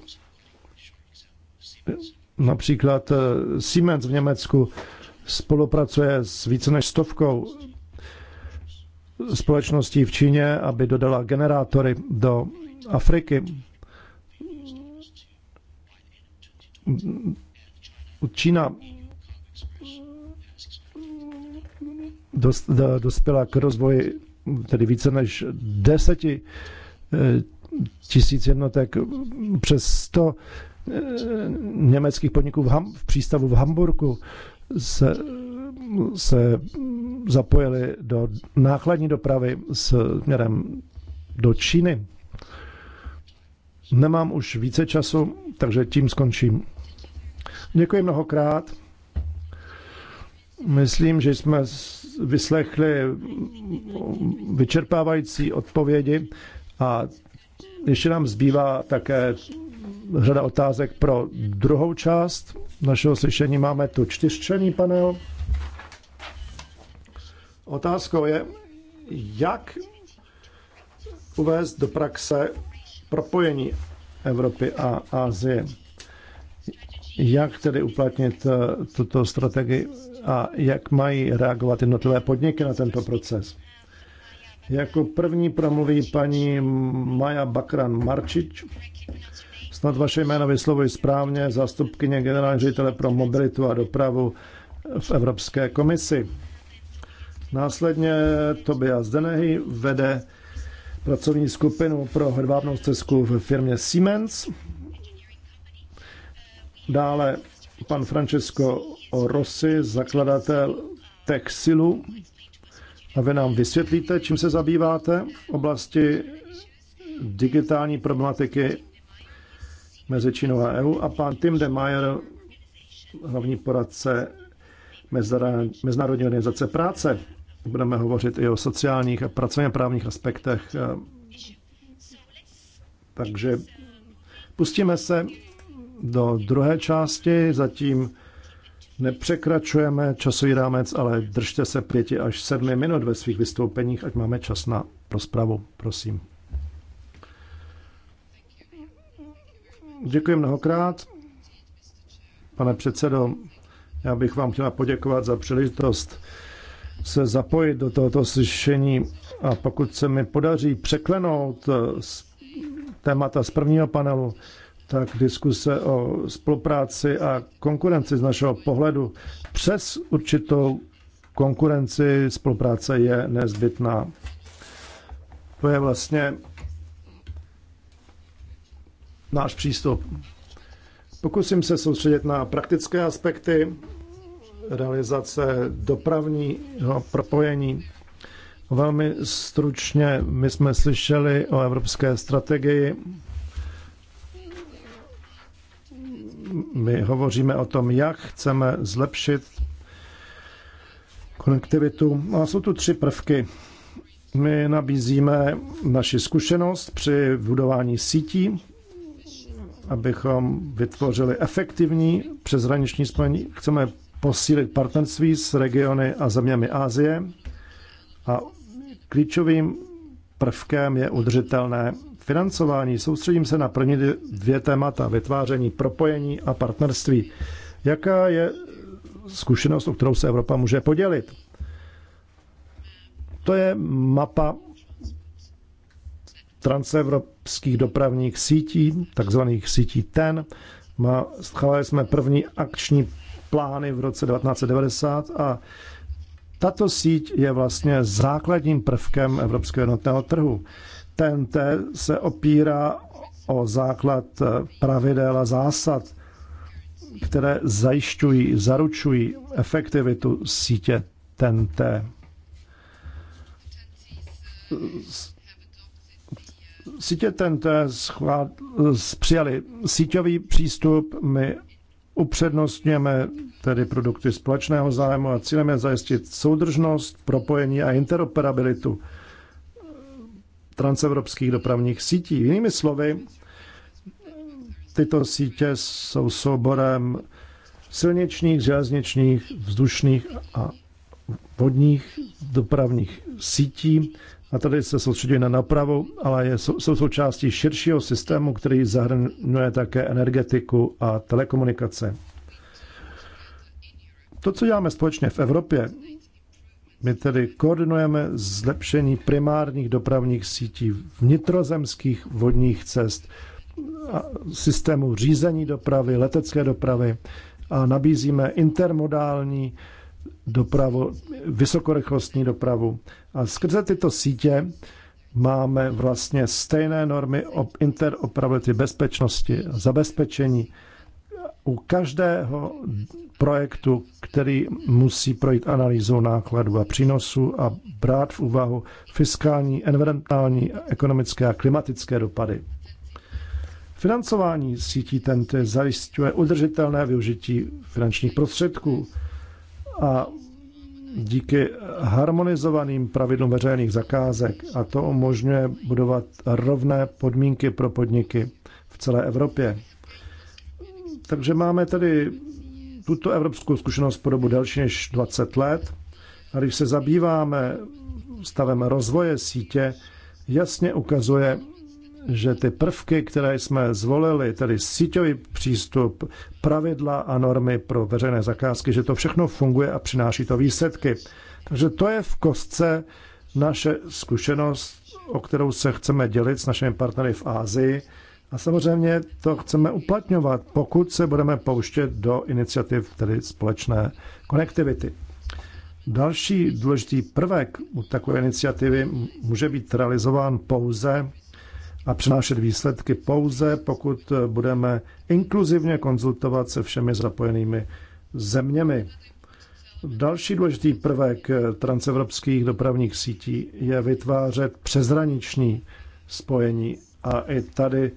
Například eh, Siemens v Německu spolupracuje s více než stovkou společností v Číně, aby dodala generátory do Afriky. Čína dospěla k rozvoji tedy více než deseti eh, tisíc jednotek přes 100 eh, německých podniků v, Ham, v přístavu v Hamburgu se, se zapojili do nákladní dopravy s směrem do Číny. Nemám už více času, takže tím skončím. Děkuji mnohokrát. Myslím, že jsme vyslechli vyčerpávající odpovědi a ještě nám zbývá také řada otázek pro druhou část našeho slyšení. Máme tu čtyřčlený panel. Otázkou je, jak uvést do praxe propojení Evropy a Asie jak tedy uplatnit eh, tuto strategii a jak mají reagovat jednotlivé podniky na tento proces. Jako první promluví paní Maja Bakran Marčič. Snad vaše jméno vyslovuji správně, zástupkyně generální ředitele pro mobilitu a dopravu v Evropské komisi. Následně Tobias Denehy vede pracovní skupinu pro hrvábnou stezku v firmě Siemens Dále pan Francesco Rossi, zakladatel Texilu. A vy nám vysvětlíte, čím se zabýváte v oblasti digitální problematiky mezi Čínou a EU. A pan Tim de Meyer, hlavní poradce Mezinárodní organizace práce. Budeme hovořit i o sociálních a pracovně právních aspektech. Takže pustíme se do druhé části. Zatím nepřekračujeme časový rámec, ale držte se pěti až sedmi minut ve svých vystoupeních, ať máme čas na rozpravu. Prosím. Děkuji mnohokrát. Pane předsedo, já bych vám chtěla poděkovat za příležitost se zapojit do tohoto slyšení a pokud se mi podaří překlenout eh, témata z prvního panelu, tak diskuse o spolupráci a konkurenci z našeho pohledu přes určitou konkurenci spolupráce je nezbytná. To je vlastně náš přístup. Pokusím se soustředit na praktické aspekty realizace dopravního propojení. Velmi stručně my jsme slyšeli o evropské strategii my hovoříme o tom, jak chceme zlepšit konektivitu. A jsou tu tři prvky. My nabízíme naši zkušenost při budování sítí, abychom vytvořili efektivní přeshraniční spojení. Chceme posílit partnerství s regiony a zeměmi Asie a klíčovým prvkem je udržitelné financování soustředím se na první dvě témata, vytváření propojení a partnerství. Jaká je zkušenost, o kterou se Evropa může podělit? To je mapa transevropských dopravních sítí, takzvaných sítí TEN. Schválili jsme první akční plány v roce 1990 a tato síť je vlastně základním prvkem Evropského jednotného trhu. TNT se opírá o základ pravidel a zásad, které zajišťují, zaručují efektivitu sítě TNT. Sítě TNT schvál, přijali síťový přístup, my upřednostňujeme tedy produkty společného zájmu a cílem je zajistit soudržnost, propojení a interoperabilitu transevropských dopravních sítí. Jinými slovy, tyto sítě jsou souborem silničních, železničních, vzdušných a vodních dopravních sítí. A tady se soustředí na napravu, ale je, jsou součástí širšího systému, který zahrnuje také energetiku a telekomunikace. To, co děláme společně v Evropě, my tedy koordinujeme zlepšení primárních dopravních sítí vnitrozemských vodních cest, systému řízení dopravy, letecké dopravy a nabízíme intermodální dopravu, vysokorychlostní dopravu. A skrze tyto sítě máme vlastně stejné normy interoperability bezpečnosti, zabezpečení u každého projektu, který musí projít analýzou nákladů a přínosu a brát v úvahu fiskální, environmentální, ekonomické a klimatické dopady. Financování sítí TNT zajišťuje udržitelné využití finančních prostředků a díky harmonizovaným pravidlům veřejných zakázek a to umožňuje budovat rovné podmínky pro podniky v celé Evropě. Takže máme tady tuto evropskou zkušenost po dobu delší než 20 let. A když se zabýváme stavem rozvoje sítě, jasně ukazuje, že ty prvky, které jsme zvolili, tedy síťový přístup, pravidla a normy pro veřejné zakázky, že to všechno funguje a přináší to výsledky. Takže to je v kostce naše zkušenost, o kterou se chceme dělit s našimi partnery v Ázii a samozřejmě to chceme uplatňovat, pokud se budeme pouštět do iniciativ tedy společné konektivity. Další důležitý prvek u takové iniciativy může být realizován pouze a přinášet výsledky pouze, pokud budeme inkluzivně konzultovat se všemi zapojenými zeměmi. Další důležitý prvek transevropských dopravních sítí je vytvářet přezraniční spojení. A i tady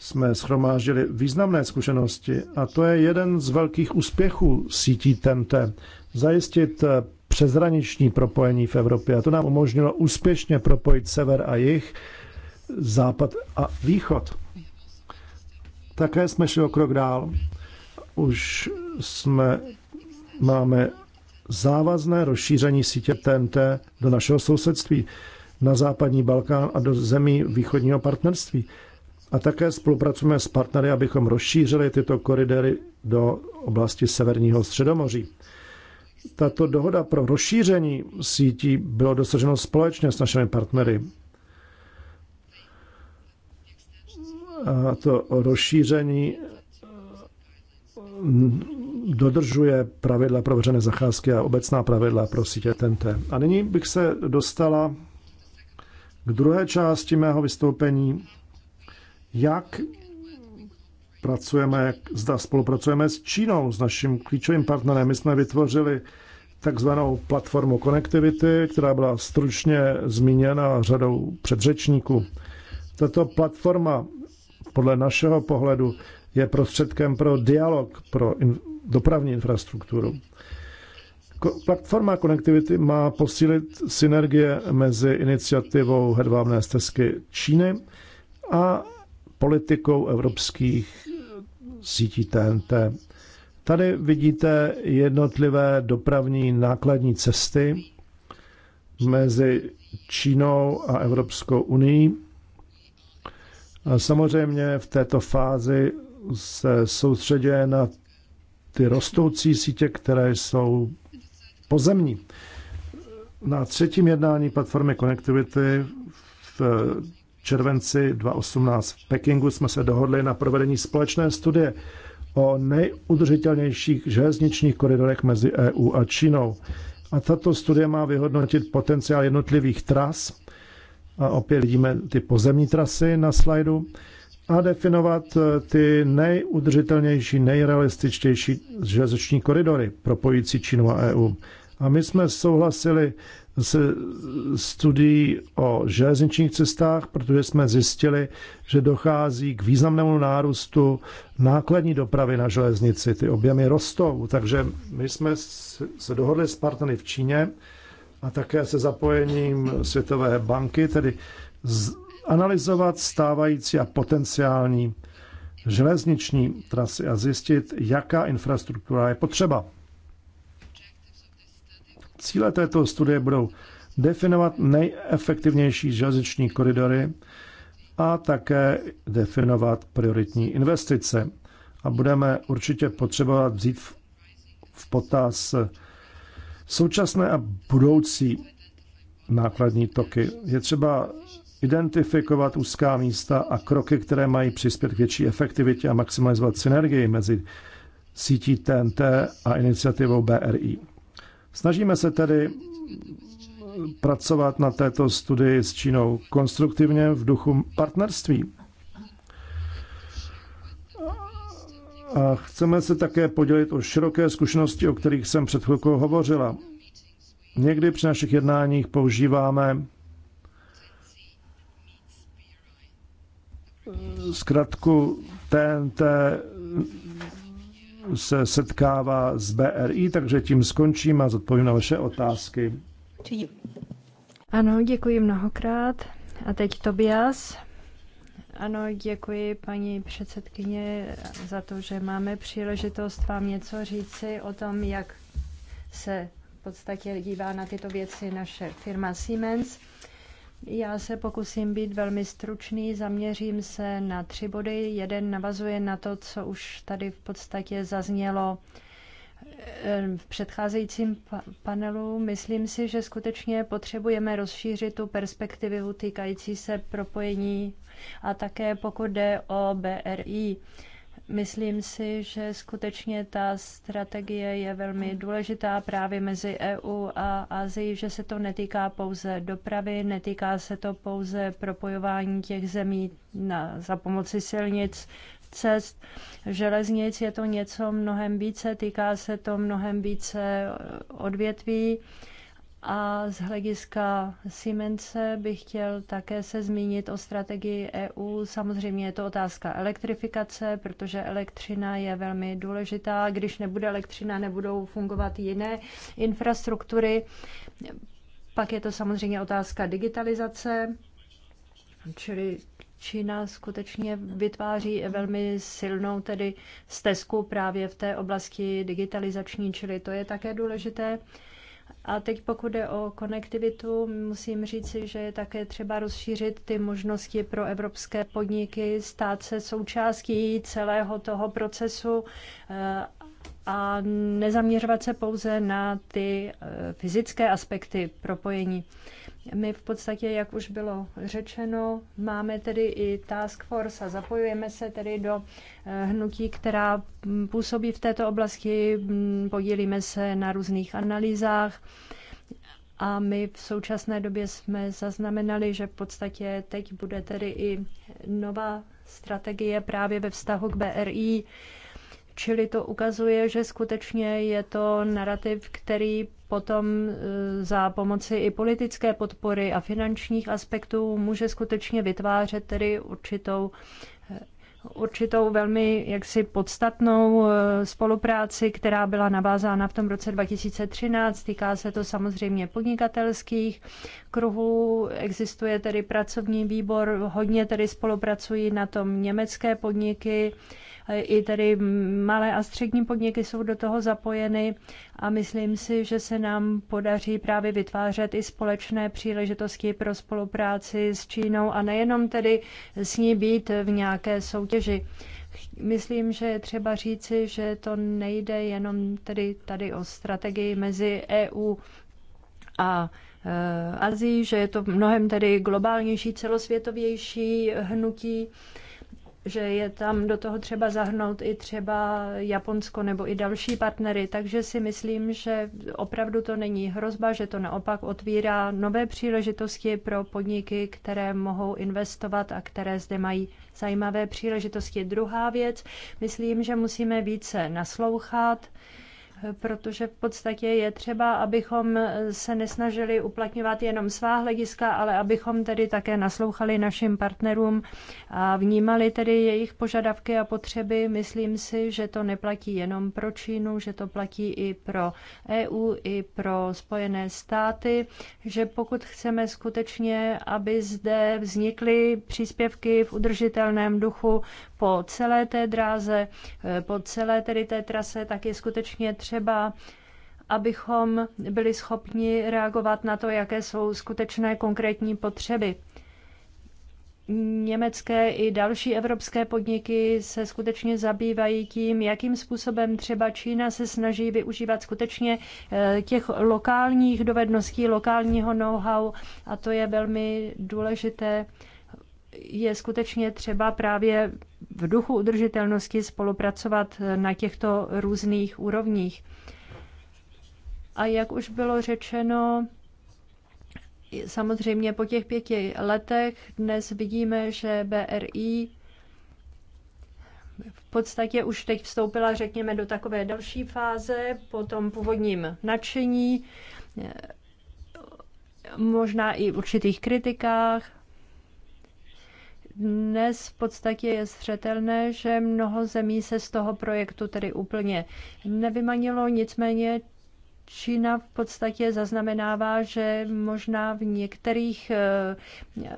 jsme schromáždili významné zkušenosti a to je jeden z velkých úspěchů sítí TNT. Zajistit eh, přezraniční propojení v Evropě a to nám umožnilo úspěšně propojit sever a jih, západ a východ. Také jsme šli o krok dál. Už jsme, máme závazné rozšíření sítě TNT do našeho sousedství, na západní Balkán a do zemí východního partnerství. A také spolupracujeme s partnery, abychom rozšířili tyto koridory do oblasti severního středomoří. Tato dohoda pro rozšíření sítí bylo dosaženo společně s našimi partnery. A to rozšíření mm, dodržuje pravidla pro veřejné zacházky a obecná pravidla pro sítě TNT. A nyní bych se dostala k druhé části mého vystoupení, jak pracujeme, jak zda spolupracujeme s Čínou, s naším klíčovým partnerem. My jsme vytvořili takzvanou platformu konektivity, která byla stručně zmíněna řadou předřečníků. Tato platforma podle našeho pohledu je prostředkem pro dialog pro in, dopravní infrastrukturu. Ko, platforma konektivity má posílit synergie mezi iniciativou Hedvábné stezky Číny a politikou evropských sítí TNT. Tady vidíte jednotlivé dopravní nákladní cesty mezi Čínou a Evropskou unii. A samozřejmě v této fázi se soustředuje na ty rostoucí sítě, které jsou pozemní. Na třetím jednání platformy Connectivity v červenci 2018 v Pekingu jsme se dohodli na provedení společné studie o nejudržitelnějších železničních koridorech mezi EU a Čínou. A tato studie má vyhodnotit potenciál jednotlivých tras, a opět vidíme ty pozemní trasy na slajdu, a definovat eh, ty nejudržitelnější, nejrealističtější železniční koridory propojící Čínu a EU. A my jsme souhlasili se studií o železničních cestách, protože jsme zjistili, že dochází k významnému nárůstu nákladní dopravy na železnici. Ty objemy rostou, takže my jsme se dohodli s partnery v Číně a také se zapojením Světové banky, tedy analyzovat stávající a potenciální železniční trasy a zjistit, jaká infrastruktura je potřeba. Cíle této studie budou definovat nejefektivnější železniční koridory a také definovat prioritní investice. A budeme určitě potřebovat vzít v potaz současné a budoucí nákladní toky. Je třeba identifikovat úzká místa a kroky, které mají přispět k větší efektivitě a maximalizovat synergii mezi sítí TNT a iniciativou BRI. Snažíme se tedy pracovat na této studii s Čínou konstruktivně v duchu partnerství. A chceme se také podělit o široké zkušenosti, o kterých jsem před chvilkou hovořila. Někdy při našich jednáních používáme zkratku TNT se setkává s BRI, takže tím skončím a zodpovím na vaše otázky. Ano, děkuji mnohokrát. A teď Tobias. Ano, děkuji paní předsedkyně za to, že máme příležitost vám něco říci o tom, jak se v podstatě dívá na tyto věci naše firma Siemens. Já se pokusím být velmi stručný, zaměřím se na tři body. Jeden navazuje na to, co už tady v podstatě zaznělo eh, v předcházejícím panelu. Myslím si, že skutečně potřebujeme rozšířit tu perspektivu týkající se propojení a také pokud jde o BRI. Myslím si, že skutečně ta strategie je velmi důležitá právě mezi EU a Asii, že se to netýká pouze dopravy, netýká se to pouze propojování těch zemí na, za pomoci silnic, cest, železnic. Je to něco mnohem více, týká se to mnohem více odvětví a z hlediska Siemense bych chtěl také se zmínit o strategii EU. Samozřejmě je to otázka elektrifikace, protože elektřina je velmi důležitá. Když nebude elektřina, nebudou fungovat jiné infrastruktury. Pak je to samozřejmě otázka digitalizace, čili Čína skutečně vytváří velmi silnou tedy stezku právě v té oblasti digitalizační, čili to je také důležité. A teď pokud jde o konektivitu, musím říci, že je také třeba rozšířit ty možnosti pro evropské podniky, stát se součástí celého toho procesu eh, a nezaměřovat se pouze na ty eh, fyzické aspekty propojení. My v podstatě, jak už bylo řečeno, máme tedy i task force a zapojujeme se tedy do eh, hnutí, která mm, působí v této oblasti, mm, podílíme se na různých analýzách. A my v současné době jsme zaznamenali, že v podstatě teď bude tedy i nová strategie právě ve vztahu k BRI, Čili to ukazuje, že skutečně je to narrativ, který potom e, za pomoci i politické podpory a finančních aspektů může skutečně vytvářet tedy určitou e, určitou velmi jaksi podstatnou e, spolupráci, která byla navázána v tom roce 2013. Týká se to samozřejmě podnikatelských kruhů. Existuje tedy pracovní výbor, hodně tedy spolupracují na tom německé podniky, i tedy malé a střední podniky jsou do toho zapojeny a myslím si, že se nám podaří právě vytvářet i společné příležitosti pro spolupráci s Čínou a nejenom tedy s ní být v nějaké soutěži. Myslím, že je třeba říci, že to nejde jenom tedy tady o strategii mezi EU a e, Azí, že je to mnohem tedy globálnější, celosvětovější hnutí že je tam do toho třeba zahrnout i třeba Japonsko nebo i další partnery, takže si myslím, že opravdu to není hrozba, že to naopak otvírá nové příležitosti pro podniky, které mohou investovat a které zde mají zajímavé příležitosti. Druhá věc, myslím, že musíme více naslouchat protože v podstatě je třeba, abychom se nesnažili uplatňovat jenom svá hlediska, ale abychom tedy také naslouchali našim partnerům a vnímali tedy jejich požadavky a potřeby. Myslím si, že to neplatí jenom pro Čínu, že to platí i pro EU, i pro Spojené státy, že pokud chceme skutečně, aby zde vznikly příspěvky v udržitelném duchu po celé té dráze, po celé tedy té trase, tak je skutečně třeba třeba abychom byli schopni reagovat na to, jaké jsou skutečné konkrétní potřeby. Německé i další evropské podniky se skutečně zabývají tím, jakým způsobem třeba Čína se snaží využívat skutečně eh, těch lokálních dovedností, lokálního know-how a to je velmi důležité je skutečně třeba právě v duchu udržitelnosti spolupracovat na těchto různých úrovních. A jak už bylo řečeno, samozřejmě po těch pěti letech dnes vidíme, že BRI v podstatě už teď vstoupila, řekněme, do takové další fáze po tom původním nadšení, možná i v určitých kritikách, dnes v podstatě je zřetelné, že mnoho zemí se z toho projektu tedy úplně nevymanilo, nicméně Čína v podstatě zaznamenává, že možná v některých eh, eh,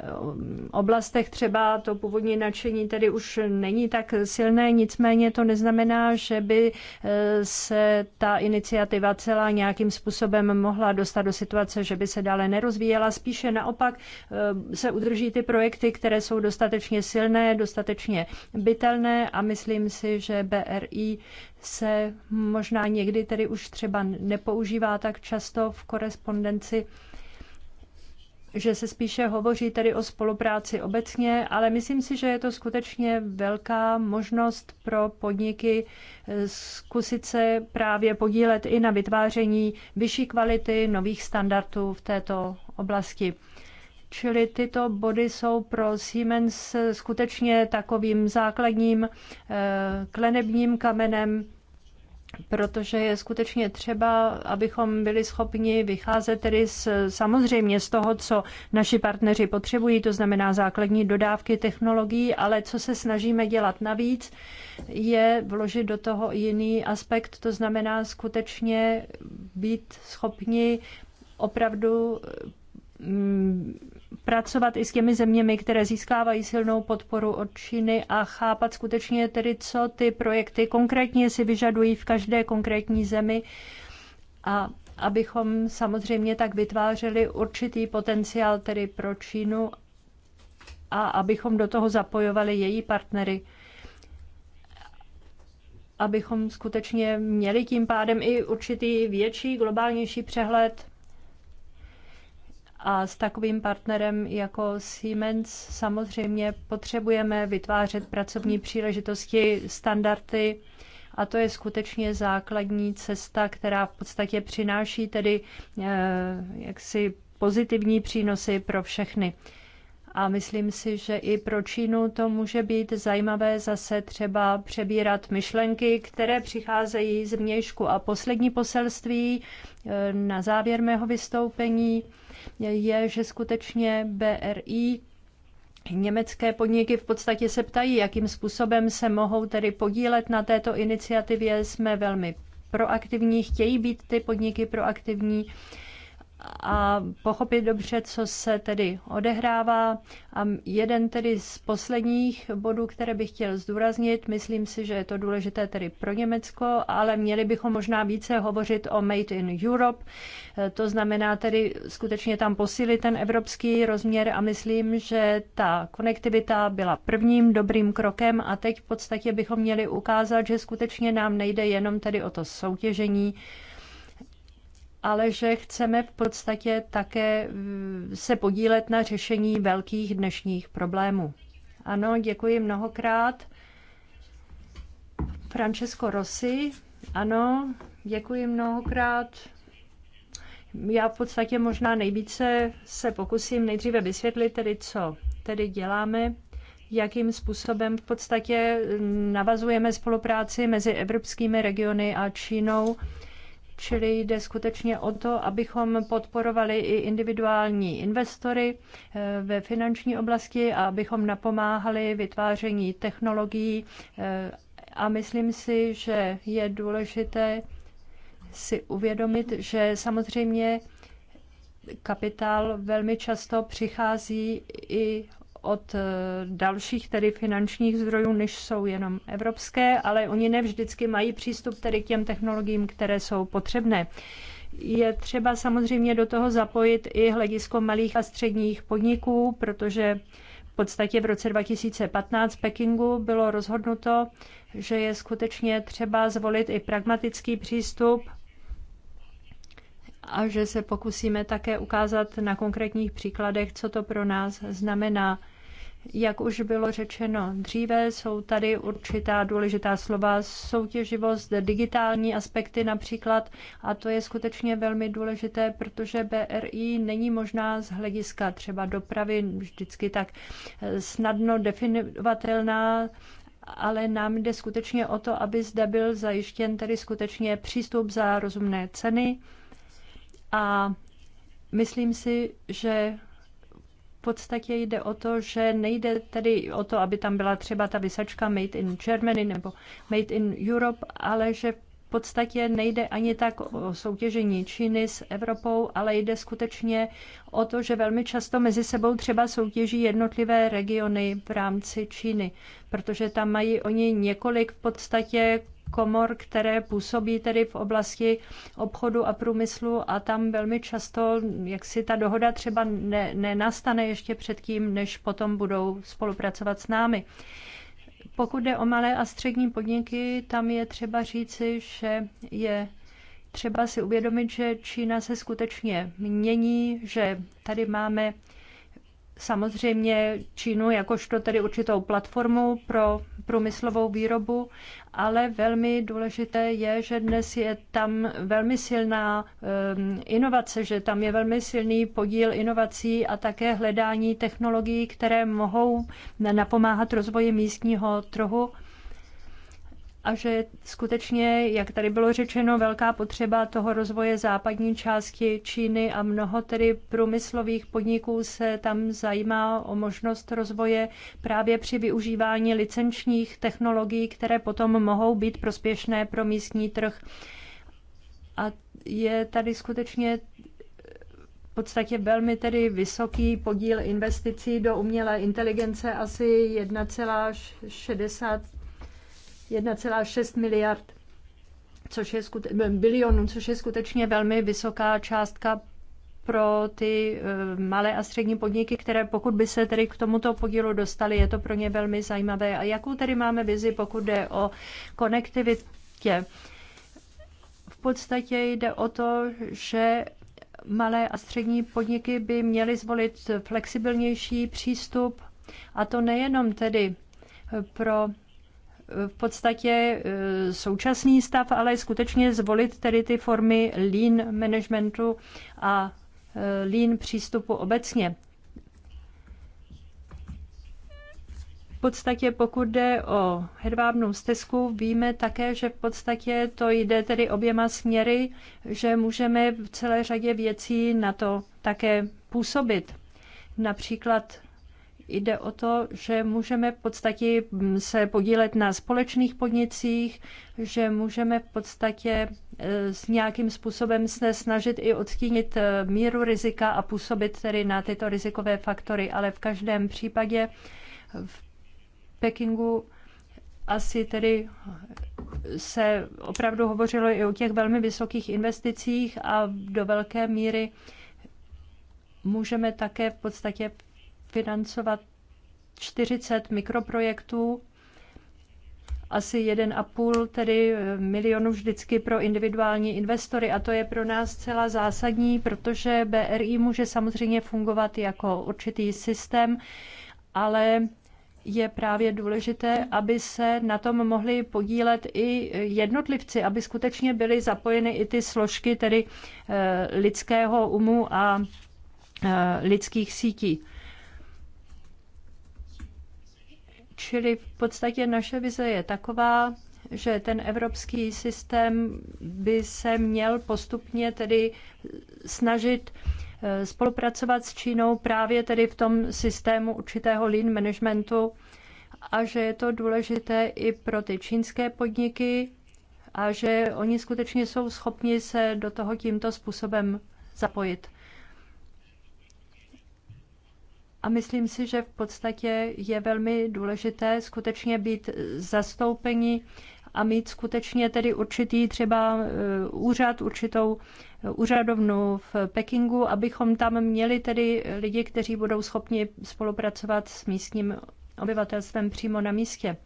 oblastech třeba to původní nadšení tedy už není tak silné, nicméně to neznamená, že by eh, se ta iniciativa celá nějakým způsobem mohla dostat do situace, že by se dále nerozvíjela. Spíše naopak se udrží ty projekty, které jsou dostatečně silné, dostatečně bytelné a myslím si, že BRI se možná někdy tedy už třeba nepoužívá tak často v korespondenci, že se spíše hovoří tedy o spolupráci obecně, ale myslím si, že je to skutečně velká možnost pro podniky eh, zkusit se právě podílet i na vytváření vyšší kvality nových standardů v této oblasti. Čili tyto body jsou pro Siemens skutečně takovým základním eh, klenebním kamenem protože je skutečně třeba, abychom byli schopni vycházet tedy z, samozřejmě z toho, co naši partneři potřebují, to znamená základní dodávky technologií, ale co se snažíme dělat navíc, je vložit do toho jiný aspekt, to znamená skutečně být schopni opravdu mm, pracovat i s těmi zeměmi, které získávají silnou podporu od Číny a chápat skutečně tedy, co ty projekty konkrétně si vyžadují v každé konkrétní zemi a abychom samozřejmě tak vytvářeli určitý potenciál tedy pro Čínu a abychom do toho zapojovali její partnery abychom skutečně měli tím pádem i určitý větší, globálnější přehled a s takovým partnerem jako Siemens samozřejmě potřebujeme vytvářet pracovní příležitosti, standardy, a to je skutečně základní cesta, která v podstatě přináší tedy eh, jaksi pozitivní přínosy pro všechny. A myslím si, že i pro Čínu to může být zajímavé zase třeba přebírat myšlenky, které přicházejí z vnějšku. A poslední poselství eh, na závěr mého vystoupení je, že skutečně BRI Německé podniky v podstatě se ptají, jakým způsobem se mohou tedy podílet na této iniciativě. Jsme velmi proaktivní, chtějí být ty podniky proaktivní a pochopit dobře, co se tedy odehrává. A jeden tedy z posledních bodů, které bych chtěl zdůraznit, myslím si, že je to důležité tedy pro Německo, ale měli bychom možná více hovořit o Made in Europe. To znamená tedy skutečně tam posílit ten evropský rozměr a myslím, že ta konektivita byla prvním dobrým krokem a teď v podstatě bychom měli ukázat, že skutečně nám nejde jenom tedy o to soutěžení, ale že chceme v podstatě také mm, se podílet na řešení velkých dnešních problémů. Ano, děkuji mnohokrát. Francesco Rossi, ano, děkuji mnohokrát. Já v podstatě možná nejvíce se pokusím nejdříve vysvětlit tedy, co tedy děláme, jakým způsobem v podstatě mm, navazujeme spolupráci mezi evropskými regiony a Čínou Čili jde skutečně o to, abychom podporovali i individuální investory eh, ve finanční oblasti a abychom napomáhali vytváření technologií. Eh, a myslím si, že je důležité si uvědomit, že samozřejmě kapitál velmi často přichází i od eh, dalších tedy finančních zdrojů, než jsou jenom evropské, ale oni nevždycky mají přístup tedy k těm technologiím, které jsou potřebné. Je třeba samozřejmě do toho zapojit i hledisko malých a středních podniků, protože v podstatě v roce 2015 v Pekingu bylo rozhodnuto, že je skutečně třeba zvolit i pragmatický přístup a že se pokusíme také ukázat na konkrétních příkladech, co to pro nás znamená jak už bylo řečeno dříve, jsou tady určitá důležitá slova soutěživost, digitální aspekty například a to je skutečně velmi důležité, protože BRI není možná z hlediska třeba dopravy vždycky tak eh, snadno definovatelná ale nám jde skutečně o to, aby zde byl zajištěn tedy skutečně přístup za rozumné ceny a myslím si, že podstatě jde o to, že nejde tedy o to, aby tam byla třeba ta vysačka Made in Germany nebo Made in Europe, ale že v podstatě nejde ani tak o soutěžení Číny s Evropou, ale jde skutečně o to, že velmi často mezi sebou třeba soutěží jednotlivé regiony v rámci Číny, protože tam mají oni několik v podstatě komor, které působí tedy v oblasti obchodu a průmyslu a tam velmi často, jak si ta dohoda třeba ne, nenastane ještě předtím, než potom budou spolupracovat s námi. Pokud jde o malé a střední podniky, tam je třeba říci, že je třeba si uvědomit, že Čína se skutečně mění, že tady máme samozřejmě Čínu jakožto tedy určitou platformu pro průmyslovou výrobu, ale velmi důležité je, že dnes je tam velmi silná eh, inovace, že tam je velmi silný podíl inovací a také hledání technologií, které mohou napomáhat rozvoji místního trhu a že skutečně, jak tady bylo řečeno, velká potřeba toho rozvoje západní části Číny a mnoho tedy průmyslových podniků se tam zajímá o možnost rozvoje právě při využívání licenčních technologií, které potom mohou být prospěšné pro místní trh. A je tady skutečně v podstatě velmi tedy vysoký podíl investicí do umělé inteligence, asi 1,60 1,6 miliard což je skute- bilionů, což je skutečně velmi vysoká částka pro ty eh, malé a střední podniky, které pokud by se tedy k tomuto podílu dostaly, je to pro ně velmi zajímavé. A jakou tedy máme vizi, pokud jde o konektivitě? V podstatě jde o to, že malé a střední podniky by měly zvolit flexibilnější přístup, a to nejenom tedy pro v podstatě e, současný stav, ale skutečně zvolit tedy ty formy lean managementu a e, lean přístupu obecně. V podstatě pokud jde o hedvábnou stezku, víme také, že v podstatě to jde tedy oběma směry, že můžeme v celé řadě věcí na to také působit. Například jde o to, že můžeme v podstatě mm, se podílet na společných podnicích, že můžeme v podstatě e, s nějakým způsobem se snažit i odstínit e, míru rizika a působit tedy na tyto rizikové faktory, ale v každém případě v Pekingu asi tedy se opravdu hovořilo i o těch velmi vysokých investicích a do velké míry můžeme také v podstatě financovat 40 mikroprojektů, asi 1,5 tedy eh, milionu vždycky pro individuální investory a to je pro nás celá zásadní, protože BRI může samozřejmě fungovat jako určitý systém, ale je právě důležité, aby se na tom mohli podílet i jednotlivci, aby skutečně byly zapojeny i ty složky tedy eh, lidského umu a eh, lidských sítí. Čili v podstatě naše vize je taková, že ten evropský systém by se měl postupně tedy snažit eh, spolupracovat s Čínou právě tedy v tom systému určitého lean managementu a že je to důležité i pro ty čínské podniky a že oni skutečně jsou schopni se do toho tímto způsobem zapojit. A myslím si, že v podstatě je velmi důležité skutečně být zastoupeni a mít skutečně tedy určitý třeba eh, úřad, určitou eh, úřadovnu v Pekingu, abychom tam měli tedy lidi, kteří budou schopni spolupracovat s místním obyvatelstvem přímo na místě.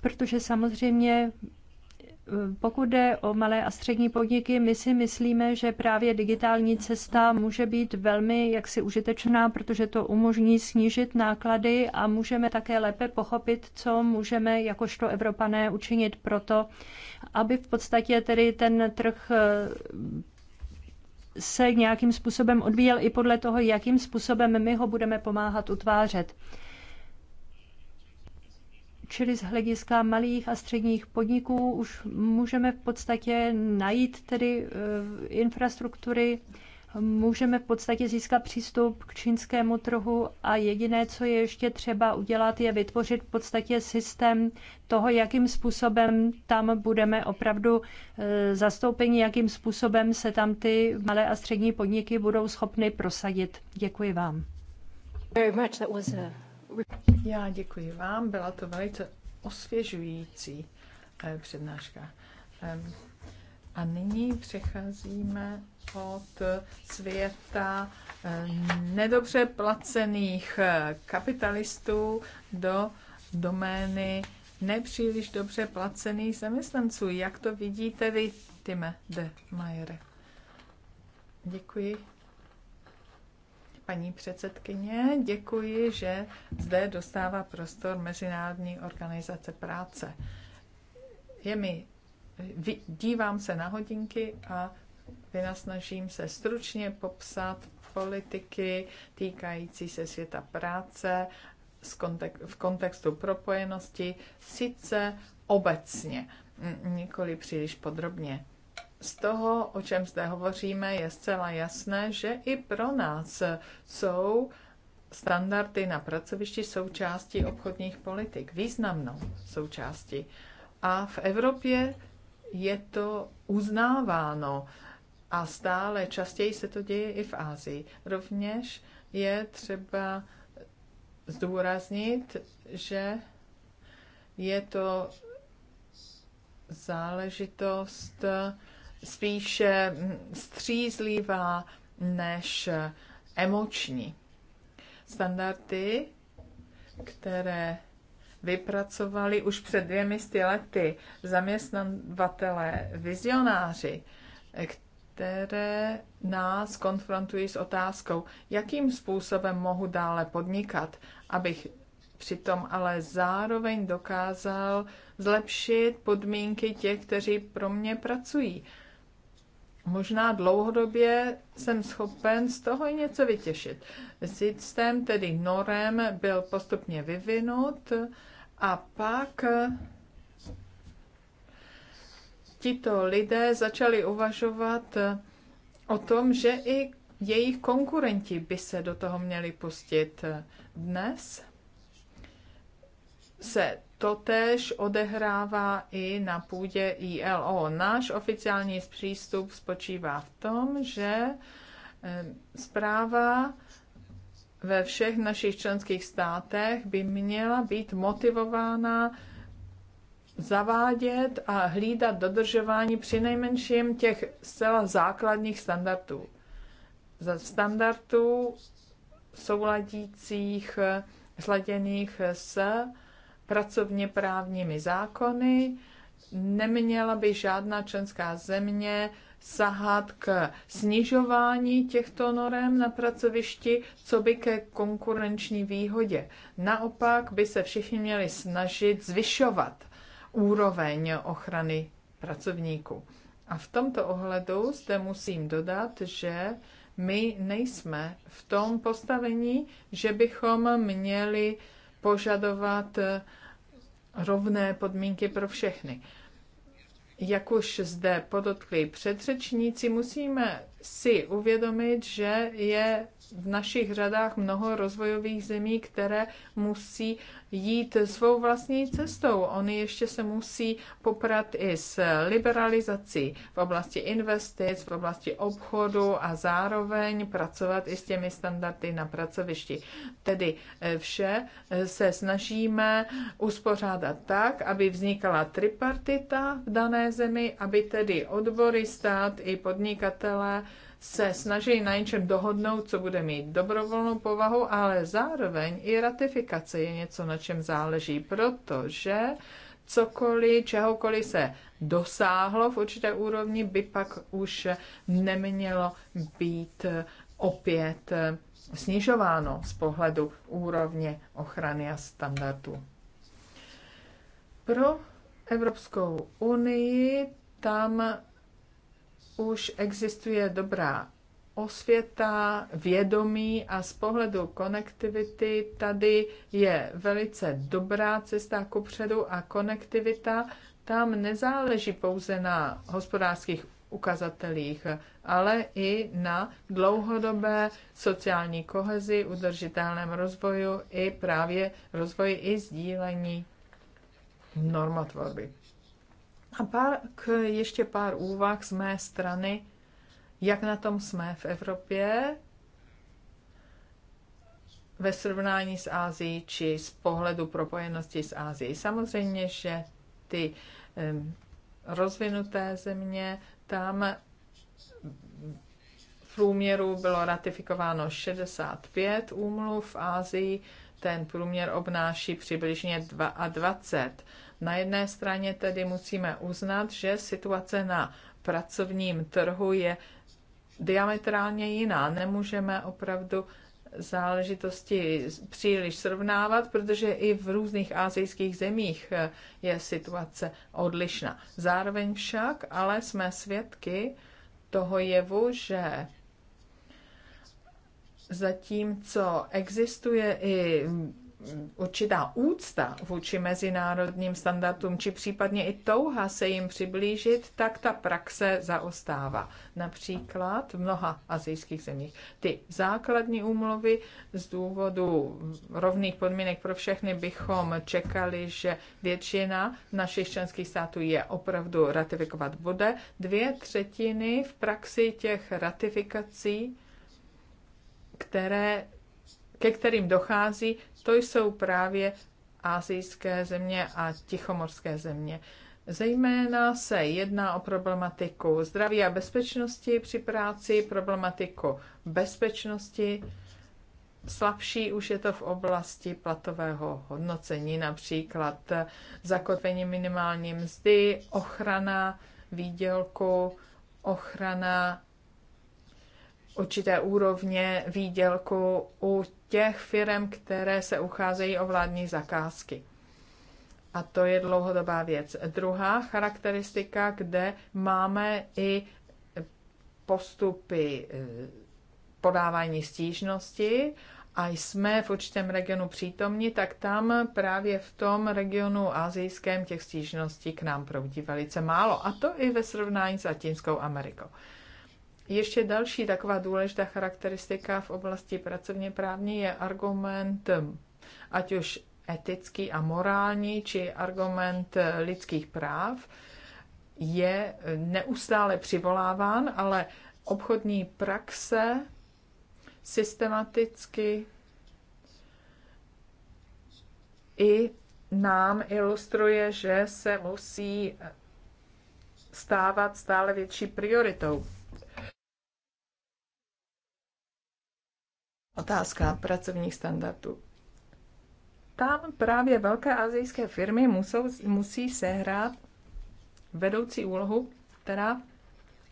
Protože samozřejmě pokud jde o malé a střední podniky, my si myslíme, že právě digitální cesta může být velmi jaksi užitečná, protože to umožní snížit náklady a můžeme také lépe pochopit, co můžeme jakožto Evropané učinit proto, aby v podstatě tedy ten trh eh, se nějakým způsobem odvíjel i podle toho, jakým způsobem my ho budeme pomáhat utvářet. Čili z hlediska malých a středních podniků už můžeme v podstatě najít tedy eh, infrastruktury, můžeme v podstatě získat přístup k čínskému trhu a jediné, co je ještě třeba udělat, je vytvořit v podstatě systém toho, jakým způsobem tam budeme opravdu eh, zastoupeni, jakým způsobem se tam ty malé a střední podniky budou schopny prosadit. Děkuji vám. Very much. That was a já děkuji vám, byla to velice osvěžující eh, přednáška. Ehm, a nyní přecházíme od světa eh, nedobře placených eh, kapitalistů do domény nepříliš dobře placených zaměstnanců. Jak to vidíte vy, Time de Majere? Děkuji. Paní předsedkyně, děkuji, že zde dostává prostor Mezinárodní organizace práce. Je mi, dívám se na hodinky a vynasnažím se stručně popsat politiky týkající se světa práce v kontextu propojenosti, sice obecně, nikoli příliš podrobně. Z toho, o čem zde hovoříme, je zcela jasné, že i pro nás jsou standardy na pracovišti součástí obchodních politik, významnou součástí. A v Evropě je to uznáváno a stále častěji se to děje i v Ázii. Rovněž je třeba zdůraznit, že je to záležitost spíše mm, střízlivá než emoční. Standardy, které vypracovali už před dvěmi lety zaměstnavatele, vizionáři, které nás konfrontují s otázkou, jakým způsobem mohu dále podnikat, abych přitom ale zároveň dokázal zlepšit podmínky těch, kteří pro mě pracují možná dlouhodobě jsem schopen z toho i něco vytěšit. Systém tedy norem byl postupně vyvinut a pak tito lidé začali uvažovat o tom, že i jejich konkurenti by se do toho měli pustit. Dnes se totéž odehrává i na půdě ILO. Náš oficiální přístup spočívá v tom, že eh, zpráva ve všech našich členských státech by měla být motivována zavádět a hlídat dodržování při nejmenším těch zcela základních standardů. Za Standardů souladících, eh, sladěných s pracovně právními zákony, neměla by žádná členská země sahat k snižování těchto norem na pracovišti, co by ke konkurenční výhodě. Naopak by se všichni měli snažit zvyšovat úroveň ochrany pracovníků. A v tomto ohledu zde musím dodat, že my nejsme v tom postavení, že bychom měli požadovat eh, rovné podmínky pro všechny. Jak už zde podotkli předřečníci, musíme si uvědomit, že je v našich řadách mnoho rozvojových zemí, které musí jít svou vlastní cestou. Oni ještě se musí poprat i s liberalizací v oblasti investic, v oblasti obchodu a zároveň pracovat i s těmi standardy na pracovišti. Tedy eh, vše eh, se snažíme uspořádat tak, aby vznikala tripartita v dané zemi, aby tedy odbory, stát i podnikatelé se snaží na něčem dohodnout, co bude mít dobrovolnou povahu, ale zároveň i ratifikace je něco, na čem záleží, protože cokoliv, čehokoliv se dosáhlo v určité úrovni, by pak už nemělo být opět snižováno z pohledu úrovně ochrany a standardů. Pro Evropskou unii tam už existuje dobrá osvěta, vědomí a z pohledu konektivity tady je velice dobrá cesta ku předu a konektivita tam nezáleží pouze na hospodářských ukazatelích, ale i na dlouhodobé sociální kohezi, udržitelném rozvoju i právě rozvoji i sdílení normotvorby. A pár, k ještě pár úvah z mé strany, jak na tom jsme v Evropě ve srovnání s Ázií či z pohledu propojenosti s Ázií. Samozřejmě, že ty rozvinuté země, tam v průměru bylo ratifikováno 65 úmluv v Ázii, ten průměr obnáší přibližně 22. Na jedné straně tedy musíme uznat, že situace na pracovním trhu je diametrálně jiná. Nemůžeme opravdu záležitosti příliš srovnávat, protože i v různých azijských zemích eh, je situace odlišná. Zároveň však ale jsme svědky toho jevu, že zatímco existuje i určitá úcta vůči mezinárodním standardům, či případně i touha se jim přiblížit, tak ta praxe zaostává. Například v mnoha azijských zemích. Ty základní úmluvy z důvodu rovných podmínek pro všechny bychom čekali, že většina našich členských států je opravdu ratifikovat bude. Dvě třetiny v praxi těch ratifikací které ke kterým dochází, to jsou právě asijské země a tichomorské země. Zejména se jedná o problematiku zdraví a bezpečnosti při práci, problematiku bezpečnosti. Slabší už je to v oblasti platového hodnocení, například zakotvení minimální mzdy, ochrana výdělku, ochrana určité úrovně výdělku u těch firm, které se ucházejí o vládní zakázky. A to je dlouhodobá věc. Druhá charakteristika, kde máme i postupy eh, podávání stížnosti a jsme v určitém regionu přítomni, tak tam právě v tom regionu azijském těch stížností k nám proudí velice málo. A to i ve srovnání s Latinskou Amerikou. Ještě další taková důležitá charakteristika v oblasti pracovně právní je argument, ať už etický a morální, či argument lidských práv, je neustále přivoláván, ale obchodní praxe systematicky i nám ilustruje, že se musí stávat stále větší prioritou Otázka pracovních standardů. Tam právě velké azijské firmy musou, musí sehrát vedoucí úlohu, která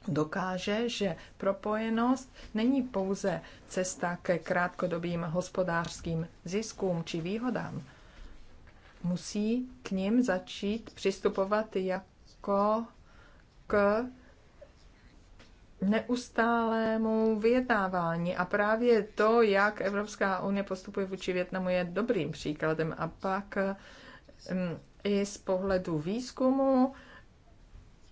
dokáže, že propojenost není pouze cesta ke krátkodobým hospodářským ziskům či výhodám. Musí k ním začít přistupovat jako k neustálému vyjednávání. A právě to, jak Evropská unie postupuje vůči Větnamu, je dobrým příkladem. A pak mm, i z pohledu výzkumu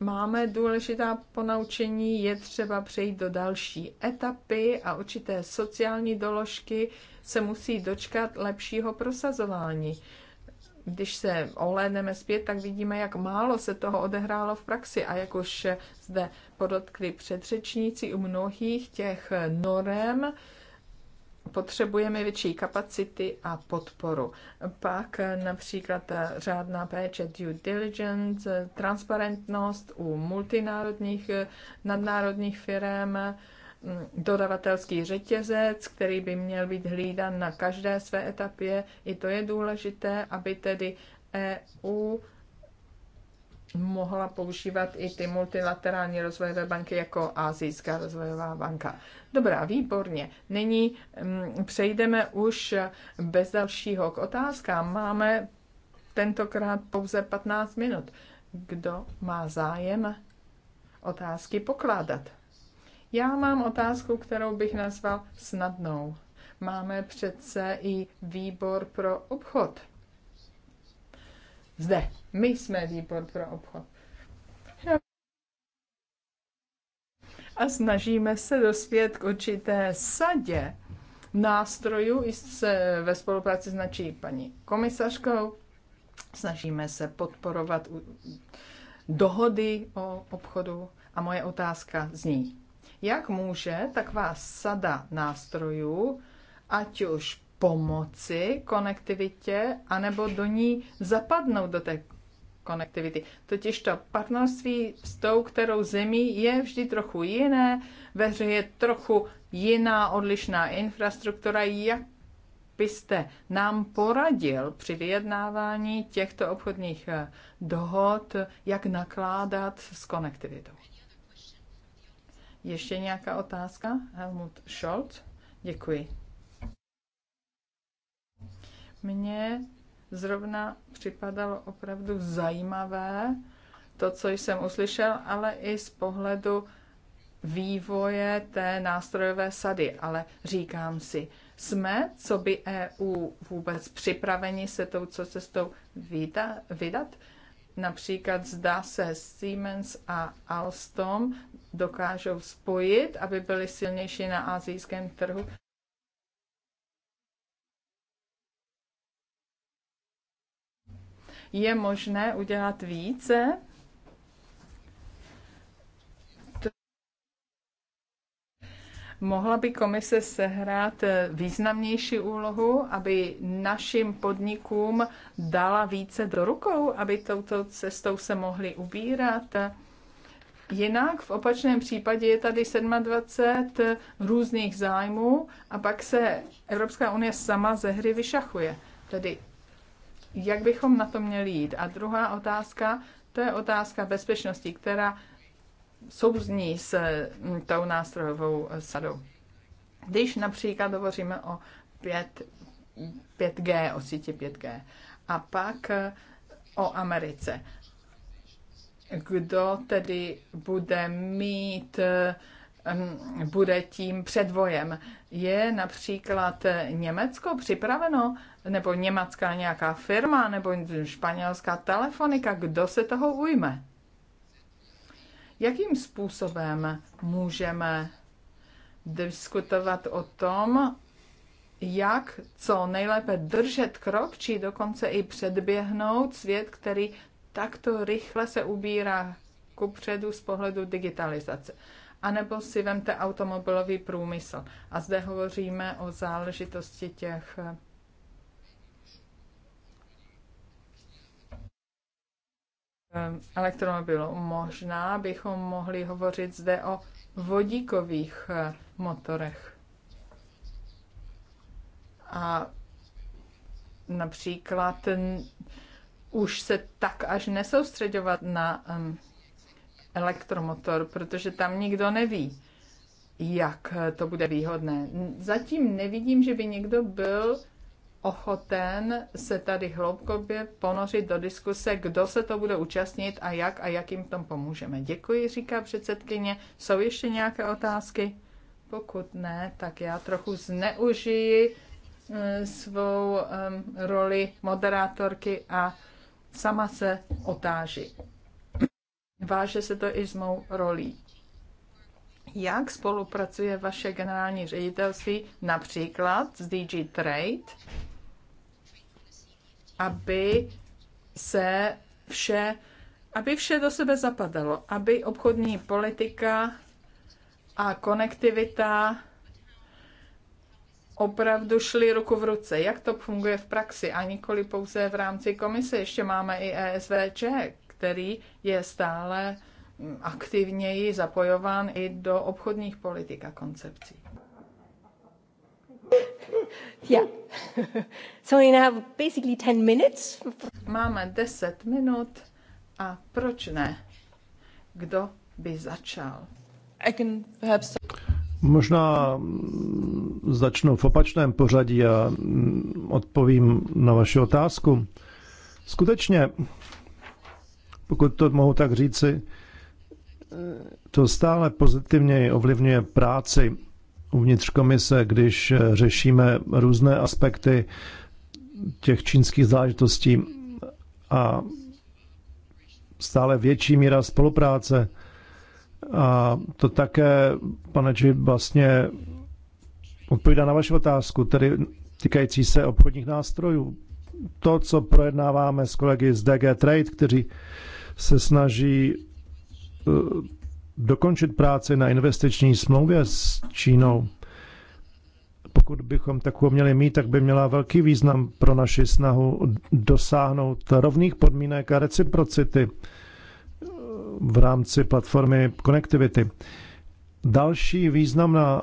máme důležitá ponaučení, je třeba přejít do další etapy a určité sociální doložky se musí dočkat lepšího prosazování když se ohlédneme zpět, tak vidíme, jak málo se toho odehrálo v praxi a jak už zde podotkli předřečníci u mnohých těch norem, potřebujeme větší kapacity a podporu. Pak například řádná péče due diligence, transparentnost u multinárodních, nadnárodních firm, Mm, dodavatelský řetězec, který by měl být hlídan na každé své etapě. I to je důležité, aby tedy EU mohla používat i ty multilaterální rozvojové banky jako Asijská rozvojová banka. Dobrá, výborně. Nyní mm, přejdeme už bez dalšího k otázkám. Máme tentokrát pouze 15 minut. Kdo má zájem otázky pokládat? Já mám otázku, kterou bych nazval snadnou. Máme přece i výbor pro obchod. Zde. My jsme výbor pro obchod. A snažíme se dospět k určité sadě nástrojů i se ve spolupráci s naší paní komisařkou. Snažíme se podporovat dohody o obchodu. A moje otázka zní, jak může taková sada nástrojů, ať už pomoci konektivitě, anebo do ní zapadnout do té konektivity. Totiž to partnerství s tou, kterou zemí je vždy trochu jiné, ve hře je trochu jiná odlišná infrastruktura, jak byste nám poradil při vyjednávání těchto obchodních eh, dohod, jak nakládat s konektivitou? Ještě nějaká otázka? Helmut Scholz? Děkuji. Mně zrovna připadalo opravdu zajímavé to, co jsem uslyšel, ale i z pohledu vývoje té nástrojové sady. Ale říkám si, jsme, co by EU vůbec připraveni se co cestou vydat? Například zda se Siemens a Alstom dokážou spojit, aby byly silnější na azijském trhu. Je možné udělat více? Mohla by komise sehrát eh, významnější úlohu, aby našim podnikům dala více do rukou, aby touto cestou se mohli ubírat? Jinak v opačném případě je tady 27 eh, různých zájmů a pak se Evropská unie sama ze hry vyšachuje. Tedy jak bychom na to měli jít? A druhá otázka, to je otázka bezpečnosti, která souzní s tou nástrojovou sadou. Když například hovoříme o 5, 5G, o síti 5G, a pak eh, o Americe. Kdo tedy bude mít, eh, bude tím předvojem? Je například eh, Německo připraveno, nebo německá nějaká firma, nebo španělská telefonika, kdo se toho ujme? Jakým způsobem můžeme diskutovat o tom, jak co nejlépe držet krok, či dokonce i předběhnout svět, který takto rychle se ubírá ku předu z pohledu digitalizace. A nebo si vemte automobilový průmysl. A zde hovoříme o záležitosti těch Eh, elektromobilů. Možná bychom mohli hovořit zde o vodíkových eh, motorech. A například už se tak až nesoustředovat na elektromotor, protože tam nikdo neví, jak eh, to bude výhodné. Zatím nevidím, že by někdo byl ochoten se tady hloubkově ponořit do diskuse, kdo se to bude účastnit a jak a jak jim tom pomůžeme. Děkuji, říká předsedkyně. Jsou ještě nějaké otázky? Pokud ne, tak já trochu zneužiji eh, svou um, roli moderátorky a sama se otáži. Váže se to i s mou rolí. Jak spolupracuje vaše generální ředitelství například s DG Trade aby se vše, aby vše do sebe zapadalo, aby obchodní politika a konektivita opravdu šly ruku v ruce. Jak to funguje v praxi a nikoli pouze v rámci komise. Ještě máme i ESVČ, který je stále aktivněji zapojován i do obchodních politik a koncepcí. yeah. so we have basically 10 minutes. Máme 10 minut a proč ne? Kdo by začal? I can perhaps... Možná mm, začnu v opačném pořadí a mm, odpovím na vaši otázku. Skutečně, pokud to mohu tak říci, to stále pozitivněji ovlivňuje práci uvnitř komise, když eh, řešíme různé aspekty těch čínských záležitostí a stále větší míra spolupráce. A to také, pane Či, vlastně odpovídá na vaši otázku, tedy týkající se obchodních nástrojů. To, co projednáváme s kolegy z DG Trade, kteří se snaží eh, dokončit práci na investiční smlouvě s Čínou. Pokud bychom takovou měli mít, tak by měla velký význam pro naši snahu dosáhnout rovných podmínek a reciprocity eh, v rámci platformy konektivity. Další významná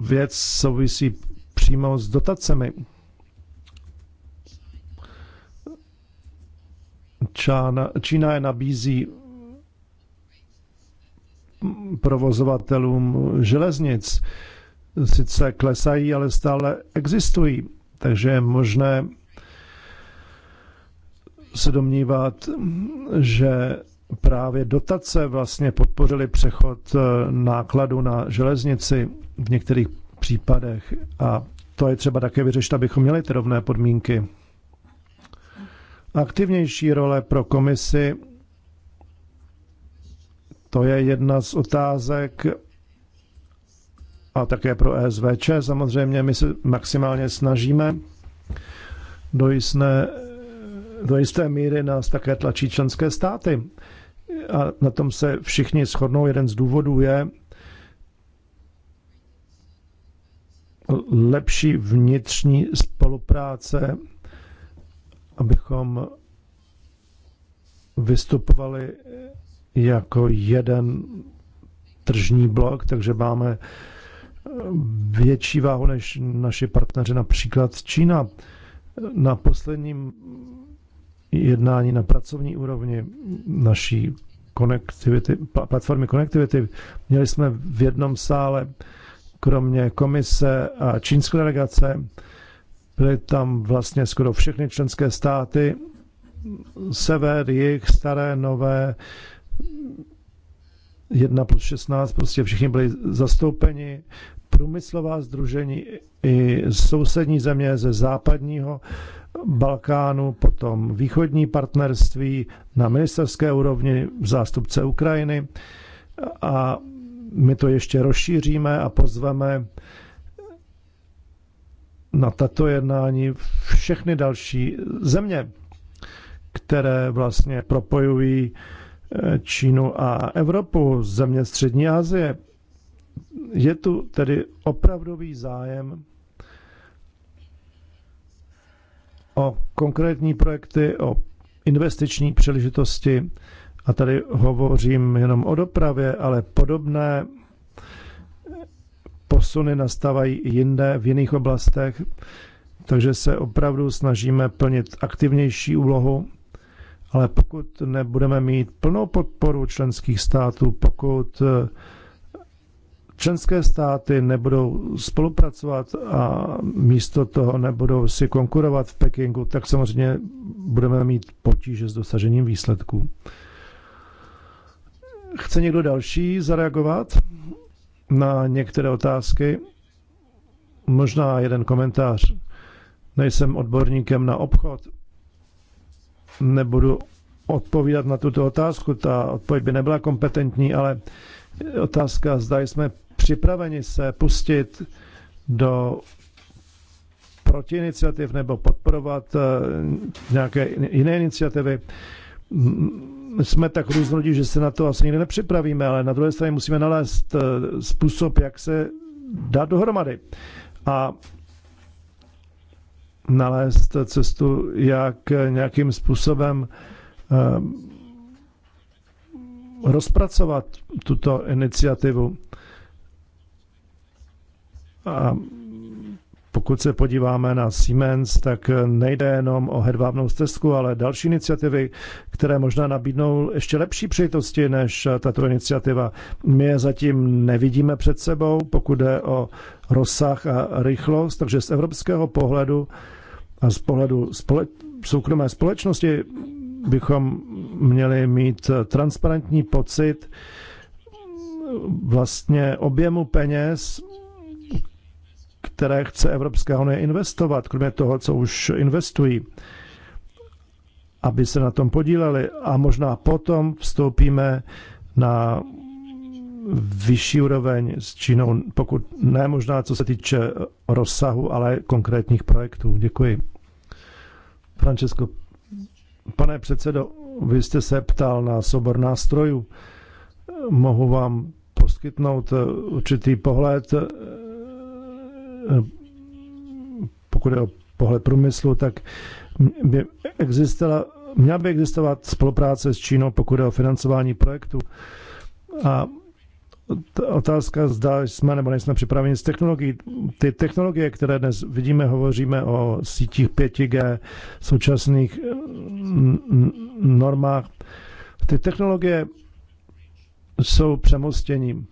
věc souvisí přímo s dotacemi. Čína je nabízí provozovatelům železnic. Sice klesají, ale stále existují, takže je možné se domnívat, že právě dotace vlastně podpořily přechod eh, nákladu na železnici v některých případech a to je třeba také vyřešit, abychom měli ty rovné podmínky. Aktivnější role pro komisi to je jedna z otázek a také pro ESVČ. Samozřejmě my se maximálně snažíme do jistné, do jisté míry nás také tlačí členské státy. A na tom se všichni shodnou. Jeden z důvodů je lepší vnitřní spolupráce, abychom vystupovali jako jeden tržní blok, takže máme větší váhu než naši partneři, například Čína. Na posledním jednání na pracovní úrovni naší connectivity, platformy Connectivity měli jsme v jednom sále, kromě komise a čínské delegace, byly tam vlastně skoro všechny členské státy, sever, jich, staré, nové, 1 plus 16, prostě všichni byli zastoupeni, průmyslová združení i sousední země ze západního Balkánu, potom východní partnerství na ministerské úrovni zástupce Ukrajiny a my to ještě rozšíříme a pozveme na tato jednání všechny další země, které vlastně propojují Čínu a Evropu, země Střední Asie. Je tu tedy opravdový zájem o konkrétní projekty, o investiční příležitosti. A tady hovořím jenom o dopravě, ale podobné posuny nastávají jinde, v jiných oblastech. Takže se opravdu snažíme plnit aktivnější úlohu ale pokud nebudeme mít plnou podporu členských států, pokud eh, členské státy nebudou spolupracovat a místo toho nebudou si konkurovat v Pekingu, tak samozřejmě budeme mít potíže s dosažením výsledků. Chce někdo další zareagovat na některé otázky? Možná jeden komentář. Nejsem odborníkem na obchod, nebudu odpovídat na tuto otázku, ta odpověď by nebyla kompetentní, ale otázka, zda jsme připraveni se pustit do protiiniciativ nebo podporovat eh, nějaké jiné iniciativy. Jsme tak různodí, že se na to asi nikdy nepřipravíme, ale na druhé straně musíme nalézt eh, způsob, jak se dát dohromady. A nalézt cestu, jak nějakým způsobem eh, rozpracovat tuto iniciativu. A pokud se podíváme na Siemens, tak nejde jenom o hedvábnou stezku, ale další iniciativy, které možná nabídnou ještě lepší přejitosti než tato iniciativa. My je zatím nevidíme před sebou, pokud jde o rozsah a rychlost, takže z evropského pohledu a z pohledu spole- soukromé společnosti bychom měli mít eh, transparentní pocit eh, vlastně objemu peněz, které chce Evropská unie investovat, kromě toho, co už investují, aby se na tom podíleli. A možná potom vstoupíme na vyšší úroveň s Čínou, pokud ne možná co se týče rozsahu, ale konkrétních projektů. Děkuji. Francesco. Pane předsedo, vy jste se ptal na sobor nástrojů. Mohu vám poskytnout eh, určitý pohled, eh, pokud je o pohled průmyslu, tak by existovala, měla by existovat spolupráce s Čínou, pokud je o financování projektu. A otázka, zda jsme nebo nejsme připraveni z technologií. Ty technologie, které dnes vidíme, hovoříme o sítích 5G, současných mm, mm, normách. Ty technologie jsou přemostěním,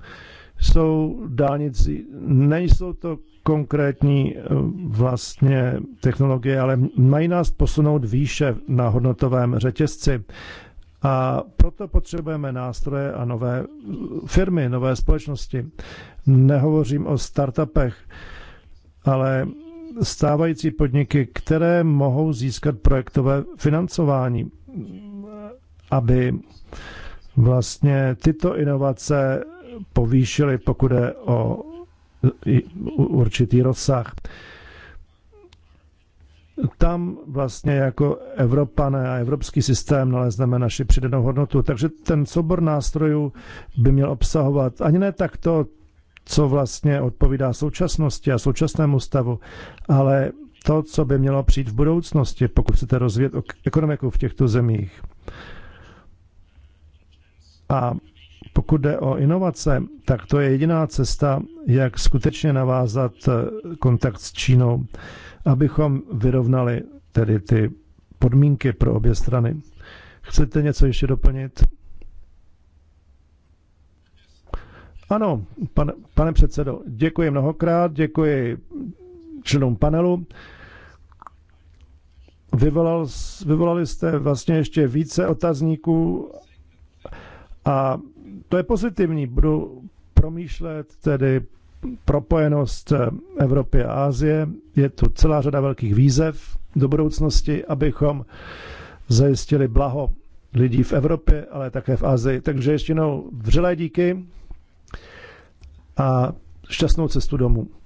jsou dálnici, nejsou to konkrétní eh, vlastně technologie, ale mají nás posunout výše na hodnotovém řetězci. A proto potřebujeme nástroje a nové firmy, nové společnosti. Nehovořím o startupech, ale stávající podniky, které mohou získat projektové financování, aby vlastně tyto inovace povýšily, pokud je o určitý rozsah tam vlastně jako Evropané a evropský systém nalezneme naši přidanou hodnotu. Takže ten soubor nástrojů by měl obsahovat ani ne tak to, co vlastně odpovídá současnosti a současnému stavu, ale to, co by mělo přijít v budoucnosti, pokud chcete rozvíjet ekonomiku v těchto zemích. A pokud jde o inovace, tak to je jediná cesta, jak skutečně navázat eh, kontakt s Čínou abychom vyrovnali tedy ty podmínky pro obě strany. Chcete něco ještě doplnit? Ano, pan, pane předsedo, děkuji mnohokrát, děkuji členům panelu. Vyvolal, vyvolali jste vlastně ještě více otazníků a to je pozitivní. Budu promýšlet tedy propojenost eh, Evropy a Asie. Je tu celá řada velkých výzev do budoucnosti, abychom zajistili blaho lidí v Evropě, ale také v Asii. Takže ještě jednou vřelé díky a šťastnou cestu domů.